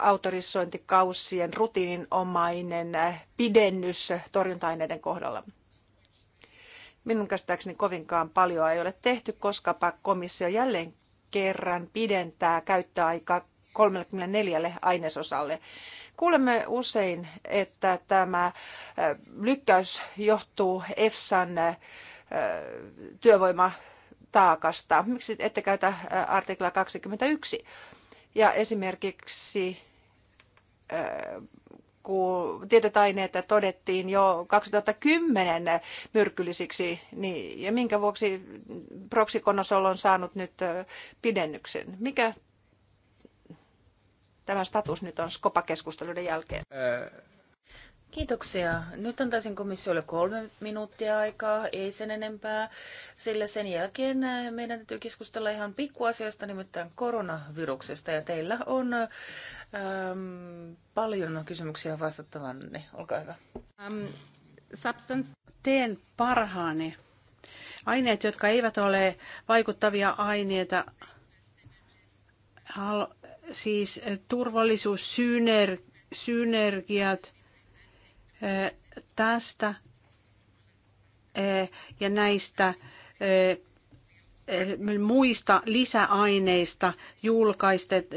autorisointikausien rutiininomainen pidennys torjunta-aineiden kohdalla? minun käsittääkseni kovinkaan paljon ei ole tehty, koska komissio jälleen kerran pidentää käyttöaikaa 34 ainesosalle. Kuulemme usein, että tämä lykkäys johtuu EFSAn työvoimataakasta. Miksi ette käytä artikla 21? Ja esimerkiksi jotkut tietyt aineet todettiin jo 2010 myrkyllisiksi, niin, ja minkä vuoksi proksikonosol on saanut nyt pidennyksen? Mikä tämä status nyt on skopa jälkeen?
Ää
Kiitoksia. Nyt antaisin komissiolle kolme minuuttia aikaa, ei sen enempää, sillä sen jälkeen äh, meidän täytyy keskustella ihan pikkuasiasta, nimittäin koronaviruksesta, ja teillä on ähm, paljon kysymyksiä vastattavanne. Olkaa hyvä. Um,
substance. Teen parhaani. Aineet, jotka eivät ole vaikuttavia aineita, siis turvallisuus, syner, tästä ja näistä muista lisäaineista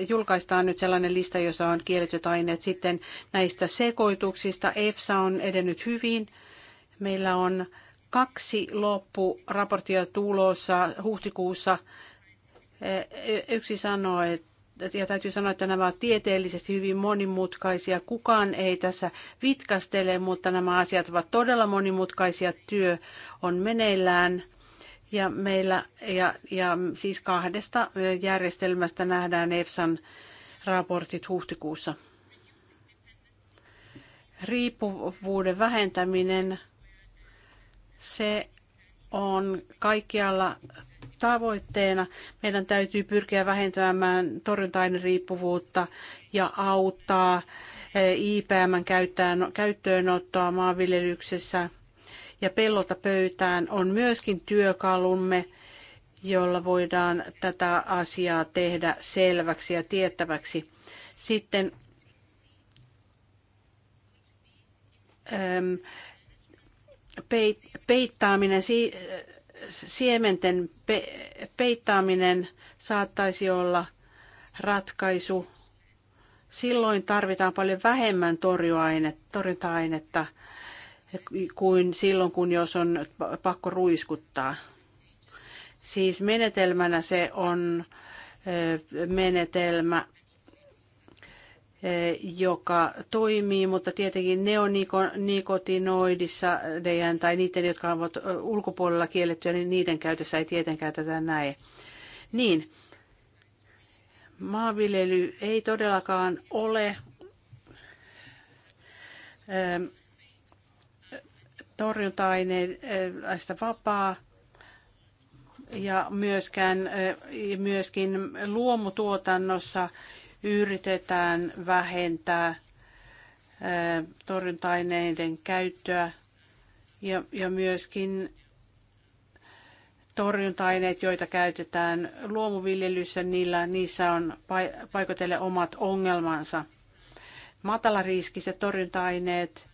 julkaistaan nyt sellainen lista, jossa on kielletyt aineet. Sitten näistä sekoituksista EFSA on edennyt hyvin. Meillä on kaksi loppuraporttia tulossa huhtikuussa. Yksi sanoo, että ja täytyy sanoa, että nämä ovat tieteellisesti hyvin monimutkaisia. Kukaan ei tässä vitkastele, mutta nämä asiat ovat todella monimutkaisia. Työ on meneillään. Ja, meillä, ja, ja siis kahdesta järjestelmästä nähdään EFSAn raportit huhtikuussa. Riippuvuuden vähentäminen, se on kaikkialla tavoitteena. Meidän täytyy pyrkiä vähentämään torjunta-aineriippuvuutta ja auttaa eh, IPM käyttöönottoa maanviljelyksessä. Ja pellolta pöytään on myöskin työkalumme, jolla voidaan tätä asiaa tehdä selväksi ja tiettäväksi. Sitten ehm, peittäminen peittaaminen, siementen pe- peittaaminen saattaisi olla ratkaisu. Silloin tarvitaan paljon vähemmän torjunta-ainetta kuin silloin, kun jos on pakko ruiskuttaa. Siis menetelmänä se on menetelmä, Eh, joka toimii, mutta tietenkin neonikotinoidissa tai niiden, jotka ovat eh, ulkopuolella kiellettyä, niin niiden käytössä ei tietenkään tätä näe. Niin, maanviljely ei todellakaan ole eh, torjunta-aineista vapaa ja myöskään, myöskin luomutuotannossa – yritetään vähentää torjunta-aineiden käyttöä ja, ja myöskin torjunta-aineet, joita käytetään luomuviljelyssä, niillä, niissä on paikotelle omat ongelmansa. Matalariskiset torjunta-aineet,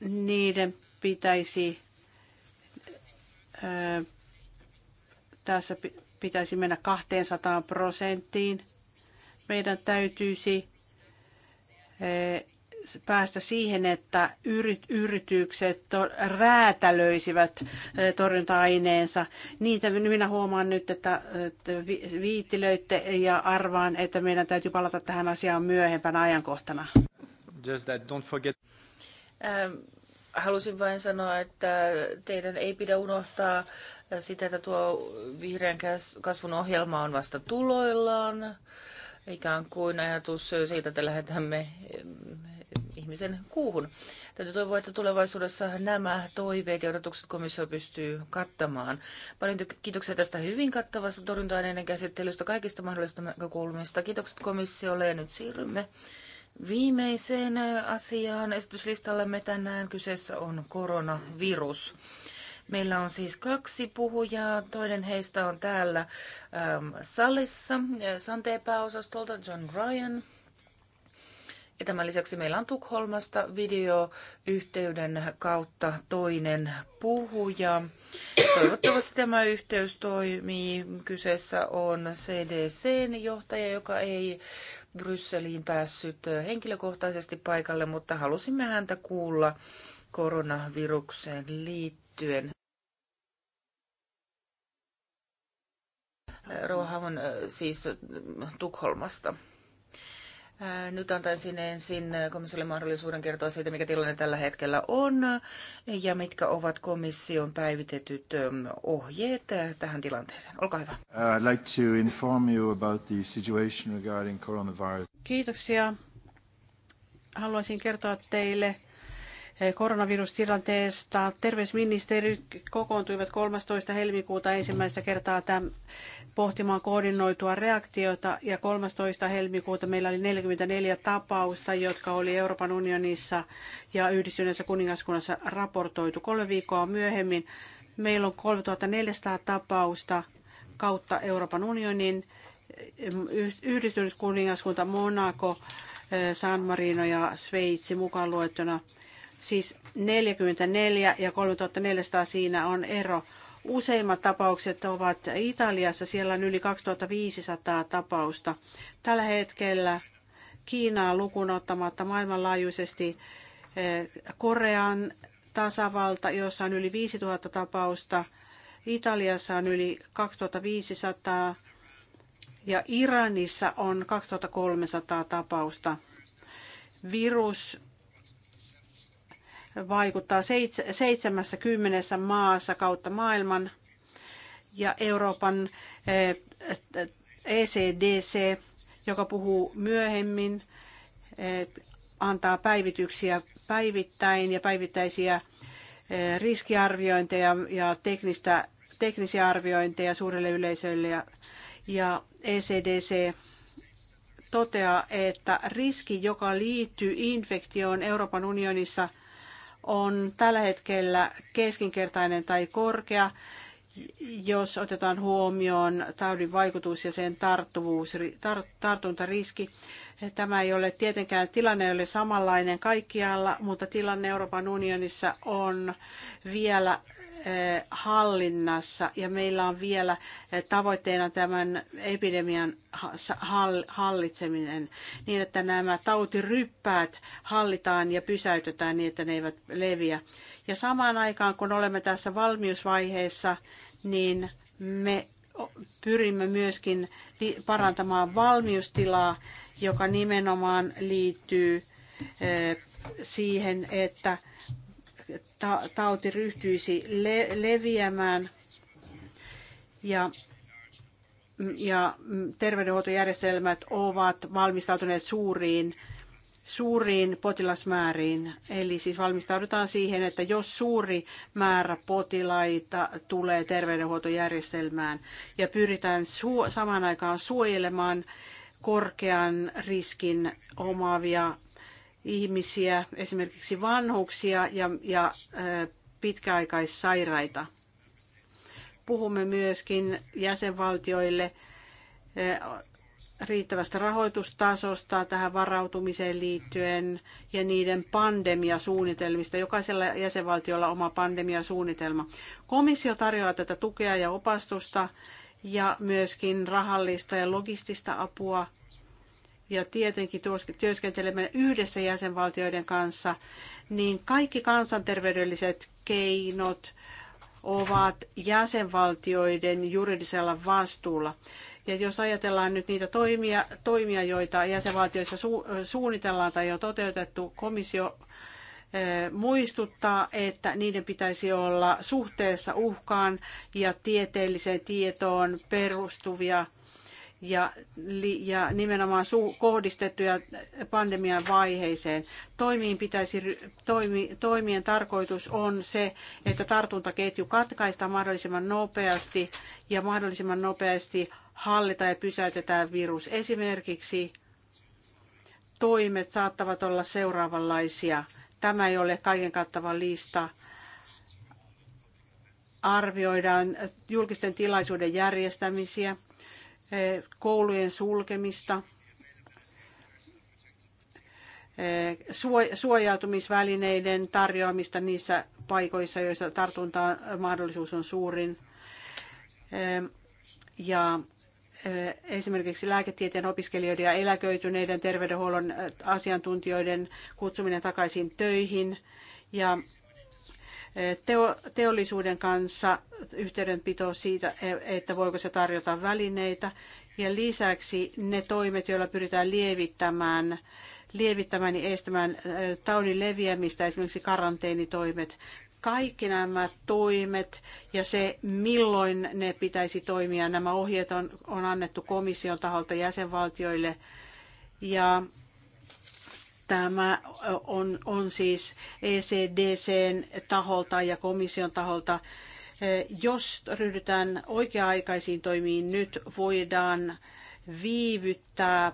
niiden pitäisi ää, tässä pitäisi mennä 200 prosenttiin. Meidän täytyisi eh, päästä siihen, että yritykset räätälöisivät eh, torjunta-aineensa. Niitä minä huomaan nyt, että viittilöitte ja arvaan, että meidän täytyy palata tähän asiaan myöhempänä ajankohtana.
Just that, don't forget. Ähm,
halusin vain sanoa, että teidän ei pidä unohtaa sitä, että tuo vihreän kasvun ohjelma on vasta tuloillaan. Ikään kuin ajatus siitä, että lähetämme eh, ihmisen kuuhun. Täytyy toivoa, että tulevaisuudessa nämä toiveet ja odotukset komissio pystyy kattamaan. Paljon kiitoksia tästä hyvin kattavasta torjunta-aineiden käsittelystä kaikista mahdollisista näkökulmista. Kiitokset komissiolle ja nyt siirrymme Viimeiseen äh, asiaan esityslistallamme tänään kyseessä on koronavirus. Meillä on siis kaksi puhujaa. Toinen heistä on täällä äm, salissa äh, Santeen pääosastolta John Ryan. Ja tämän lisäksi meillä on Tukholmasta videoyhteyden kautta toinen puhuja. Toivottavasti tämä yhteys toimii. Kyseessä on CDCn johtaja, joka ei Brysseliin päässyt henkilökohtaisesti paikalle, mutta halusimme häntä kuulla koronavirukseen liittyen. Rohamon siis Tukholmasta. Nyt antaisin ensin komissiolle mahdollisuuden kertoa siitä, mikä tilanne tällä hetkellä on ja mitkä ovat komission päivitetyt
ohjeet tähän tilanteeseen. Olkaa hyvä.
like to inform you about the situation regarding coronavirus.
Kiitoksia. Haluaisin kertoa teille Eh, koronavirustilanteesta. Terveysministerit kokoontuivat 13. helmikuuta ensimmäistä kertaa tämän pohtimaan koordinoitua reaktiota ja 13. helmikuuta meillä oli 44 tapausta, jotka oli Euroopan unionissa ja yhdistyneessä kuningaskunnassa raportoitu. Kolme viikkoa myöhemmin meillä on 3400 tapausta kautta Euroopan unionin, yhdistynyt kuningaskunta Monaco, eh, San Marino ja Sveitsi mukaan luettuna. Siis 44 ja 3400 siinä on ero. Useimmat tapaukset ovat Italiassa, siellä on yli 2500 tapausta. Tällä hetkellä Kiinaa lukuun ottamatta maailmanlaajuisesti eh, Korean tasavalta, jossa on yli 5000 tapausta, Italiassa on yli 2500 ja Iranissa on 2300 tapausta. Virus vaikuttaa 70 maassa kautta maailman ja Euroopan ECDC, eh, e joka puhuu myöhemmin, eh, antaa päivityksiä päivittäin ja päivittäisiä eh, riskiarviointeja ja teknistä, teknisiä arviointeja suurelle yleisölle ja, ja ECDC toteaa, että riski, joka liittyy infektioon Euroopan unionissa – on tällä hetkellä keskinkertainen tai korkea, jos otetaan huomioon taudin vaikutus ja sen tarttuvuus, tar, tartuntariski. Tämä ei ole tietenkään tilanne, ole samanlainen kaikkialla, mutta tilanne Euroopan unionissa on vielä Eh, hallinnassa ja meillä on vielä eh, tavoitteena tämän epidemian hallitseminen niin, että nämä tautiryppäät hallitaan ja pysäytetään niin, että ne eivät leviä. Ja samaan aikaan, kun olemme tässä valmiusvaiheessa, niin me pyrimme myöskin parantamaan valmiustilaa, joka nimenomaan liittyy eh, siihen, että tauti ryhtyisi le- leviämään ja, ja terveydenhuoltojärjestelmät ovat valmistautuneet suuriin suuriin potilasmääriin. Eli siis valmistaudutaan siihen, että jos suuri määrä potilaita tulee terveydenhuoltojärjestelmään ja pyritään su- samaan aikaan suojelemaan korkean riskin omaavia ihmisiä, esimerkiksi vanhuksia ja, ja pitkäaikaissairaita. Puhumme myöskin jäsenvaltioille riittävästä rahoitustasosta tähän varautumiseen liittyen ja niiden pandemiasuunnitelmista. Jokaisella jäsenvaltiolla oma pandemiasuunnitelma. Komissio tarjoaa tätä tukea ja opastusta ja myöskin rahallista ja logistista apua ja tietenkin työskentelemme yhdessä jäsenvaltioiden kanssa, niin kaikki kansanterveydelliset keinot ovat jäsenvaltioiden juridisella vastuulla. Ja jos ajatellaan nyt niitä toimia, toimia joita jäsenvaltioissa su, suunnitellaan tai jo toteutettu, komissio eh, muistuttaa, että niiden pitäisi olla suhteessa uhkaan ja tieteelliseen tietoon perustuvia ja, ja nimenomaan su- kohdistettuja pandemian vaiheeseen. Toimiin pitäisi, toimi, toimien tarkoitus on se, että tartuntaketju katkaistaan mahdollisimman nopeasti ja mahdollisimman nopeasti hallita ja pysäytetään virus. Esimerkiksi toimet saattavat olla seuraavanlaisia. Tämä ei ole kaiken kattava lista arvioidaan julkisten tilaisuuden järjestämisiä, Eh, koulujen sulkemista, eh, suojautumisvälineiden tarjoamista niissä paikoissa, joissa tartuntaan mahdollisuus on suurin. Eh, ja esimerkiksi lääketieteen opiskelijoiden ja eläköityneiden terveydenhuollon asiantuntijoiden kutsuminen takaisin töihin ja teollisuuden kanssa yhteydenpito siitä, että voiko se tarjota välineitä. Ja lisäksi ne toimet, joilla pyritään lievittämään lievittämään ja estämään taudin leviämistä, esimerkiksi karanteenitoimet. Kaikki nämä toimet ja se, milloin ne pitäisi toimia, nämä ohjeet on, on annettu komission taholta jäsenvaltioille. Ja Tämä on, on siis ECDCn taholta ja komission taholta. Jos ryhdytään oikea-aikaisiin toimiin nyt, voidaan viivyttää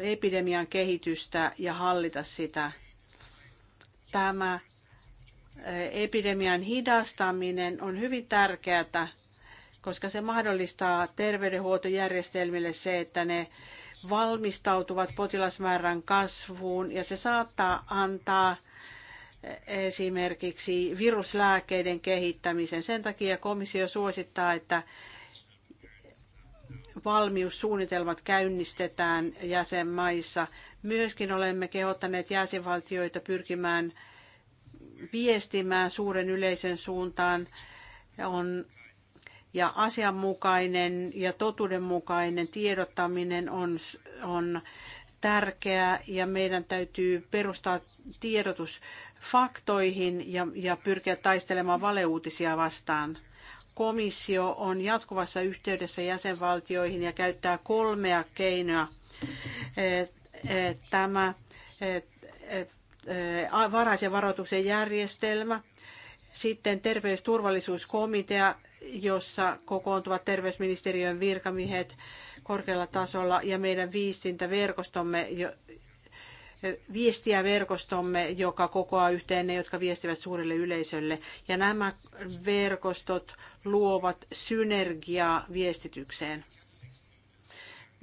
epidemian kehitystä ja hallita sitä. Tämä e, epidemian hidastaminen on hyvin tärkeää, koska se mahdollistaa terveydenhuoltojärjestelmille se, että ne valmistautuvat potilasmäärän kasvuun ja se saattaa antaa esimerkiksi viruslääkkeiden kehittämisen. Sen takia komissio suosittaa, että valmiussuunnitelmat käynnistetään jäsenmaissa. Myöskin olemme kehottaneet jäsenvaltioita pyrkimään viestimään suuren yleisön suuntaan on ja asianmukainen ja totuudenmukainen tiedottaminen on, on tärkeää ja meidän täytyy perustaa tiedotus faktoihin ja, ja pyrkiä taistelemaan valeuutisia vastaan. Komissio on jatkuvassa yhteydessä jäsenvaltioihin ja käyttää kolmea keinoa. Tämä varhaisen varoituksen järjestelmä, sitten terveysturvallisuuskomitea jossa kokoontuvat terveysministeriön virkamiehet korkealla tasolla ja meidän viestintäverkostomme, viestiäverkostomme, joka kokoaa yhteen ne, jotka viestivät suurelle yleisölle. Ja nämä verkostot luovat synergiaa viestitykseen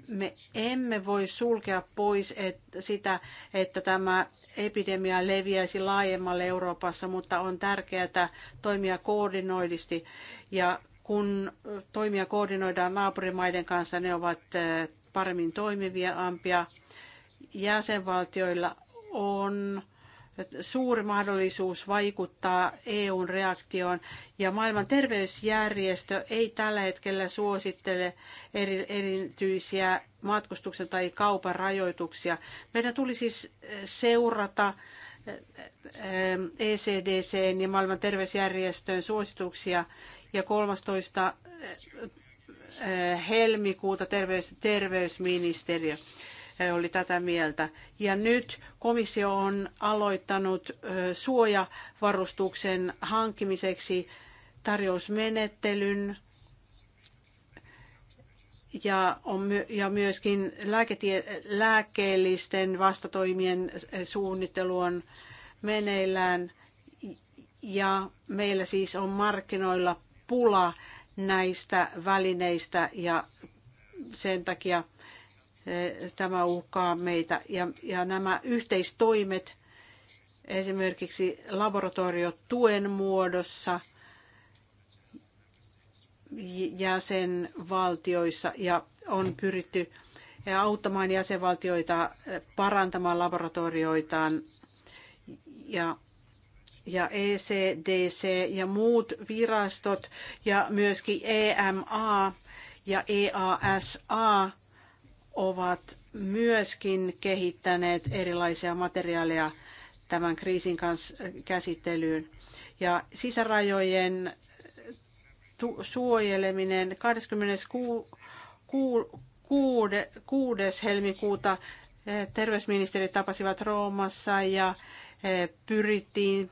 me emme voi sulkea pois et, sitä, että tämä epidemia leviäisi laajemmalle Euroopassa, mutta on tärkeää toimia koordinoidisti. Ja kun toimia koordinoidaan naapurimaiden kanssa, ne ovat eh, paremmin toimivia ampia. Jäsenvaltioilla on suuri mahdollisuus vaikuttaa EUn reaktioon ja maailman terveysjärjestö ei tällä hetkellä suosittele eri, erityisiä matkustuksen tai kaupan rajoituksia. Meidän tulisi siis eh, seurata ECDC eh, e ja maailman terveysjärjestön suosituksia ja 13. Eh, helmikuuta terveys, terveysministeriö oli tätä mieltä. Ja nyt komissio on aloittanut suojavarustuksen hankkimiseksi tarjousmenettelyn ja, on ja myöskin lääketie- lääkkeellisten vastatoimien suunnittelu on meneillään. Ja meillä siis on markkinoilla pula näistä välineistä ja sen takia Eh, tämä uhkaa meitä. Ja, ja nämä yhteistoimet esimerkiksi laboratoriotuen muodossa jäsenvaltioissa ja on pyritty auttamaan jäsenvaltioita parantamaan laboratorioitaan ja ja ECDC ja muut virastot ja myöskin EMA ja EASA ovat myöskin kehittäneet erilaisia materiaaleja tämän kriisin kanssa äh, käsittelyyn. Ja sisärajojen suojeleminen 26. helmikuuta äh, terveysministerit tapasivat Roomassa ja äh, pyrittiin,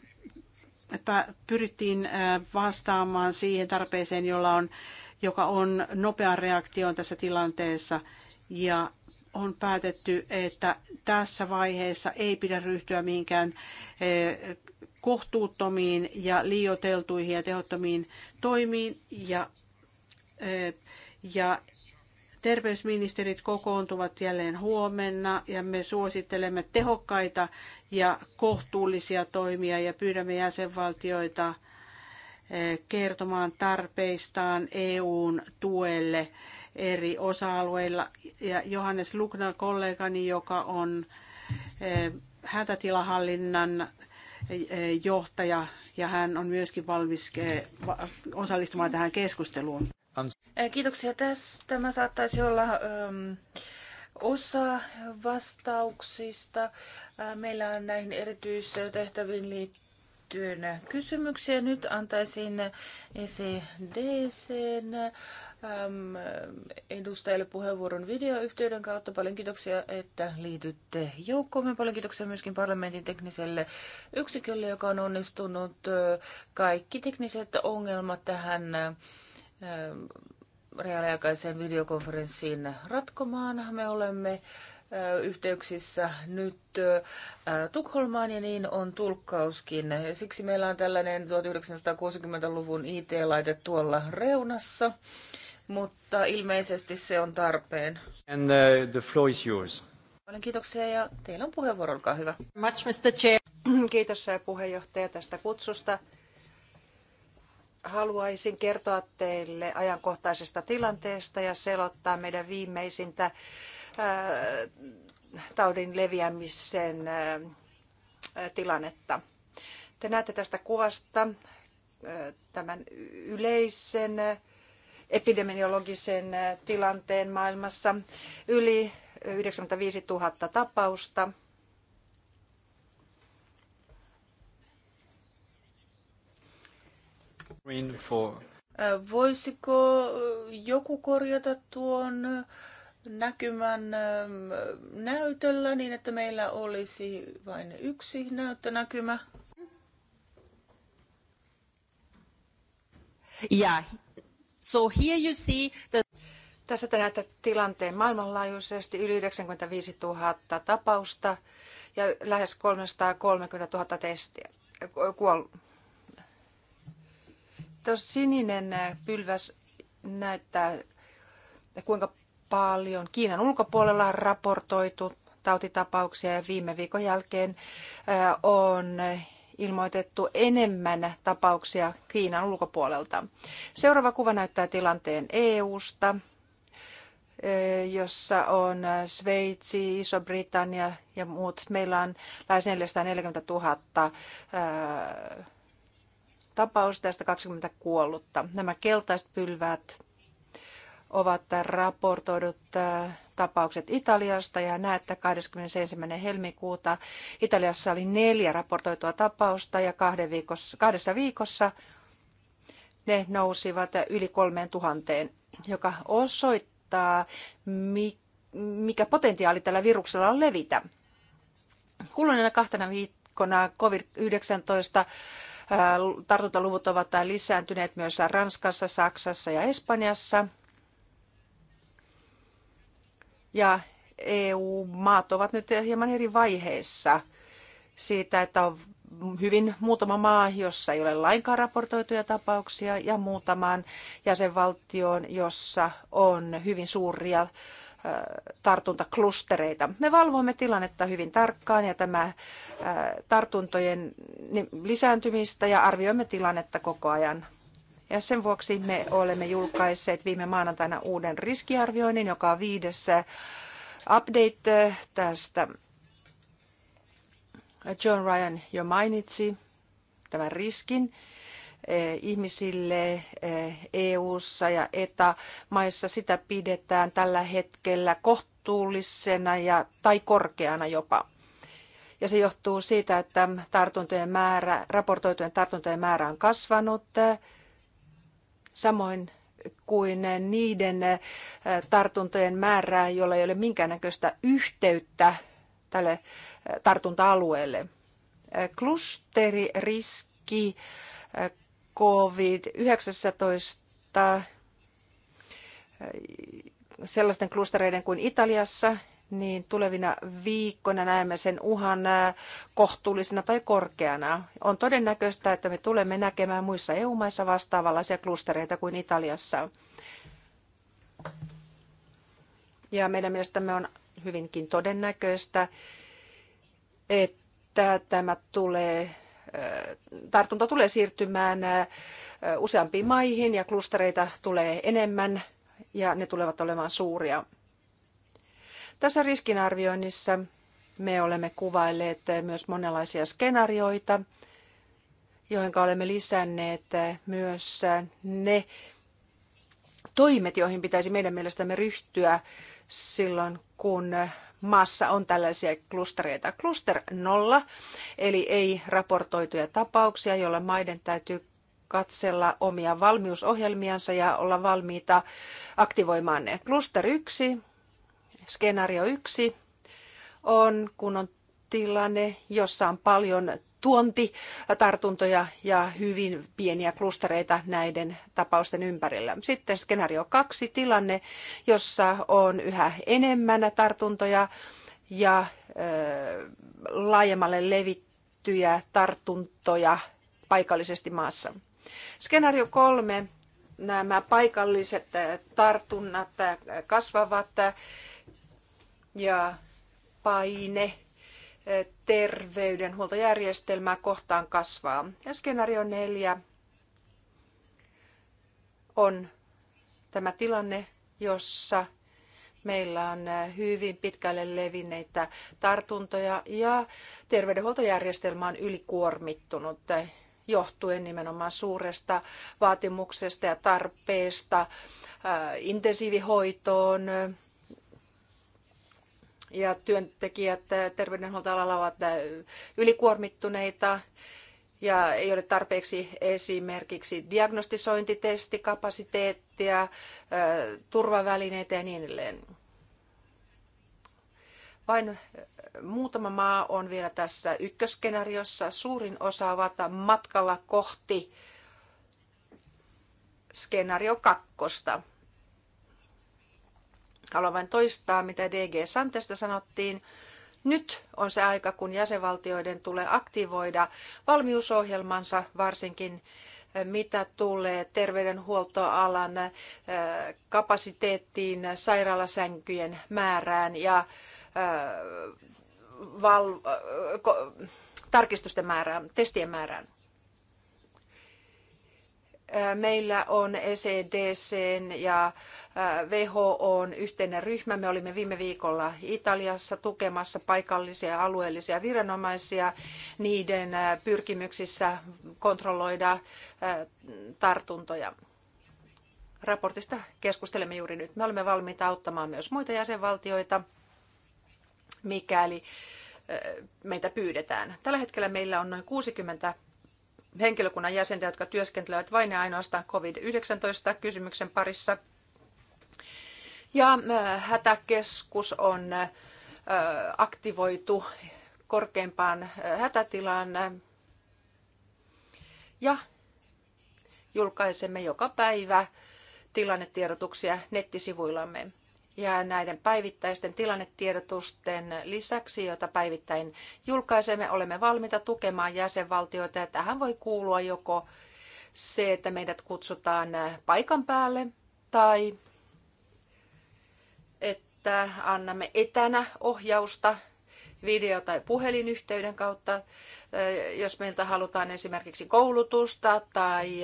pyrittiin vastaamaan siihen tarpeeseen, jolla on, joka on nopean reaktion tässä tilanteessa ja on päätetty, että tässä vaiheessa ei pidä ryhtyä mihinkään eh, kohtuuttomiin ja liioteltuihin ja tehottomiin toimiin. Ja, eh, ja terveysministerit kokoontuvat jälleen huomenna ja me suosittelemme tehokkaita ja kohtuullisia toimia ja pyydämme jäsenvaltioita eh, kertomaan tarpeistaan EUn tuelle eri osa-alueilla. Ja Johannes Lukna, kollegani, joka on eh, hätätilahallinnan eh, johtaja, ja hän on myöskin valmis eh, osallistumaan tähän keskusteluun.
Kiitoksia tästä. Tämä saattaisi olla ehm, osa vastauksista. Meillä on näihin erityistehtäviin liittyen liittyen kysymyksiä. Nyt antaisin ECDCn ähm, edustajille puheenvuoron videoyhteyden kautta. Paljon kiitoksia, että liitytte joukkoomme. Paljon kiitoksia myöskin parlamentin tekniselle yksikölle, joka on onnistunut äh, kaikki tekniset ongelmat tähän äh, reaaliaikaiseen videokonferenssiin ratkomaan. Me olemme yhteyksissä nyt Tukholmaan ja niin on tulkkauskin. Siksi meillä on tällainen 1960-luvun IT-laite tuolla reunassa, mutta ilmeisesti se on tarpeen.
And uh, the floor is yours.
Paljon kiitoksia ja teillä on puheenvuoro,
olkaa
hyvä.
Much, Mr.
Chair. Kiitos puheenjohtaja tästä kutsusta. Haluaisin kertoa teille ajankohtaisesta tilanteesta ja selottaa meidän viimeisintä Äh, taudin leviämisen äh, tilannetta. Te näette tästä kuvasta äh, tämän yleisen epidemiologisen tilanteen maailmassa. Yli 95 000 tapausta.
Voisiko joku korjata tuon näkymän ähm, näytöllä niin, että meillä olisi vain yksi näyttönäkymä.
Yeah. So here you see the... Tässä te näette tilanteen maailmanlaajuisesti yli 95 000 tapausta ja lähes 330 000 testiä. Kuol... Tuo sininen äh, pylväs näyttää kuinka paljon. Kiinan ulkopuolella on raportoitu tautitapauksia ja viime viikon jälkeen on ilmoitettu enemmän tapauksia Kiinan ulkopuolelta. Seuraava kuva näyttää tilanteen EU-sta, jossa on Sveitsi, Iso-Britannia ja muut. Meillä on lähes 440 000 tapausta, tästä 20 kuollutta. Nämä keltaiset pylvät ovat raportoidut äh, tapaukset Italiasta ja näette 21. helmikuuta Italiassa oli neljä raportoitua tapausta ja kahden viikossa, kahdessa viikossa ne nousivat yli kolmeen tuhanteen, joka osoittaa, mikä potentiaali tällä viruksella on levitä. Kuluneena kahtena viikkona COVID-19 äh, tartuntaluvut ovat lisääntyneet myös Ranskassa, Saksassa ja Espanjassa – ja EU-maat ovat nyt hieman eri vaiheessa siitä, että on hyvin muutama maa, jossa ei ole lainkaan raportoituja tapauksia, ja muutamaan jäsenvaltioon, jossa on hyvin suuria tartuntaklustereita. Me valvomme tilannetta hyvin tarkkaan ja tämä tartuntojen lisääntymistä ja arvioimme tilannetta koko ajan ja sen vuoksi me olemme julkaisseet viime maanantaina uuden riskiarvioinnin, joka on viides äh, update äh, tästä. John Ryan jo mainitsi tämän riskin äh, ihmisille EU-ssa ja ETA-maissa sitä pidetään tällä hetkellä kohtuullisena ja, tai korkeana jopa. Ja se johtuu siitä, että tartuntojen määrä, raportoitujen tartuntojen määrä on kasvanut samoin kuin niiden eh, tartuntojen määrää, joilla ei ole minkäännäköistä yhteyttä tälle eh, tartunta-alueelle. Eh, klusteririski COVID-19 sellaisten klustereiden kuin Italiassa, niin tulevina viikkoina näemme sen uhan äh, kohtuullisena tai korkeana. On todennäköistä, että me tulemme näkemään muissa EU-maissa vastaavanlaisia klustereita kuin Italiassa. Ja meidän mielestämme on hyvinkin todennäköistä, että tämä tulee, äh, tartunta tulee siirtymään äh, useampiin maihin ja klustereita tulee enemmän ja ne tulevat olemaan suuria. Tässä riskinarvioinnissa me olemme kuvailleet myös monenlaisia skenaarioita, joihin olemme lisänneet myös ne toimet, joihin pitäisi meidän mielestämme ryhtyä silloin, kun maassa on tällaisia klustereita. Kluster nolla, eli ei raportoituja tapauksia, joilla maiden täytyy katsella omia valmiusohjelmiansa ja olla valmiita aktivoimaan ne. Kluster yksi, Skenaario yksi on, kun on tilanne, jossa on paljon tuontitartuntoja ja hyvin pieniä klustereita näiden tapausten ympärillä. Sitten skenaario kaksi, tilanne, jossa on yhä enemmän tartuntoja ja laajemmalle levittyjä tartuntoja paikallisesti maassa. Skenaario kolme, nämä paikalliset tartunnat kasvavat ja paine eh, terveydenhuoltojärjestelmää kohtaan kasvaa. Ja skenaario neljä on tämä tilanne, jossa meillä on eh, hyvin pitkälle levinneitä tartuntoja ja terveydenhuoltojärjestelmä on ylikuormittunut eh, johtuen nimenomaan suuresta vaatimuksesta ja tarpeesta intensiivihoitoon, ja työntekijät terveydenhuoltoalalla ovat äh, ylikuormittuneita ja ei ole tarpeeksi esimerkiksi diagnostisointitestikapasiteettia, äh, turvavälineitä ja niin edelleen. Vain äh, muutama maa on vielä tässä ykköskenariossa. Suurin osa ovat matkalla kohti skenaario kakkosta. Haluan vain toistaa, mitä DG Santesta sanottiin. Nyt on se aika, kun jäsenvaltioiden tulee aktivoida valmiusohjelmansa, varsinkin eh, mitä tulee terveydenhuoltoalan eh, kapasiteettiin, sairaalasänkyjen määrään ja eh, val- tarkistusten määrään, testien määrään. Meillä on ECDC ja WHO: yhteinen ryhmä. Me olimme viime viikolla Italiassa tukemassa paikallisia ja alueellisia viranomaisia niiden pyrkimyksissä kontrolloida tartuntoja. Raportista keskustelemme juuri nyt. Me olemme valmiita auttamaan myös muita jäsenvaltioita, mikäli meitä pyydetään. Tällä hetkellä meillä on noin 60 henkilökunnan jäsentä, jotka työskentelevät vain ja ainoastaan COVID-19-kysymyksen parissa. Ja äh, hätäkeskus on äh, aktivoitu korkeimpaan äh, hätätilaan ja julkaisemme joka päivä tilannetiedotuksia nettisivuillamme ja näiden päivittäisten tilannetiedotusten lisäksi, joita päivittäin julkaisemme, olemme valmiita tukemaan jäsenvaltioita. Ja tähän voi kuulua joko se, että meidät kutsutaan paikan päälle tai että annamme etänä ohjausta video- tai puhelinyhteyden kautta, jos meiltä halutaan esimerkiksi koulutusta tai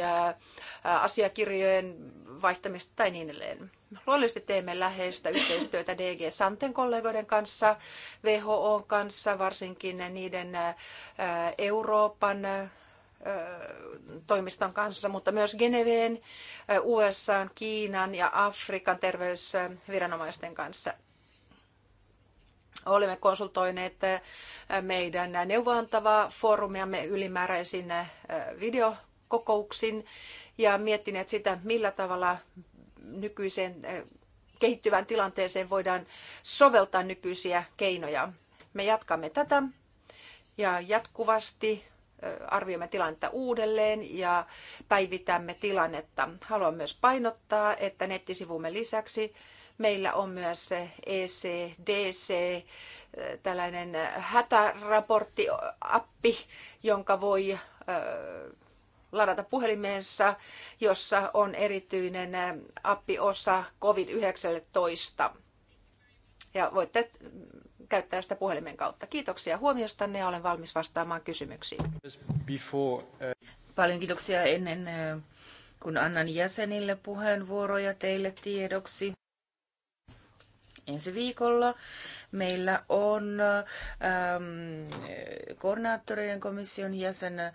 asiakirjojen vaihtamista tai niin edelleen. Luonnollisesti teemme läheistä yhteistyötä DG Santen kollegoiden kanssa, WHO kanssa, varsinkin niiden Euroopan toimiston kanssa, mutta myös Geneveen, USA, Kiinan ja Afrikan terveysviranomaisten kanssa. Olemme konsultoineet eh, meidän neuvontavaa foorumiamme ylimääräisin eh, videokokouksin ja miettineet sitä, millä tavalla nykyiseen eh, kehittyvään tilanteeseen voidaan soveltaa nykyisiä keinoja. Me jatkamme tätä ja jatkuvasti arvioimme tilannetta uudelleen ja päivitämme tilannetta. Haluan myös painottaa, että nettisivumme lisäksi Meillä on myös ECDC, e eh, tällainen hätäraporttiappi, jonka voi eh, ladata puhelimeensa, jossa on erityinen eh, appiosa COVID-19. Ja voitte käyttää sitä puhelimen kautta. Kiitoksia huomiostanne ja olen valmis vastaamaan
kysymyksiin. Paljon kiitoksia ennen kuin annan jäsenille puheenvuoroja teille tiedoksi ensi viikolla. Meillä on ähm, koordinaattoreiden komission jäsen äh,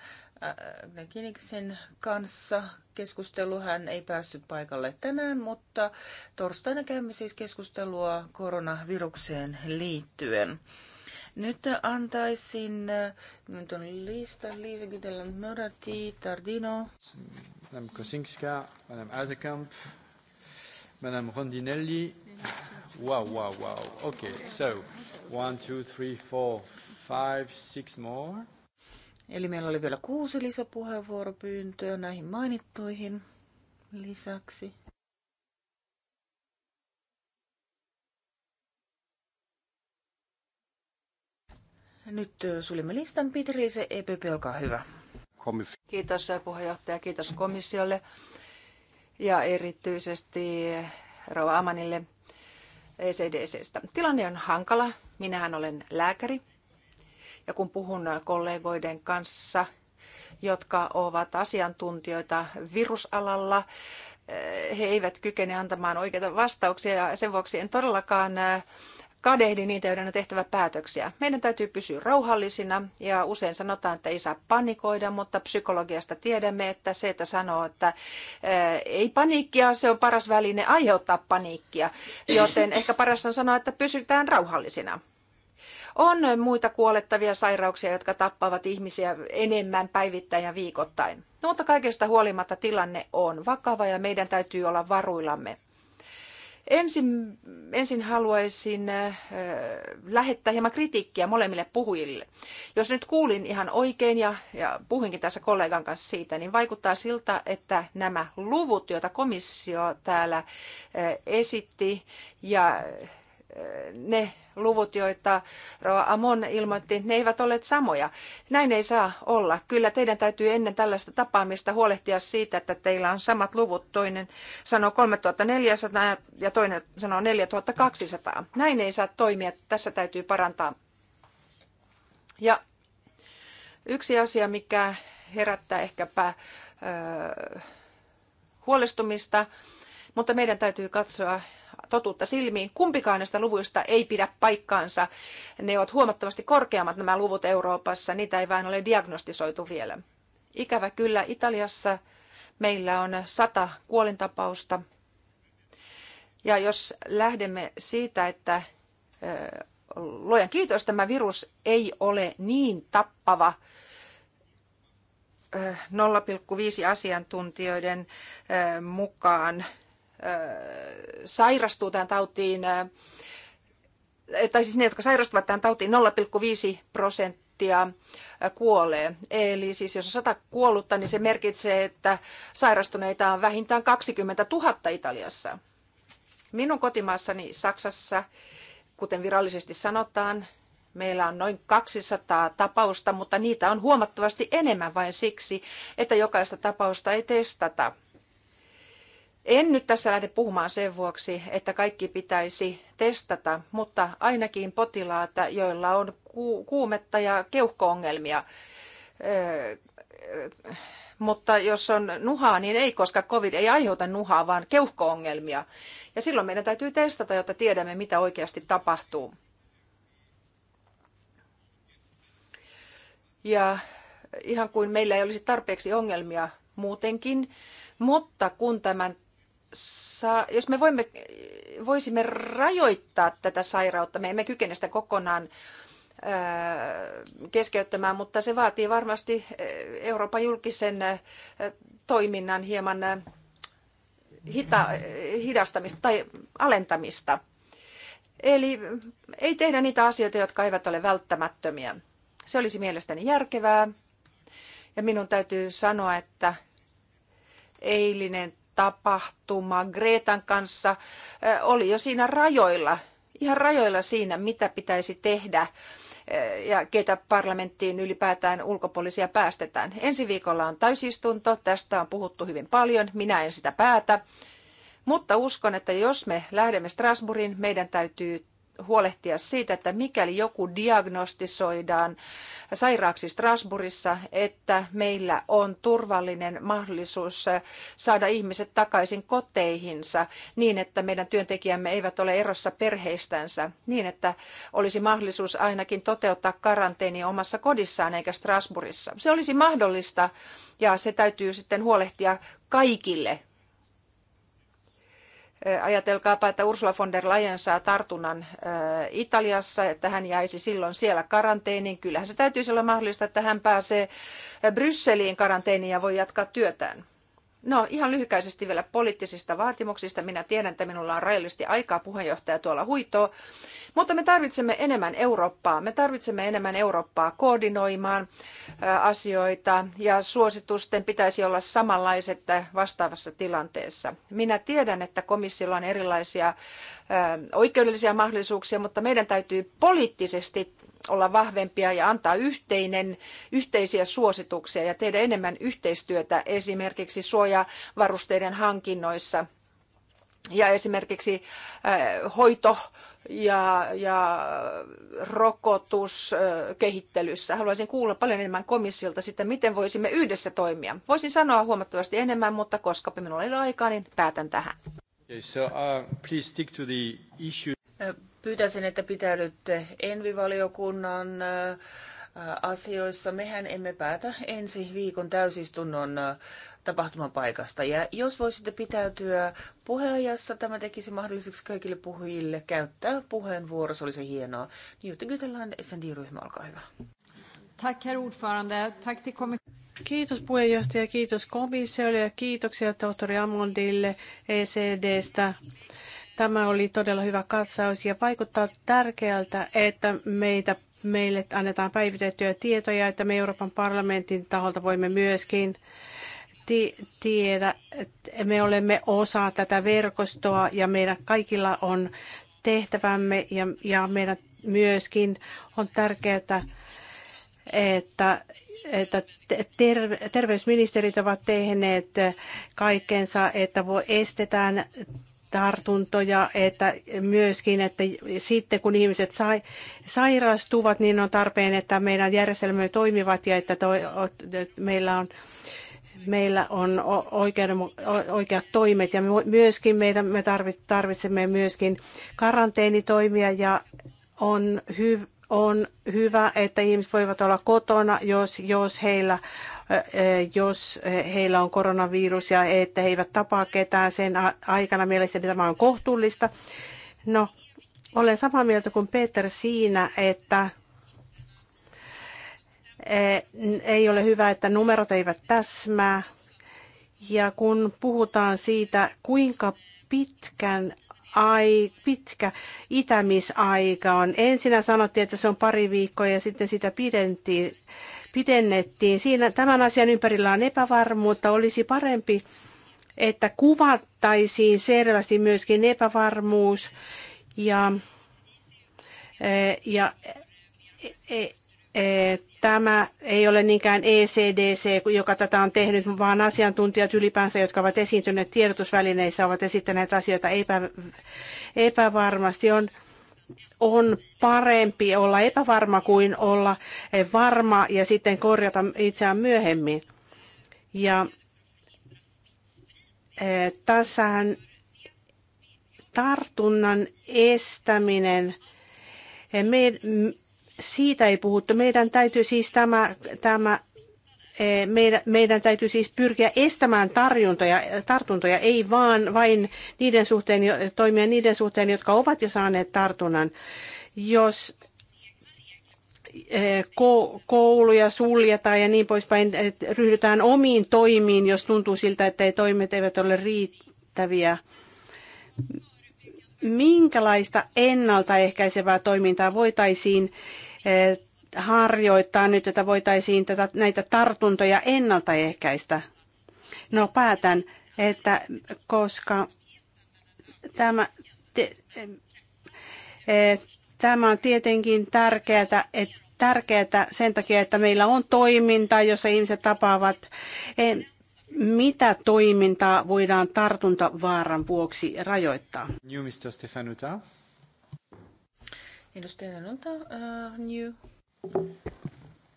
Kiniksen kanssa keskustelu. Hän ei päässyt paikalle tänään, mutta torstaina käymme siis keskustelua koronavirukseen liittyen. Nyt antaisin, äh, nyt on lista, Liisa Kytelän Mörati, Tardino.
Madame Kosinska, Madame Azekamp, Madame Rondinelli. Wow, wow, wow. Okay, so one, two, three, four, five, six more. Eli meillä oli vielä kuusi lisäpuheenvuoropyyntöä näihin mainittuihin
lisäksi. Nyt sulimme listan. Pitriise EPP, olkaa hyvä.
Kiitos puheenjohtaja, kiitos komissiolle ja erityisesti Rova Amanille ECDCstä. Tilanne on hankala. Minähän olen lääkäri ja kun puhun kollegoiden kanssa, jotka ovat asiantuntijoita virusalalla, eh, he eivät kykene antamaan oikeita vastauksia ja sen vuoksi en todellakaan eh, kadehdi niitä, joiden on tehtävä päätöksiä. Meidän täytyy pysyä rauhallisina ja usein sanotaan, että ei saa panikoida, mutta psykologiasta tiedämme, että se, että sanoo, että eh, ei paniikkia, se on paras väline aiheuttaa paniikkia, joten ehkä paras on sanoa, että pysytään rauhallisina. On muita kuolettavia sairauksia, jotka tappavat ihmisiä enemmän päivittäin ja viikoittain. No, mutta kaikesta huolimatta tilanne on vakava ja meidän täytyy olla varuillamme. Ensin, ensin haluaisin äh, lähettää hieman kritiikkiä molemmille puhujille. Jos nyt kuulin ihan oikein ja, ja puhuinkin tässä kollegan kanssa siitä, niin vaikuttaa siltä, että nämä luvut, joita komissio täällä äh, esitti ja äh, ne luvut, joita Roa Amon ilmoitti, ne eivät olleet samoja. Näin ei saa olla. Kyllä teidän täytyy ennen tällaista tapaamista huolehtia siitä, että teillä on samat luvut. Toinen sanoo 3400 ja toinen sanoo 4200. Näin ei saa toimia. Tässä täytyy parantaa. Ja yksi asia, mikä herättää ehkäpä öö, huolestumista, mutta meidän täytyy katsoa totuutta silmiin. Kumpikaan näistä luvuista ei pidä paikkaansa. Ne ovat huomattavasti korkeammat nämä luvut Euroopassa. Niitä ei vain ole diagnostisoitu vielä. Ikävä kyllä Italiassa meillä on sata kuolintapausta. Ja jos lähdemme siitä, että luojan kiitos tämä virus ei ole niin tappava 0,5 asiantuntijoiden mukaan sairastuu tähän tautiin, tai siis ne, jotka sairastuvat tähän tautiin, 0,5 prosenttia kuolee. Eli siis jos on 100 kuollutta, niin se merkitsee, että sairastuneita on vähintään 20 000 Italiassa. Minun kotimaassani Saksassa, kuten virallisesti sanotaan, Meillä on noin 200 tapausta, mutta niitä on huomattavasti enemmän vain siksi, että jokaista tapausta ei testata. En nyt tässä lähde puhumaan sen vuoksi, että kaikki pitäisi testata, mutta ainakin potilaat, joilla on kuumetta ja keuhkoongelmia, mutta jos on nuhaa, niin ei, koska covid ei aiheuta nuhaa, vaan keuhkoongelmia. Ja silloin meidän täytyy testata, jotta tiedämme, mitä oikeasti tapahtuu. Ja ihan kuin meillä ei olisi tarpeeksi ongelmia muutenkin, mutta kun tämän saa, jos me voimme, voisimme rajoittaa tätä sairautta, me emme kykene sitä kokonaan keskeyttämään, mutta se vaatii varmasti Euroopan julkisen toiminnan hieman hita, hidastamista tai alentamista. Eli ei tehdä niitä asioita, jotka eivät ole välttämättömiä. Se olisi mielestäni järkevää. Ja minun täytyy sanoa, että eilinen tapahtuma Greetan kanssa eh, oli jo siinä rajoilla, ihan rajoilla siinä, mitä pitäisi tehdä eh, ja keitä parlamenttiin ylipäätään ulkopuolisia päästetään. Ensi viikolla on täysistunto, tästä on puhuttu hyvin paljon, minä en sitä päätä. Mutta uskon, että jos me lähdemme Strasbourgin, meidän täytyy huolehtia siitä, että mikäli joku diagnostisoidaan sairaaksi Strasbourgissa, että meillä on turvallinen mahdollisuus saada ihmiset takaisin koteihinsa niin, että meidän työntekijämme eivät ole erossa perheistänsä, niin että olisi mahdollisuus ainakin toteuttaa karanteeni omassa kodissaan eikä Strasbourgissa. Se olisi mahdollista ja se täytyy sitten huolehtia kaikille Ajatelkaapa, että Ursula von der Leyen saa tartunnan Italiassa, että hän jäisi silloin siellä karanteeniin. Kyllähän se täytyisi olla mahdollista, että hän pääsee Brysseliin karanteeniin ja voi jatkaa työtään. No ihan lyhykäisesti vielä poliittisista vaatimuksista. Minä tiedän, että minulla on rajallisesti aikaa puheenjohtaja tuolla huitoa, mutta me tarvitsemme enemmän Eurooppaa. Me tarvitsemme enemmän Eurooppaa koordinoimaan asioita ja suositusten pitäisi olla samanlaiset vastaavassa tilanteessa. Minä tiedän, että komissiolla on erilaisia oikeudellisia mahdollisuuksia, mutta meidän täytyy poliittisesti olla vahvempia ja antaa yhteinen, yhteisiä suosituksia ja tehdä enemmän yhteistyötä esimerkiksi suojavarusteiden hankinnoissa ja esimerkiksi äh, hoito ja, ja rokotuskehittelyssä. Äh, Haluaisin kuulla paljon enemmän komissiolta sitä, miten voisimme yhdessä toimia. Voisin sanoa huomattavasti enemmän, mutta koska minulla ei ole
aikaa, niin päätän tähän. Okay, so, uh, Pyytäisin, että pitäydytte Envivaliokunnan asioissa. Mehän emme päätä ensi viikon täysistunnon tapahtumapaikasta. Ja jos voisitte pitäytyä puheajassa, tämä tekisi mahdolliseksi kaikille puhujille käyttää puheenvuoro. Se olisi hienoa. Niin, Jutta Gytelän, SND-ryhmä, olkaa hyvä.
Tack, herr ordförande. Kiitos puheenjohtaja, kiitos komissiolle ja kiitoksia tohtori Amondille ECDstä Tämä oli todella hyvä katsaus ja vaikuttaa tärkeältä, että meitä, meille annetaan päivitettyjä tietoja, että me Euroopan parlamentin taholta voimme myöskin ti- tiedä, että me olemme osa tätä verkostoa ja meidän kaikilla on tehtävämme ja, ja meidän myöskin on tärkeää, että että terveysministerit ovat tehneet kaikkensa, että voi estetään tartuntoja, että myöskin, että sitten kun ihmiset sai, sairastuvat, niin on tarpeen, että meidän järjestelmämme toimivat ja että, toi, että meillä on meillä on oikeat, oikeat toimet ja myöskin meidän, me tarvitsemme myöskin karanteenitoimia ja on, hy, on hyvä, että ihmiset voivat olla kotona, jos, jos heillä jos heillä on koronavirus ja että he eivät tapaa ketään sen aikana. Mielestäni niin tämä on kohtuullista. No, olen samaa mieltä kuin Peter siinä, että ei ole hyvä, että numerot eivät täsmää. Ja kun puhutaan siitä, kuinka pitkän ai, pitkä itämisaika on. Ensin sanottiin, että se on pari viikkoa ja sitten sitä pidentiin pidennettiin. Siinä tämän asian ympärillä on epävarmuutta. Olisi parempi, että kuvattaisiin selvästi myöskin epävarmuus ja, eh, ja eh, eh, Tämä ei ole niinkään ECDC, joka tätä on tehnyt, vaan asiantuntijat ylipäänsä, jotka ovat esiintyneet tiedotusvälineissä, ovat esittäneet asioita epä, epävarmasti. On, on parempi olla epävarma kuin olla varma ja sitten korjata itseään myöhemmin. Ja eh, tässähän tartunnan estäminen, eh, me, siitä ei puhuttu. Meidän täytyy siis tämä, tämä Eh, meidän, täytyy siis pyrkiä estämään tarjuntoja, tartuntoja, ei vaan vain niiden suhteen, toimia niiden suhteen, jotka ovat jo saaneet tartunnan. Jos eh, kouluja suljetaan ja niin poispäin, ryhdytään omiin toimiin, jos tuntuu siltä, että ei toimet eivät ole riittäviä. Minkälaista ennaltaehkäisevää toimintaa voitaisiin eh, harjoittaa nyt, että voitaisiin tätä, näitä tartuntoja ennaltaehkäistä? No päätän, että koska tämä, te, e, tämä on tietenkin tärkeää, että tärkeää sen takia, että meillä on toiminta, jossa ihmiset tapaavat. E, mitä toimintaa voidaan tartuntavaaran vuoksi rajoittaa? New Mr. Stefanuta.
Edustaja Nuta, uh, New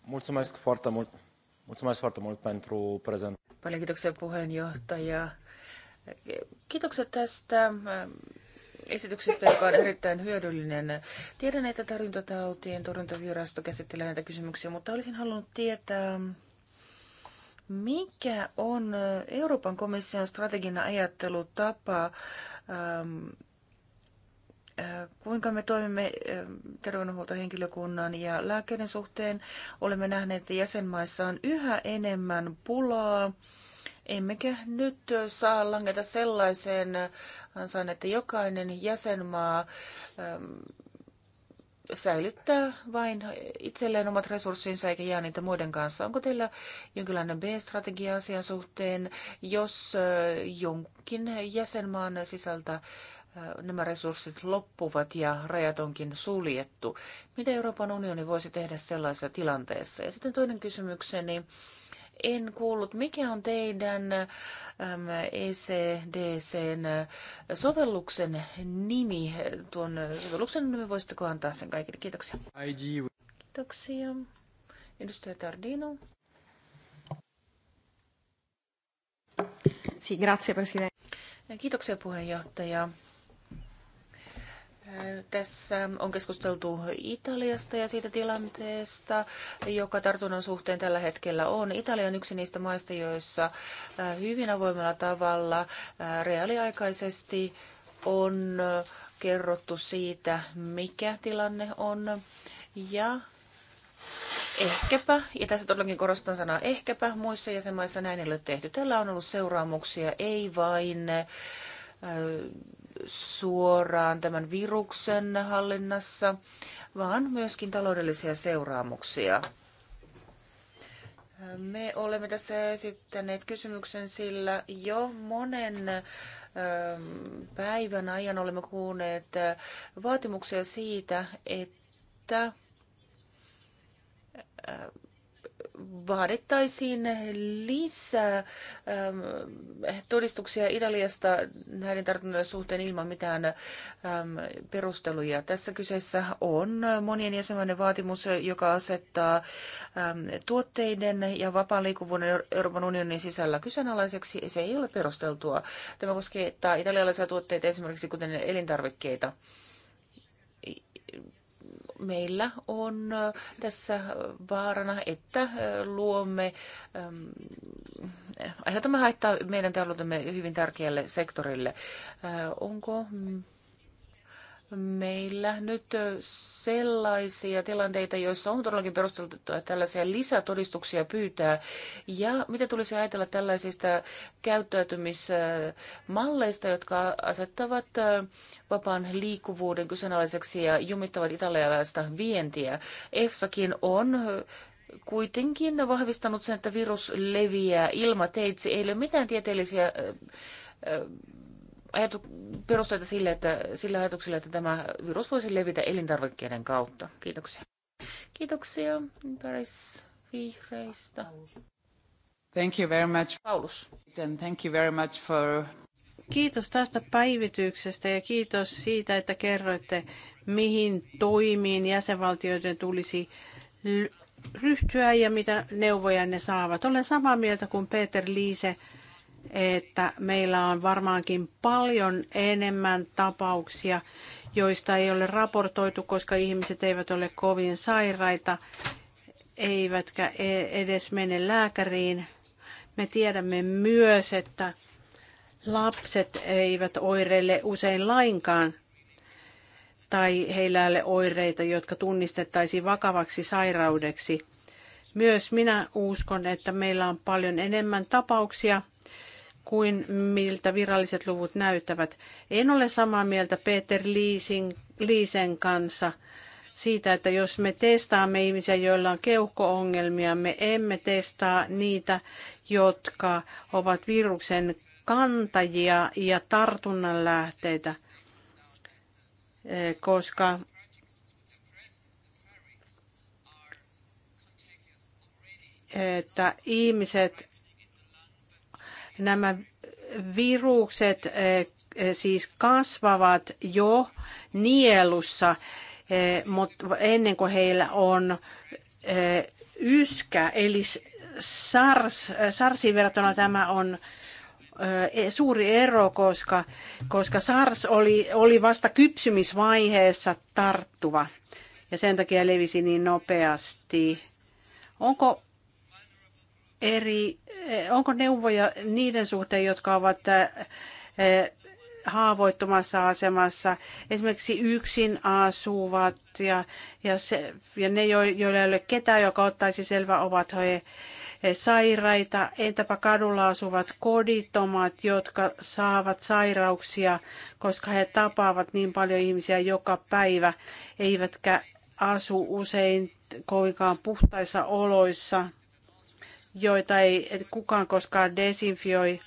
Mulțumesc foarte mult.
Mulțumesc foarte mult pentru prezent.
Paljon kiitoksia puheenjohtaja. Kiitokset tästä ähm, esityksestä, joka on erittäin hyödyllinen. Tiedän, että tartuntatautien torjuntavirasto käsittelee näitä kysymyksiä, mutta olisin halunnut tietää, mikä on Euroopan komission strateginen ajattelutapa ähm, kuinka me toimimme terveydenhuoltohenkilökunnan ja lääkkeiden suhteen. Olemme nähneet, että jäsenmaissa on yhä enemmän pulaa. Emmekä nyt saa langeta sellaiseen ansaan, että jokainen jäsenmaa säilyttää vain itselleen omat resurssinsa eikä jää niitä muiden kanssa. Onko teillä jonkinlainen B-strategia asian suhteen, jos jonkin jäsenmaan sisältä nämä resurssit loppuvat ja rajat onkin suljettu. Mitä Euroopan unioni voisi tehdä sellaisessa tilanteessa? Ja sitten toinen kysymykseni. En kuullut, mikä on teidän ECDCn sovelluksen nimi? Tuon sovelluksen nimi voisitteko antaa sen kaikille? Kiitoksia. Kiitoksia. Edustaja Tardino. Kiitoksia puheenjohtaja. Tässä on keskusteltu Italiasta ja siitä tilanteesta, joka tartunnan suhteen tällä hetkellä on. Italia on yksi niistä maista, joissa äh, hyvin avoimella tavalla äh, reaaliaikaisesti on äh, kerrottu siitä, mikä tilanne on. Ja ehkäpä, ja tässä todellakin korostan sanaa ehkäpä, muissa jäsenmaissa näin ei ole tehty. Tällä on ollut seuraamuksia ei vain suoraan tämän viruksen hallinnassa, vaan myöskin taloudellisia seuraamuksia. Me olemme tässä esittäneet kysymyksen, sillä jo monen ähm, päivän ajan olemme kuuneet äh, vaatimuksia siitä, että äh, vaadittaisiin lisää äm, todistuksia Italiasta näiden tartuntojen suhteen ilman mitään ähm, perusteluja. Tässä kyseessä on monien jäsenmaiden vaatimus, joka asettaa ähm, tuotteiden ja vapaan liikkuvuuden Euroopan unionin sisällä kyseenalaiseksi. Se ei ole perusteltua. Tämä koskee italialaisia tuotteita esimerkiksi kuten elintarvikkeita meillä on tässä vaarana, että luomme, ähm, aiheutamme haittaa meidän taloutemme hyvin tärkeälle sektorille. Äh, onko meillä nyt sellaisia tilanteita, joissa on todellakin perusteltu tällaisia lisätodistuksia pyytää? Ja mitä tulisi ajatella tällaisista käyttäytymismalleista, jotka asettavat vapaan liikkuvuuden kyseenalaiseksi ja jumittavat italialaista vientiä? EFSAkin on kuitenkin vahvistanut sen, että virus leviää ilmateitse. Ei ole mitään tieteellisiä ajatu, perusteita sille, että, sillä ajatukselle, että tämä virus voisi levitä elintarvikkeiden kautta. Kiitoksia. Kiitoksia Paris vihreistä.
Thank you very much. Paulus. And thank you very much for... Kiitos tästä päivityksestä ja kiitos siitä, että kerroitte, mihin toimiin jäsenvaltioiden tulisi ryhtyä ja mitä neuvoja ne saavat. Olen samaa mieltä kuin Peter Liise että meillä on varmaankin paljon enemmän tapauksia, joista ei ole raportoitu, koska ihmiset eivät ole kovin sairaita, eivätkä e- edes mene lääkäriin. Me tiedämme myös, että lapset eivät oireille usein lainkaan tai heillä ei ole oireita, jotka tunnistettaisiin vakavaksi sairaudeksi. Myös minä uskon, että meillä on paljon enemmän tapauksia – kuin miltä viralliset luvut näyttävät. En ole samaa mieltä Peter Liisin, Liisen kanssa siitä, että jos me testaamme ihmisiä, joilla on keuhkoongelmia, me emme testaa niitä, jotka ovat viruksen kantajia ja tartunnan lähteitä, eh, koska että ihmiset Nämä virukset eh, eh, siis kasvavat jo nielussa, eh, mutta ennen kuin heillä on yskä, eli SARS, SARSin verrattuna tämä on e-, suuri ero, koska, koska SARS oli, oli vasta kypsymisvaiheessa tarttuva ja sen takia levisi niin nopeasti. Onko eri, eh, onko neuvoja niiden suhteen, jotka ovat eh, haavoittumassa asemassa, esimerkiksi yksin asuvat ja, ja, se, ja ne, joilla ei ole ketään, joka ottaisi selvä, ovat he eh, sairaita, entäpä kadulla asuvat kodittomat, jotka saavat sairauksia, koska he tapaavat niin paljon ihmisiä joka päivä, eivätkä asu usein kovinkaan puhtaissa oloissa joita ei kukaan koskaan desinfioi.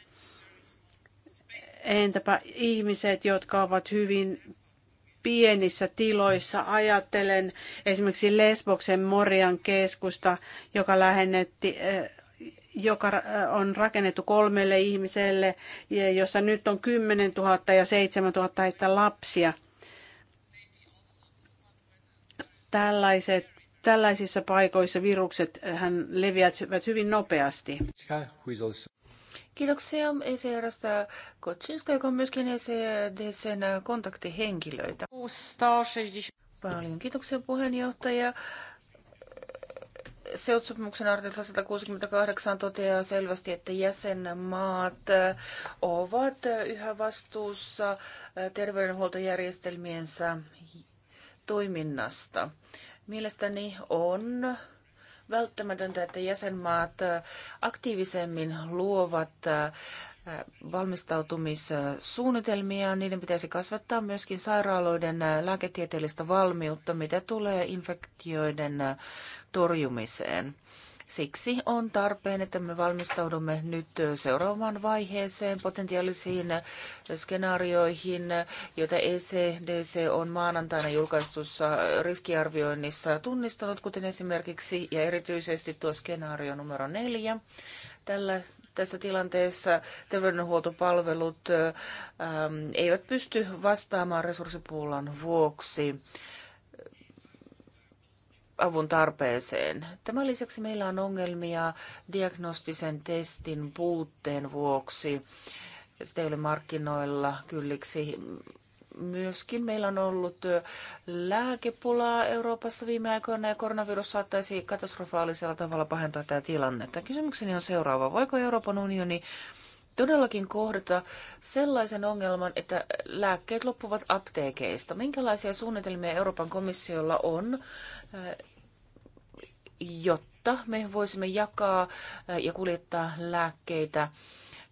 Entäpä ihmiset, jotka ovat hyvin pienissä tiloissa. Ajattelen esimerkiksi Lesboksen Morian keskusta, joka lähennetti eh, joka eh, on rakennettu kolmelle ihmiselle, jossa nyt on 10 000 ja 7 000 lapsia. Tällaiset Tällaisissa paikoissa virukset äh, hän leviävät hyvin nopeasti.
Kiitoksia ECRstä Kotsinska, joka on myöskin ECDCn kontaktihenkilöitä. Paljon kiitoksia puheenjohtaja. Seutsopimuksen artikla 168 toteaa selvästi, että jäsenmaat ovat yhä vastuussa terveydenhuoltojärjestelmiensä toiminnasta. Mielestäni on välttämätöntä, että jäsenmaat aktiivisemmin luovat äh, valmistautumissuunnitelmia. Niiden pitäisi kasvattaa myöskin sairaaloiden äh, lääketieteellistä valmiutta, mitä tulee infektioiden äh, torjumiseen. Siksi on tarpeen, että me valmistaudumme nyt seuraavaan vaiheeseen, potentiaalisiin skenaarioihin, joita ECDC on maanantaina julkaistussa riskiarvioinnissa tunnistanut, kuten esimerkiksi ja erityisesti tuo skenaario numero neljä. Tällä tässä tilanteessa terveydenhuoltopalvelut ähm, eivät pysty vastaamaan resurssipuulan vuoksi avun tarpeeseen. Tämän lisäksi meillä on ongelmia diagnostisen testin puutteen vuoksi. Sitä ei ole markkinoilla kylliksi. Myöskin meillä on ollut lääkepulaa Euroopassa viime aikoina ja koronavirus saattaisi katastrofaalisella tavalla pahentaa tätä tilannetta. Kysymykseni on seuraava. Voiko Euroopan unioni todellakin kohdata sellaisen ongelman, että lääkkeet loppuvat apteekeista. Minkälaisia suunnitelmia Euroopan komissiolla on, eh, jotta me voisimme jakaa eh, ja kuljettaa lääkkeitä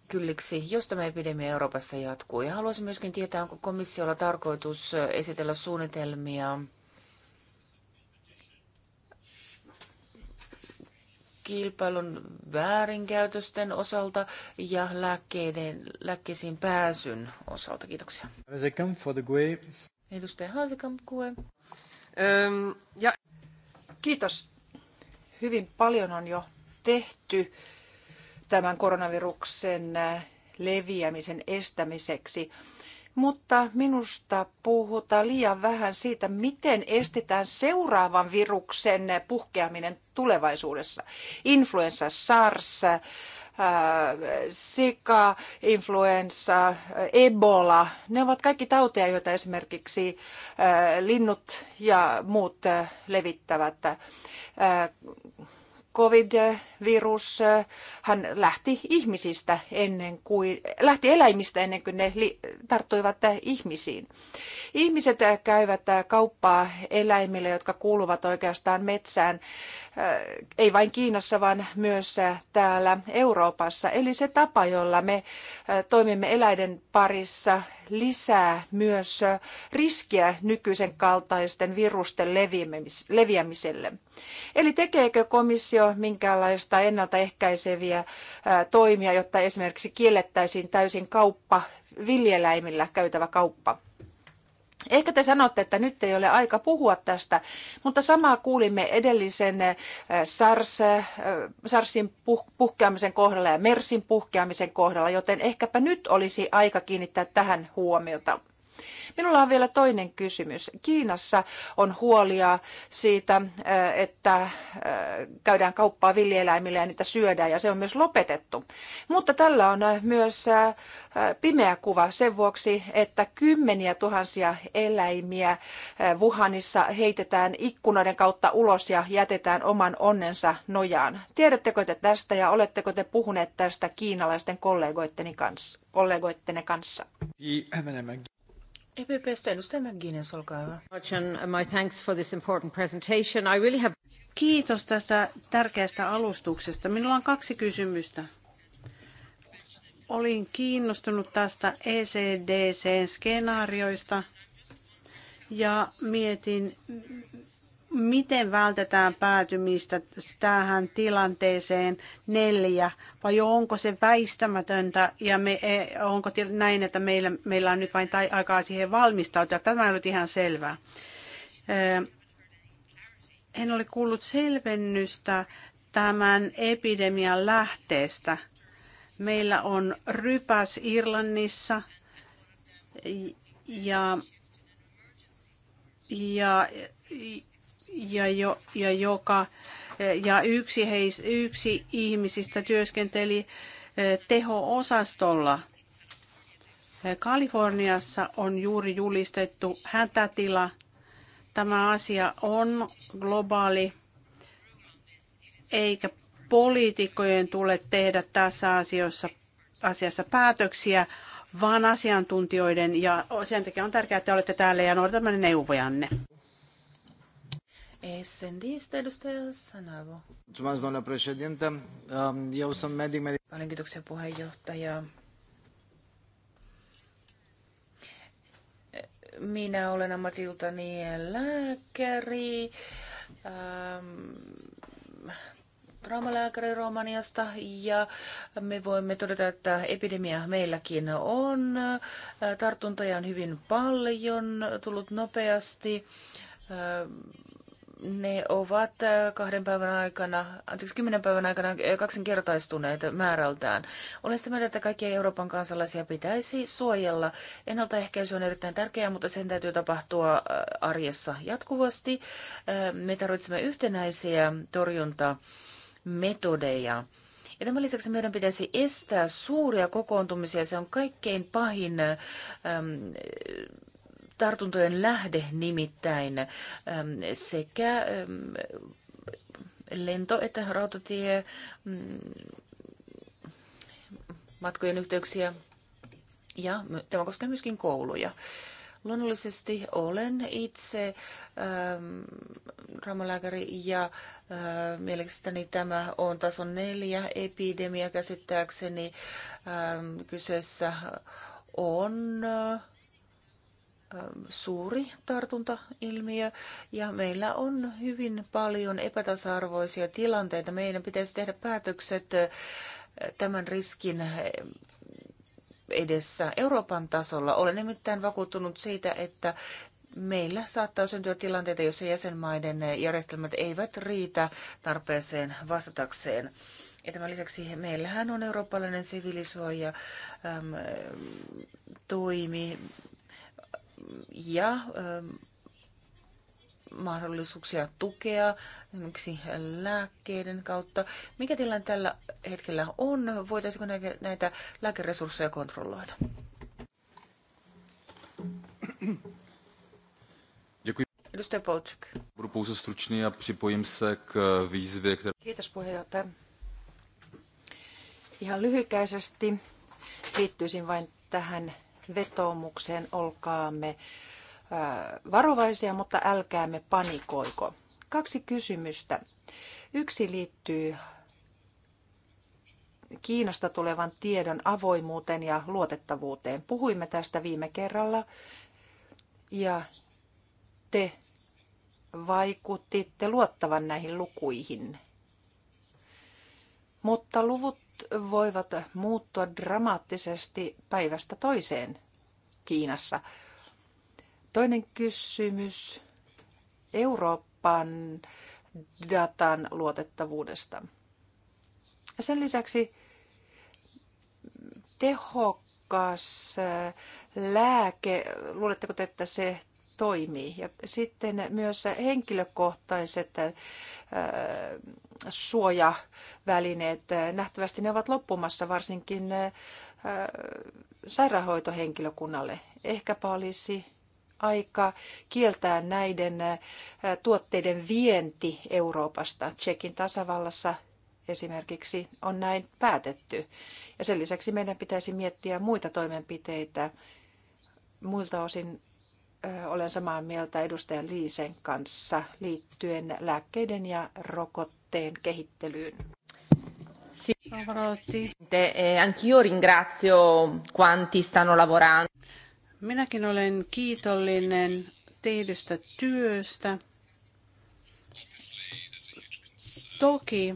kylliksi, jos tämä epidemia Euroopassa jatkuu. Ja haluaisin myöskin tietää, onko komissiolla tarkoitus eh, esitellä suunnitelmia kilpailun väärinkäytösten osalta ja lääkkeiden, lääkkeisiin pääsyn
osalta. Kiitoksia. E. Edustaja Haasekamp, Kue.
Öm, ja kiitos. Hyvin paljon on jo tehty tämän koronaviruksen leviämisen estämiseksi mutta minusta puhutaan liian vähän siitä, miten estetään seuraavan viruksen puhkeaminen tulevaisuudessa. Influenssa, SARS, Sika, äh, influenssa, Ebola, ne ovat kaikki tauteja, joita esimerkiksi äh, linnut ja muut äh, levittävät. COVID-virus, hän lähti ihmisistä ennen kuin, lähti eläimistä ennen kuin ne li, tarttuivat ihmisiin. Ihmiset käyvät kauppaa eläimille, jotka kuuluvat oikeastaan metsään, äh, ei vain Kiinassa, vaan myös täällä Euroopassa. Eli se tapa, jolla me äh, toimimme eläiden parissa, lisää myös riskiä nykyisen kaltaisten virusten leviämiselle. Eli tekeekö komissio minkäänlaista ennaltaehkäiseviä toimia, jotta esimerkiksi kiellettäisiin täysin kauppa, villieläimillä käytävä kauppa? Ehkä te sanotte, että nyt ei ole aika puhua tästä, mutta samaa kuulimme edellisen SARS, SARSin puhkeamisen kohdalla ja MERSin puhkeamisen kohdalla, joten ehkäpä nyt olisi aika kiinnittää tähän huomiota. Minulla on vielä toinen kysymys. Kiinassa on huolia siitä, eh, että eh, käydään kauppaa villieläimillä ja niitä syödään ja se on myös lopetettu. Mutta tällä on eh, myös pimeä kuva sen vuoksi, että kymmeniä tuhansia eläimiä Wuhanissa heitetään ikkunoiden kautta ulos ja jätetään oman onnensa nojaan. Tiedättekö te tästä ja oletteko te puhuneet tästä kiinalaisten kollegoitteni kanssa? kollegoittenne kanssa.
EPPstä edustaja olkaa hyvä. My thanks for this important presentation. I really have... Kiitos tästä tärkeästä alustuksesta. Minulla on kaksi kysymystä. Olin kiinnostunut tästä ECDC-skenaarioista ja mietin, miten vältetään päätymistä tähän tilanteeseen neljä, vai onko se väistämätöntä ja me, e, onko näin, että meillä, meillä on nyt vain tai aikaa siihen valmistautua? Tämä on nyt ihan selvää. En ole kuullut selvennystä tämän epidemian lähteestä. Meillä on rypäs Irlannissa ja, ja ja, jo, ja, joka, ja yksi, heis, yksi ihmisistä työskenteli e, teho-osastolla. E, Kaliforniassa on juuri julistettu hätätila. Tämä asia on globaali, eikä poliitikkojen tule tehdä tässä asiassa, asiassa päätöksiä, vaan asiantuntijoiden. Ja sen takia on tärkeää, että olette täällä ja noudatamme neuvojanne.
Sanavo. Paljon kiitoksia puheenjohtaja. Minä olen ammatiltani lääkäri, ähm, traumalääkäri Romaniasta ja me voimme todeta, että epidemia meilläkin on. Äh, tartuntoja on hyvin paljon, tullut nopeasti. Ähm, ne ovat äh, kahden päivän aikana, anteeksi kymmenen päivän aikana äh, kaksinkertaistuneet määrältään. Olen sitä mieltä, että kaikkia Euroopan kansalaisia pitäisi suojella. Ennaltaehkäisy on erittäin tärkeää, mutta sen täytyy tapahtua äh, arjessa jatkuvasti. Me tarvitsemme yhtenäisiä torjuntametodeja. Ja tämän lisäksi meidän pitäisi estää suuria kokoontumisia. Se on kaikkein pahin ähm, tartuntojen lähde nimittäin sekä lento- että rautatie mm, matkojen yhteyksiä ja tämä koskee myöskin kouluja. Luonnollisesti olen itse ähm, ja äh, mielestäni tämä on tason neljä epidemia käsittääkseni. Ähm, kyseessä on äh, suuri tartuntailmiö ja meillä on hyvin paljon epätasa-arvoisia tilanteita. Meidän pitäisi tehdä päätökset tämän riskin edessä Euroopan tasolla. Olen nimittäin vakuuttunut siitä, että meillä saattaa syntyä tilanteita, joissa jäsenmaiden järjestelmät eivät riitä tarpeeseen vastatakseen. Ja tämän lisäksi meillähän on eurooppalainen sivilisuoja toimi, ja ähm, mahdollisuuksia tukea esimerkiksi lääkkeiden kautta. Mikä tilanne tällä hetkellä on? Voitaisiko näitä lääkeresursseja kontrolloida? Edustaja Polczyk.
a připojím se k výzvě, která...
Kiitos puheenjohtaja.
Ihan lyhykäisesti liittyisin vain tähän vetoomukseen olkaamme varovaisia, mutta älkäämme panikoiko. Kaksi kysymystä. Yksi liittyy Kiinasta tulevan tiedon avoimuuteen ja luotettavuuteen. Puhuimme tästä viime kerralla ja te vaikutitte luottavan näihin lukuihin. Mutta luvut voivat muuttua dramaattisesti päivästä toiseen Kiinassa. Toinen kysymys Euroopan datan luotettavuudesta. Ja sen lisäksi tehokas äh, lääke, luuletteko te, että se toimii? Ja sitten myös henkilökohtaiset äh, suojavälineet, nähtävästi ne ovat loppumassa varsinkin äh, sairaanhoitohenkilökunnalle. Ehkäpä olisi aika kieltää näiden äh, tuotteiden vienti Euroopasta. Tsekin tasavallassa esimerkiksi on näin päätetty. Ja sen lisäksi meidän pitäisi miettiä muita toimenpiteitä. Muilta osin olen samaa mieltä edustajan Liisen kanssa liittyen lääkkeiden ja rokot tuotteen kehittelyyn.
Eh, anch'io ringrazio quanti stanno lavorando. Minäkin olen kiitollinen tehdystä työstä. Toki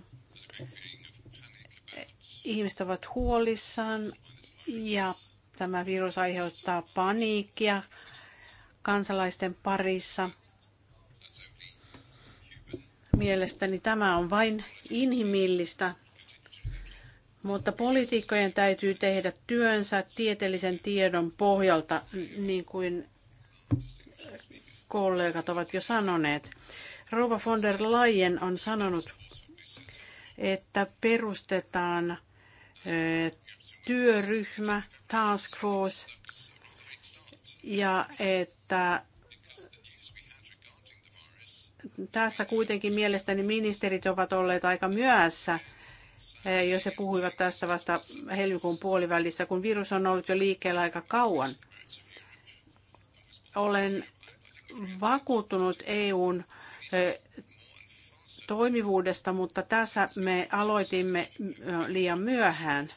ihmiset ovat huolissaan ja tämä virus aiheuttaa paniikkia kansalaisten parissa. Mielestäni tämä on vain inhimillistä, mutta poliitikkojen täytyy tehdä työnsä tieteellisen tiedon pohjalta, niin kuin kollegat ovat jo sanoneet. Rova von der Leyen on sanonut, että perustetaan työryhmä, task force, ja että tässä kuitenkin mielestäni ministerit ovat olleet aika myöhässä, eh, jos he puhuivat tästä vasta helmikuun puolivälissä, kun virus on ollut jo liikkeellä aika kauan. Olen vakuuttunut EUn eh, toimivuudesta, mutta tässä me aloitimme eh, liian myöhään –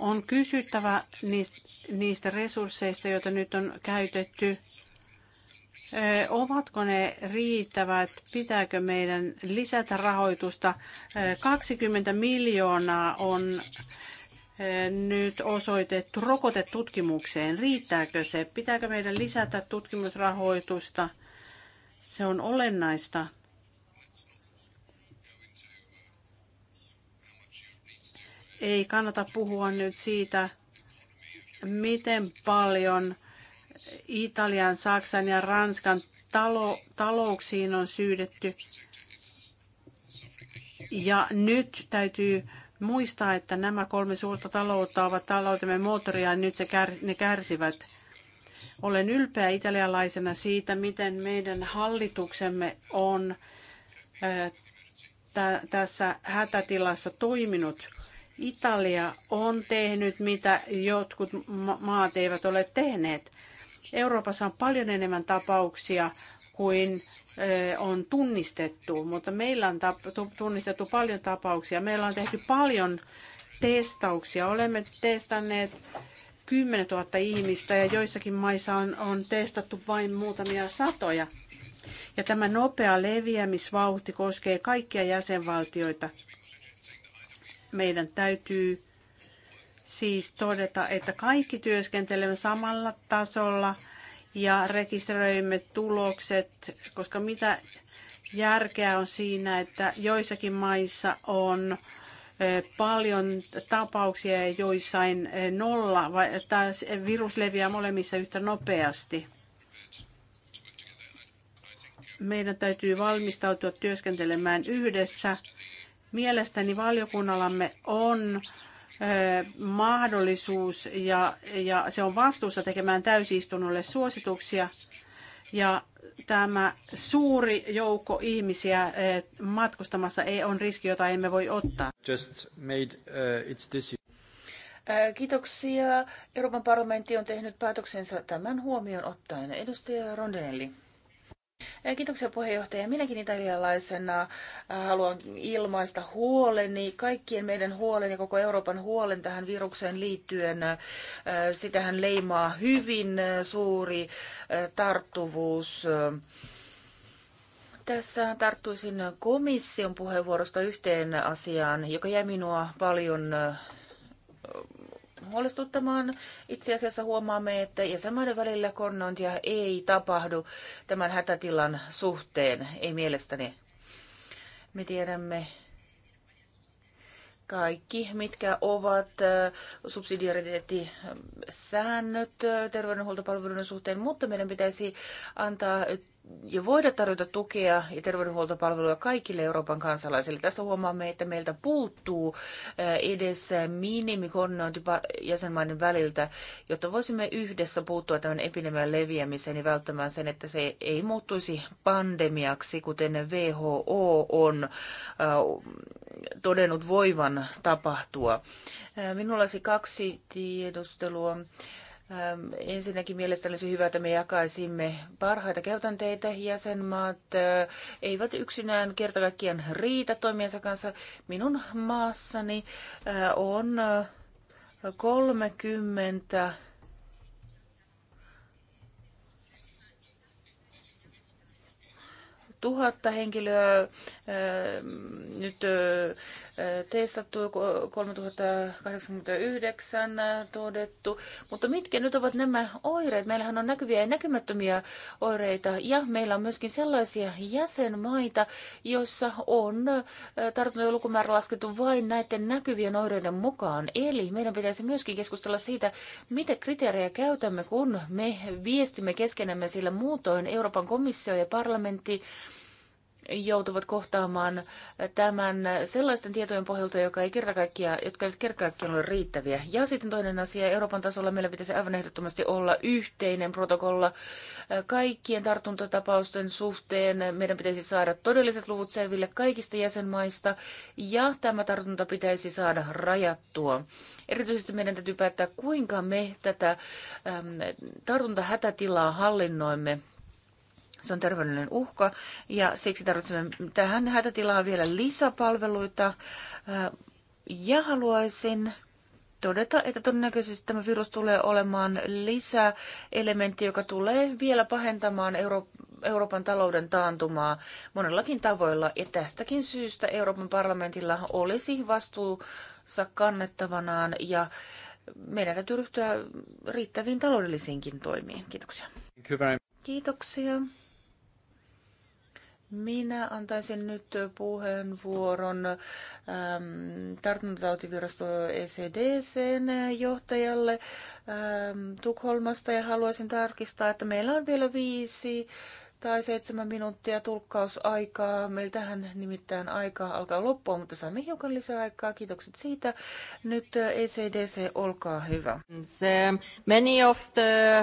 On kysyttävä niistä resursseista, joita nyt on käytetty. Ovatko ne riittävät? Pitääkö meidän lisätä rahoitusta? 20 miljoonaa on nyt osoitettu rokotetutkimukseen. Riittääkö se? Pitääkö meidän lisätä tutkimusrahoitusta? Se on olennaista ei kannata puhua nyt siitä, miten paljon Italian, Saksan ja Ranskan talo, talouksiin on syydetty. Ja nyt täytyy muistaa, että nämä kolme suurta taloutta ovat taloutemme moottoria ja nyt se kär, ne kärsivät. Olen ylpeä italialaisena siitä, miten meidän hallituksemme on tässä hätätilassa toiminut Italia on tehnyt, mitä jotkut maat eivät ole tehneet. Euroopassa on paljon enemmän tapauksia kuin on tunnistettu, mutta meillä on tunnistettu paljon tapauksia. Meillä on tehty paljon testauksia. Olemme testanneet 10 000 ihmistä ja joissakin maissa on, on testattu vain muutamia satoja. Ja tämä nopea leviämisvauhti koskee kaikkia jäsenvaltioita meidän täytyy siis todeta, että kaikki työskentelemme samalla tasolla ja rekisteröimme tulokset, koska mitä järkeä on siinä, että joissakin maissa on paljon tapauksia ja joissain nolla, vai että virus leviää molemmissa yhtä nopeasti. Meidän täytyy valmistautua työskentelemään yhdessä Mielestäni valiokunnallamme on mahdollisuus ja, ja se on vastuussa tekemään täysistunnolle suosituksia. Ja tämä suuri joukko ihmisiä matkustamassa ei on riski, jota emme voi ottaa.
Just made, uh, it's this...
Kiitoksia. Euroopan
parlamentti on tehnyt päätöksensä tämän huomioon ottaen. Edustaja Rondinelli. Kiitoksia puheenjohtaja. Minäkin italialaisena haluan ilmaista huoleni, kaikkien meidän huolen ja koko Euroopan huolen tähän virukseen liittyen. Sitähän leimaa hyvin suuri tarttuvuus. Tässä tarttuisin komission puheenvuorosta yhteen asiaan, joka jäi minua paljon huolestuttamaan. Itse asiassa huomaamme, että jäsenmaiden välillä koordinointia ei tapahdu tämän hätätilan suhteen, ei mielestäni. Me tiedämme kaikki, mitkä ovat subsidiariteettisäännöt terveydenhuoltopalveluiden suhteen, mutta meidän pitäisi antaa ja voida tarjota tukea ja terveydenhuoltopalveluja kaikille Euroopan kansalaisille. Tässä huomaamme, että meiltä puuttuu edes minimikoordinointi jäsenmaiden väliltä, jotta voisimme yhdessä puuttua tämän epidemian leviämiseen ja välttämään sen, että se ei muuttuisi pandemiaksi, kuten WHO on todennut voivan tapahtua. Minulla olisi kaksi tiedustelua. Ähm, ensinnäkin mielestäni olisi hyvä, että me jakaisimme parhaita käytänteitä. Jäsenmaat äh, eivät yksinään kertakaikkiaan riitä toimiensa kanssa. Minun maassani äh, on 30 äh, 000 henkilöä äh, nyt äh, testattu, 3089 äh, todettu. Mutta mitkä nyt ovat nämä oireet? Meillähän on näkyviä ja näkymättömiä oireita ja meillä on myöskin sellaisia jäsenmaita, joissa on tartuntojen lukumäärä laskettu vain näiden näkyvien oireiden mukaan. Eli meidän pitäisi myöskin keskustella siitä, mitä kriteerejä käytämme, kun me viestimme keskenämme, sillä muutoin Euroopan komissio ja parlamentti joutuvat kohtaamaan tämän sellaisten tietojen pohjalta, joka ei kerta jotka eivät kerta kaikkiaan ole riittäviä. Ja sitten toinen asia, Euroopan tasolla meillä pitäisi aivan ehdottomasti olla yhteinen protokolla kaikkien tartuntatapausten suhteen. Meidän pitäisi saada todelliset luvut selville kaikista jäsenmaista ja tämä tartunta pitäisi saada rajattua. Erityisesti meidän täytyy päättää, kuinka me tätä äm, tartuntahätätilaa hallinnoimme se on terveydellinen uhka ja siksi tarvitsemme tähän hätätilaan vielä lisäpalveluita. Äh, ja haluaisin todeta, että todennäköisesti tämä virus tulee olemaan lisäelementti, joka tulee vielä pahentamaan Euro- Euroopan talouden taantumaa monellakin tavoilla. Ja tästäkin syystä Euroopan parlamentilla olisi vastuussa kannettavanaan ja meidän täytyy ryhtyä riittäviin taloudellisiinkin toimiin. Kiitoksia. Kiitoksia. Minä antaisin nyt puheenvuoron ähm, tartuntatautivirasto ECDCn johtajalle ähm, Tukholmasta ja haluaisin tarkistaa, että meillä on vielä viisi tai seitsemän minuuttia tulkkausaikaa. Meiltähän nimittäin aika alkaa loppua, mutta saamme hiukan lisää aikaa. Kiitokset siitä. Nyt äh, ECDC, olkaa hyvä. Äh, many of the,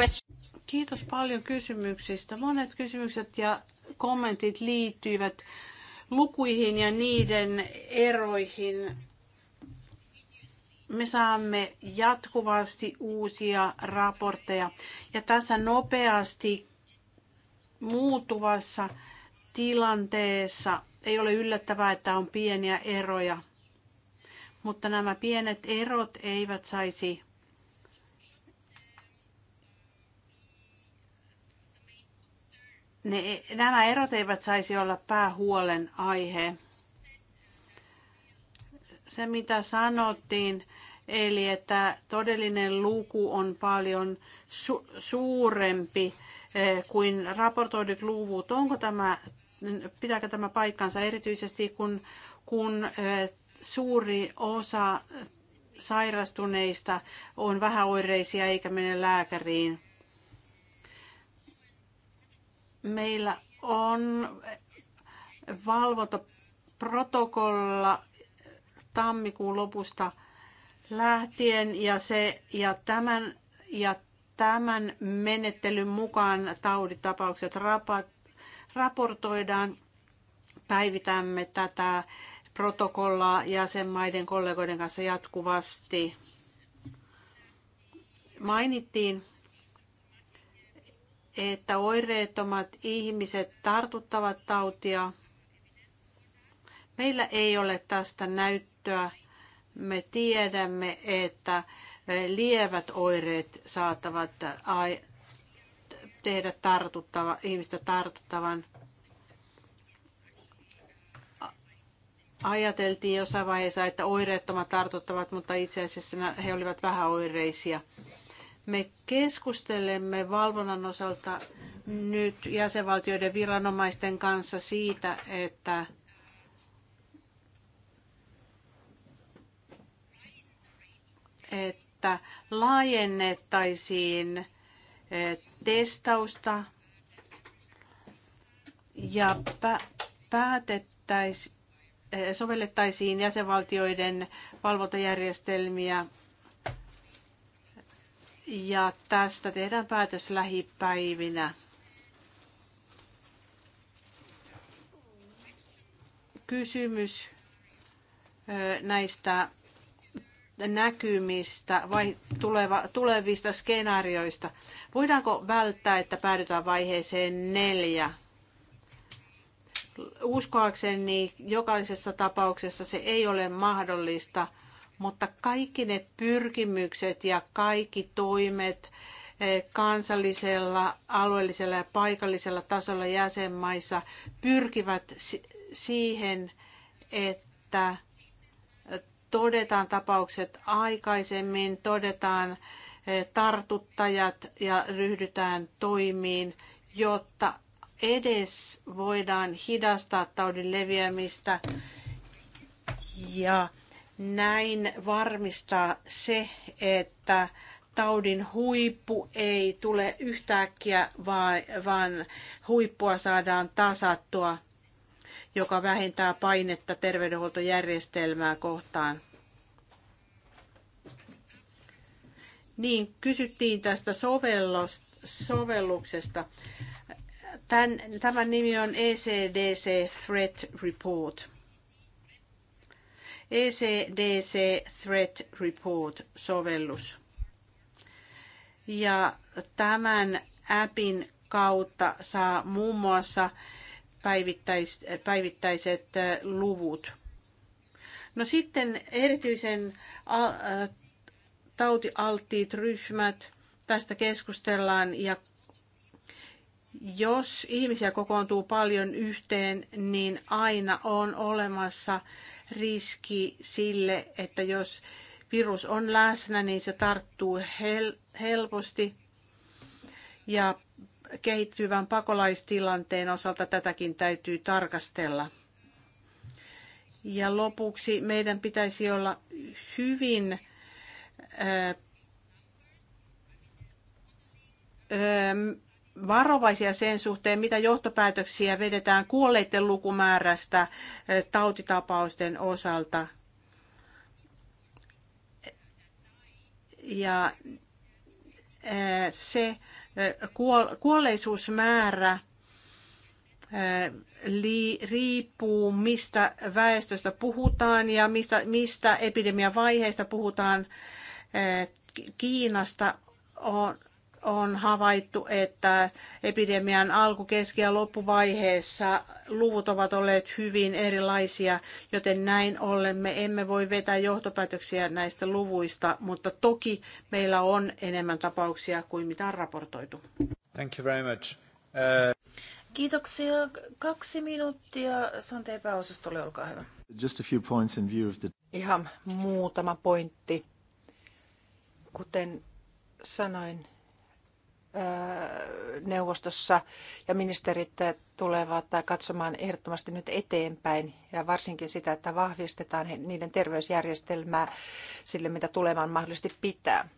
uh, Kiitos paljon kysymyksistä. Monet kysymykset ja kommentit liittyivät lukuihin ja niiden eroihin. Me saamme jatkuvasti uusia raportteja ja tässä nopeasti muuttuvassa tilanteessa ei ole yllättävää, että on pieniä eroja, mutta nämä pienet erot eivät saisi ne, niin, nämä erot eivät saisi olla päähuolen aihe. Se mitä sanottiin, eli että todellinen luku on paljon su- suurempi eh, kuin raportoidut luvut. Onko tämä, pitääkö tämä paikkansa erityisesti, kun, kun eh, suuri osa sairastuneista on vähäoireisia eikä mene lääkäriin? Meillä on valvontaprotokolla tammikuun lopusta lähtien ja, se, ja, tämän, ja tämän menettelyn mukaan tauditapaukset rapat, raportoidaan. Päivitämme tätä protokollaa jäsenmaiden kollegoiden kanssa jatkuvasti. Mainittiin että oireettomat ihmiset tartuttavat tautia. Meillä ei ole tästä näyttöä. Me tiedämme, että lievät oireet saattavat tehdä tartuttava, ihmistä tartuttavan. Ajateltiin jossain vaiheessa, että oireettomat tartuttavat, mutta itse asiassa he olivat vähän oireisia. Me keskustelemme valvonnan osalta nyt jäsenvaltioiden viranomaisten kanssa siitä, että että laajennettaisiin eh, testausta ja päätettäisiin eh, sovellettaisiin jäsenvaltioiden valvontajärjestelmiä ja tästä tehdään päätös lähipäivinä. Kysymys näistä näkymistä vai tuleva, tulevista skenaarioista. Voidaanko välttää, että päädytään vaiheeseen neljä? Uskoakseni jokaisessa tapauksessa se ei ole mahdollista – mutta kaikki ne pyrkimykset ja kaikki toimet eh, kansallisella, alueellisella ja paikallisella tasolla jäsenmaissa pyrkivät siihen, että todetaan tapaukset aikaisemmin, todetaan eh, tartuttajat ja ryhdytään toimiin, jotta edes voidaan hidastaa taudin leviämistä ja näin varmistaa se, että taudin huippu ei tule yhtäkkiä, vaan huippua saadaan tasattua, joka vähentää painetta terveydenhuoltojärjestelmää kohtaan. Niin, kysyttiin tästä sovelluksesta. Tämän, tämän nimi on ECDC Threat Report – ECDC Threat Report-sovellus. Ja tämän appin kautta saa muun muassa päivittäis, päivittäiset luvut. No sitten erityisen tautialttiit ryhmät, tästä keskustellaan ja jos ihmisiä kokoontuu paljon yhteen, niin aina on olemassa riski sille, että jos virus on läsnä, niin se tarttuu hel- helposti. Ja kehittyvän pakolaistilanteen osalta tätäkin täytyy tarkastella. Ja lopuksi meidän pitäisi olla hyvin varovaisia sen suhteen, mitä johtopäätöksiä vedetään kuolleiden lukumäärästä eh, tautitapausten osalta. Ja eh, se eh, kuolleisuusmäärä riippuu, mistä väestöstä puhutaan ja mistä, mistä epidemian vaiheista puhutaan. Kiinasta on on havaittu, että epidemian alku-, keski- ja loppuvaiheessa luvut ovat olleet hyvin erilaisia, joten näin ollen me emme voi vetää johtopäätöksiä näistä luvuista, mutta toki meillä on enemmän tapauksia kuin mitä on
raportoitu. Thank you very much. Uh... Kiitoksia. Kaksi
minuuttia. Sante pääosastolle, olkaa hyvä.
Just a few points in view of the...
Ihan muutama
pointti. Kuten sanoin, neuvostossa ja ministerit tulevat katsomaan ehdottomasti nyt eteenpäin ja varsinkin sitä, että vahvistetaan niiden terveysjärjestelmää sille, mitä tulemaan mahdollisesti pitää.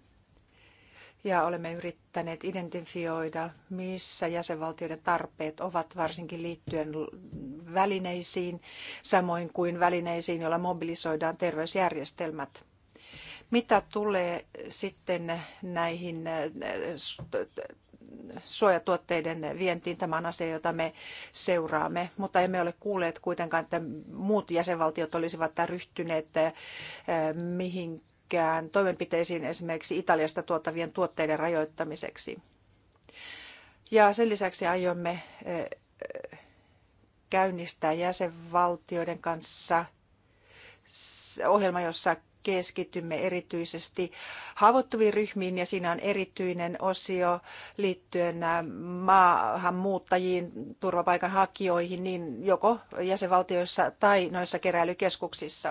Ja olemme yrittäneet identifioida, missä jäsenvaltioiden tarpeet ovat varsinkin liittyen välineisiin, samoin kuin välineisiin, joilla mobilisoidaan terveysjärjestelmät. Mitä tulee sitten näihin äh, äh, suojatuotteiden vientiin. Tämä on asia, jota me seuraamme, mutta emme ole kuulleet kuitenkaan, että muut jäsenvaltiot olisivat ryhtyneet äh, mihinkään toimenpiteisiin esimerkiksi Italiasta tuotavien tuotteiden rajoittamiseksi. Ja sen lisäksi aiomme käynnistää jäsenvaltioiden kanssa ohjelma, jossa keskitymme erityisesti haavoittuviin ryhmiin ja siinä on erityinen osio liittyen äh, maahanmuuttajiin, turvapaikanhakijoihin, niin joko jäsenvaltioissa tai noissa keräilykeskuksissa.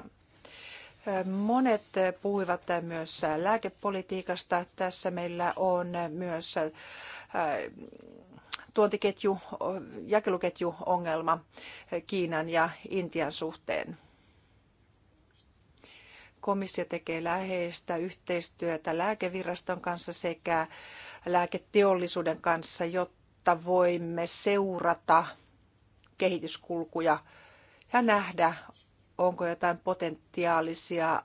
Äh, monet puhuivat myös lääkepolitiikasta. Tässä meillä on myös äh, tuontiketju, jakeluketjuongelma Kiinan ja Intian suhteen komissio tekee läheistä yhteistyötä lääkeviraston kanssa sekä lääketeollisuuden kanssa, jotta voimme seurata kehityskulkuja ja nähdä, onko jotain potentiaalisia äh,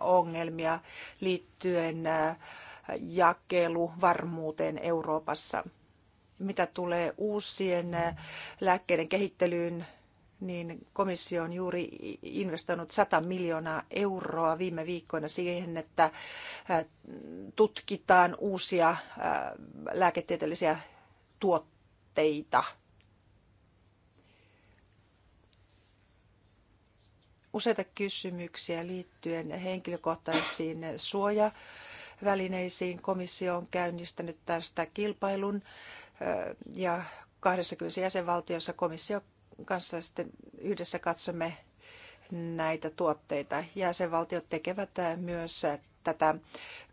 ongelmia liittyen äh, jakeluvarmuuteen Euroopassa. Mitä tulee uusien äh, lääkkeiden kehittelyyn, niin komissio on juuri investoinut 100 miljoonaa euroa viime viikkoina siihen, että tutkitaan uusia lääketieteellisiä tuotteita. Useita kysymyksiä liittyen henkilökohtaisiin suojavälineisiin. Komissio on käynnistänyt tästä kilpailun ja 20 jäsenvaltiossa komissio kanssa sitten yhdessä katsomme näitä tuotteita. Jäsenvaltiot tekevät äh, myös äh, tätä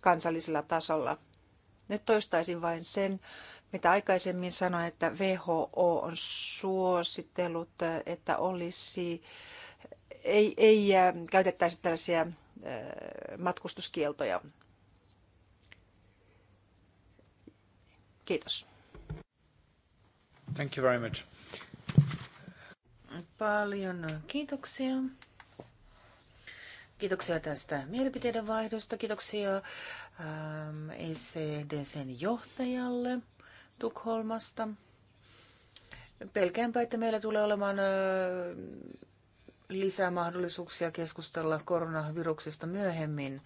kansallisella tasolla. Nyt toistaisin vain sen, mitä aikaisemmin sanoin, että WHO on suositellut, äh, että olisi, ei, ei käytettäisi tällaisia matkustuskieltoja.
Kiitos.
Thank you very much.
Paljon kiitoksia. Kiitoksia tästä mielipiteiden vaihdosta. Kiitoksia ähm, ECDCn johtajalle Tukholmasta. Pelkäänpä, että meillä tulee olemaan äh, lisää mahdollisuuksia keskustella koronaviruksesta myöhemmin.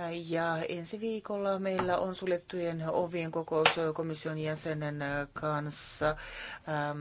Äh, ja ensi viikolla meillä on suljettujen ovien kokous komission jäsenen äh, kanssa. Ähm,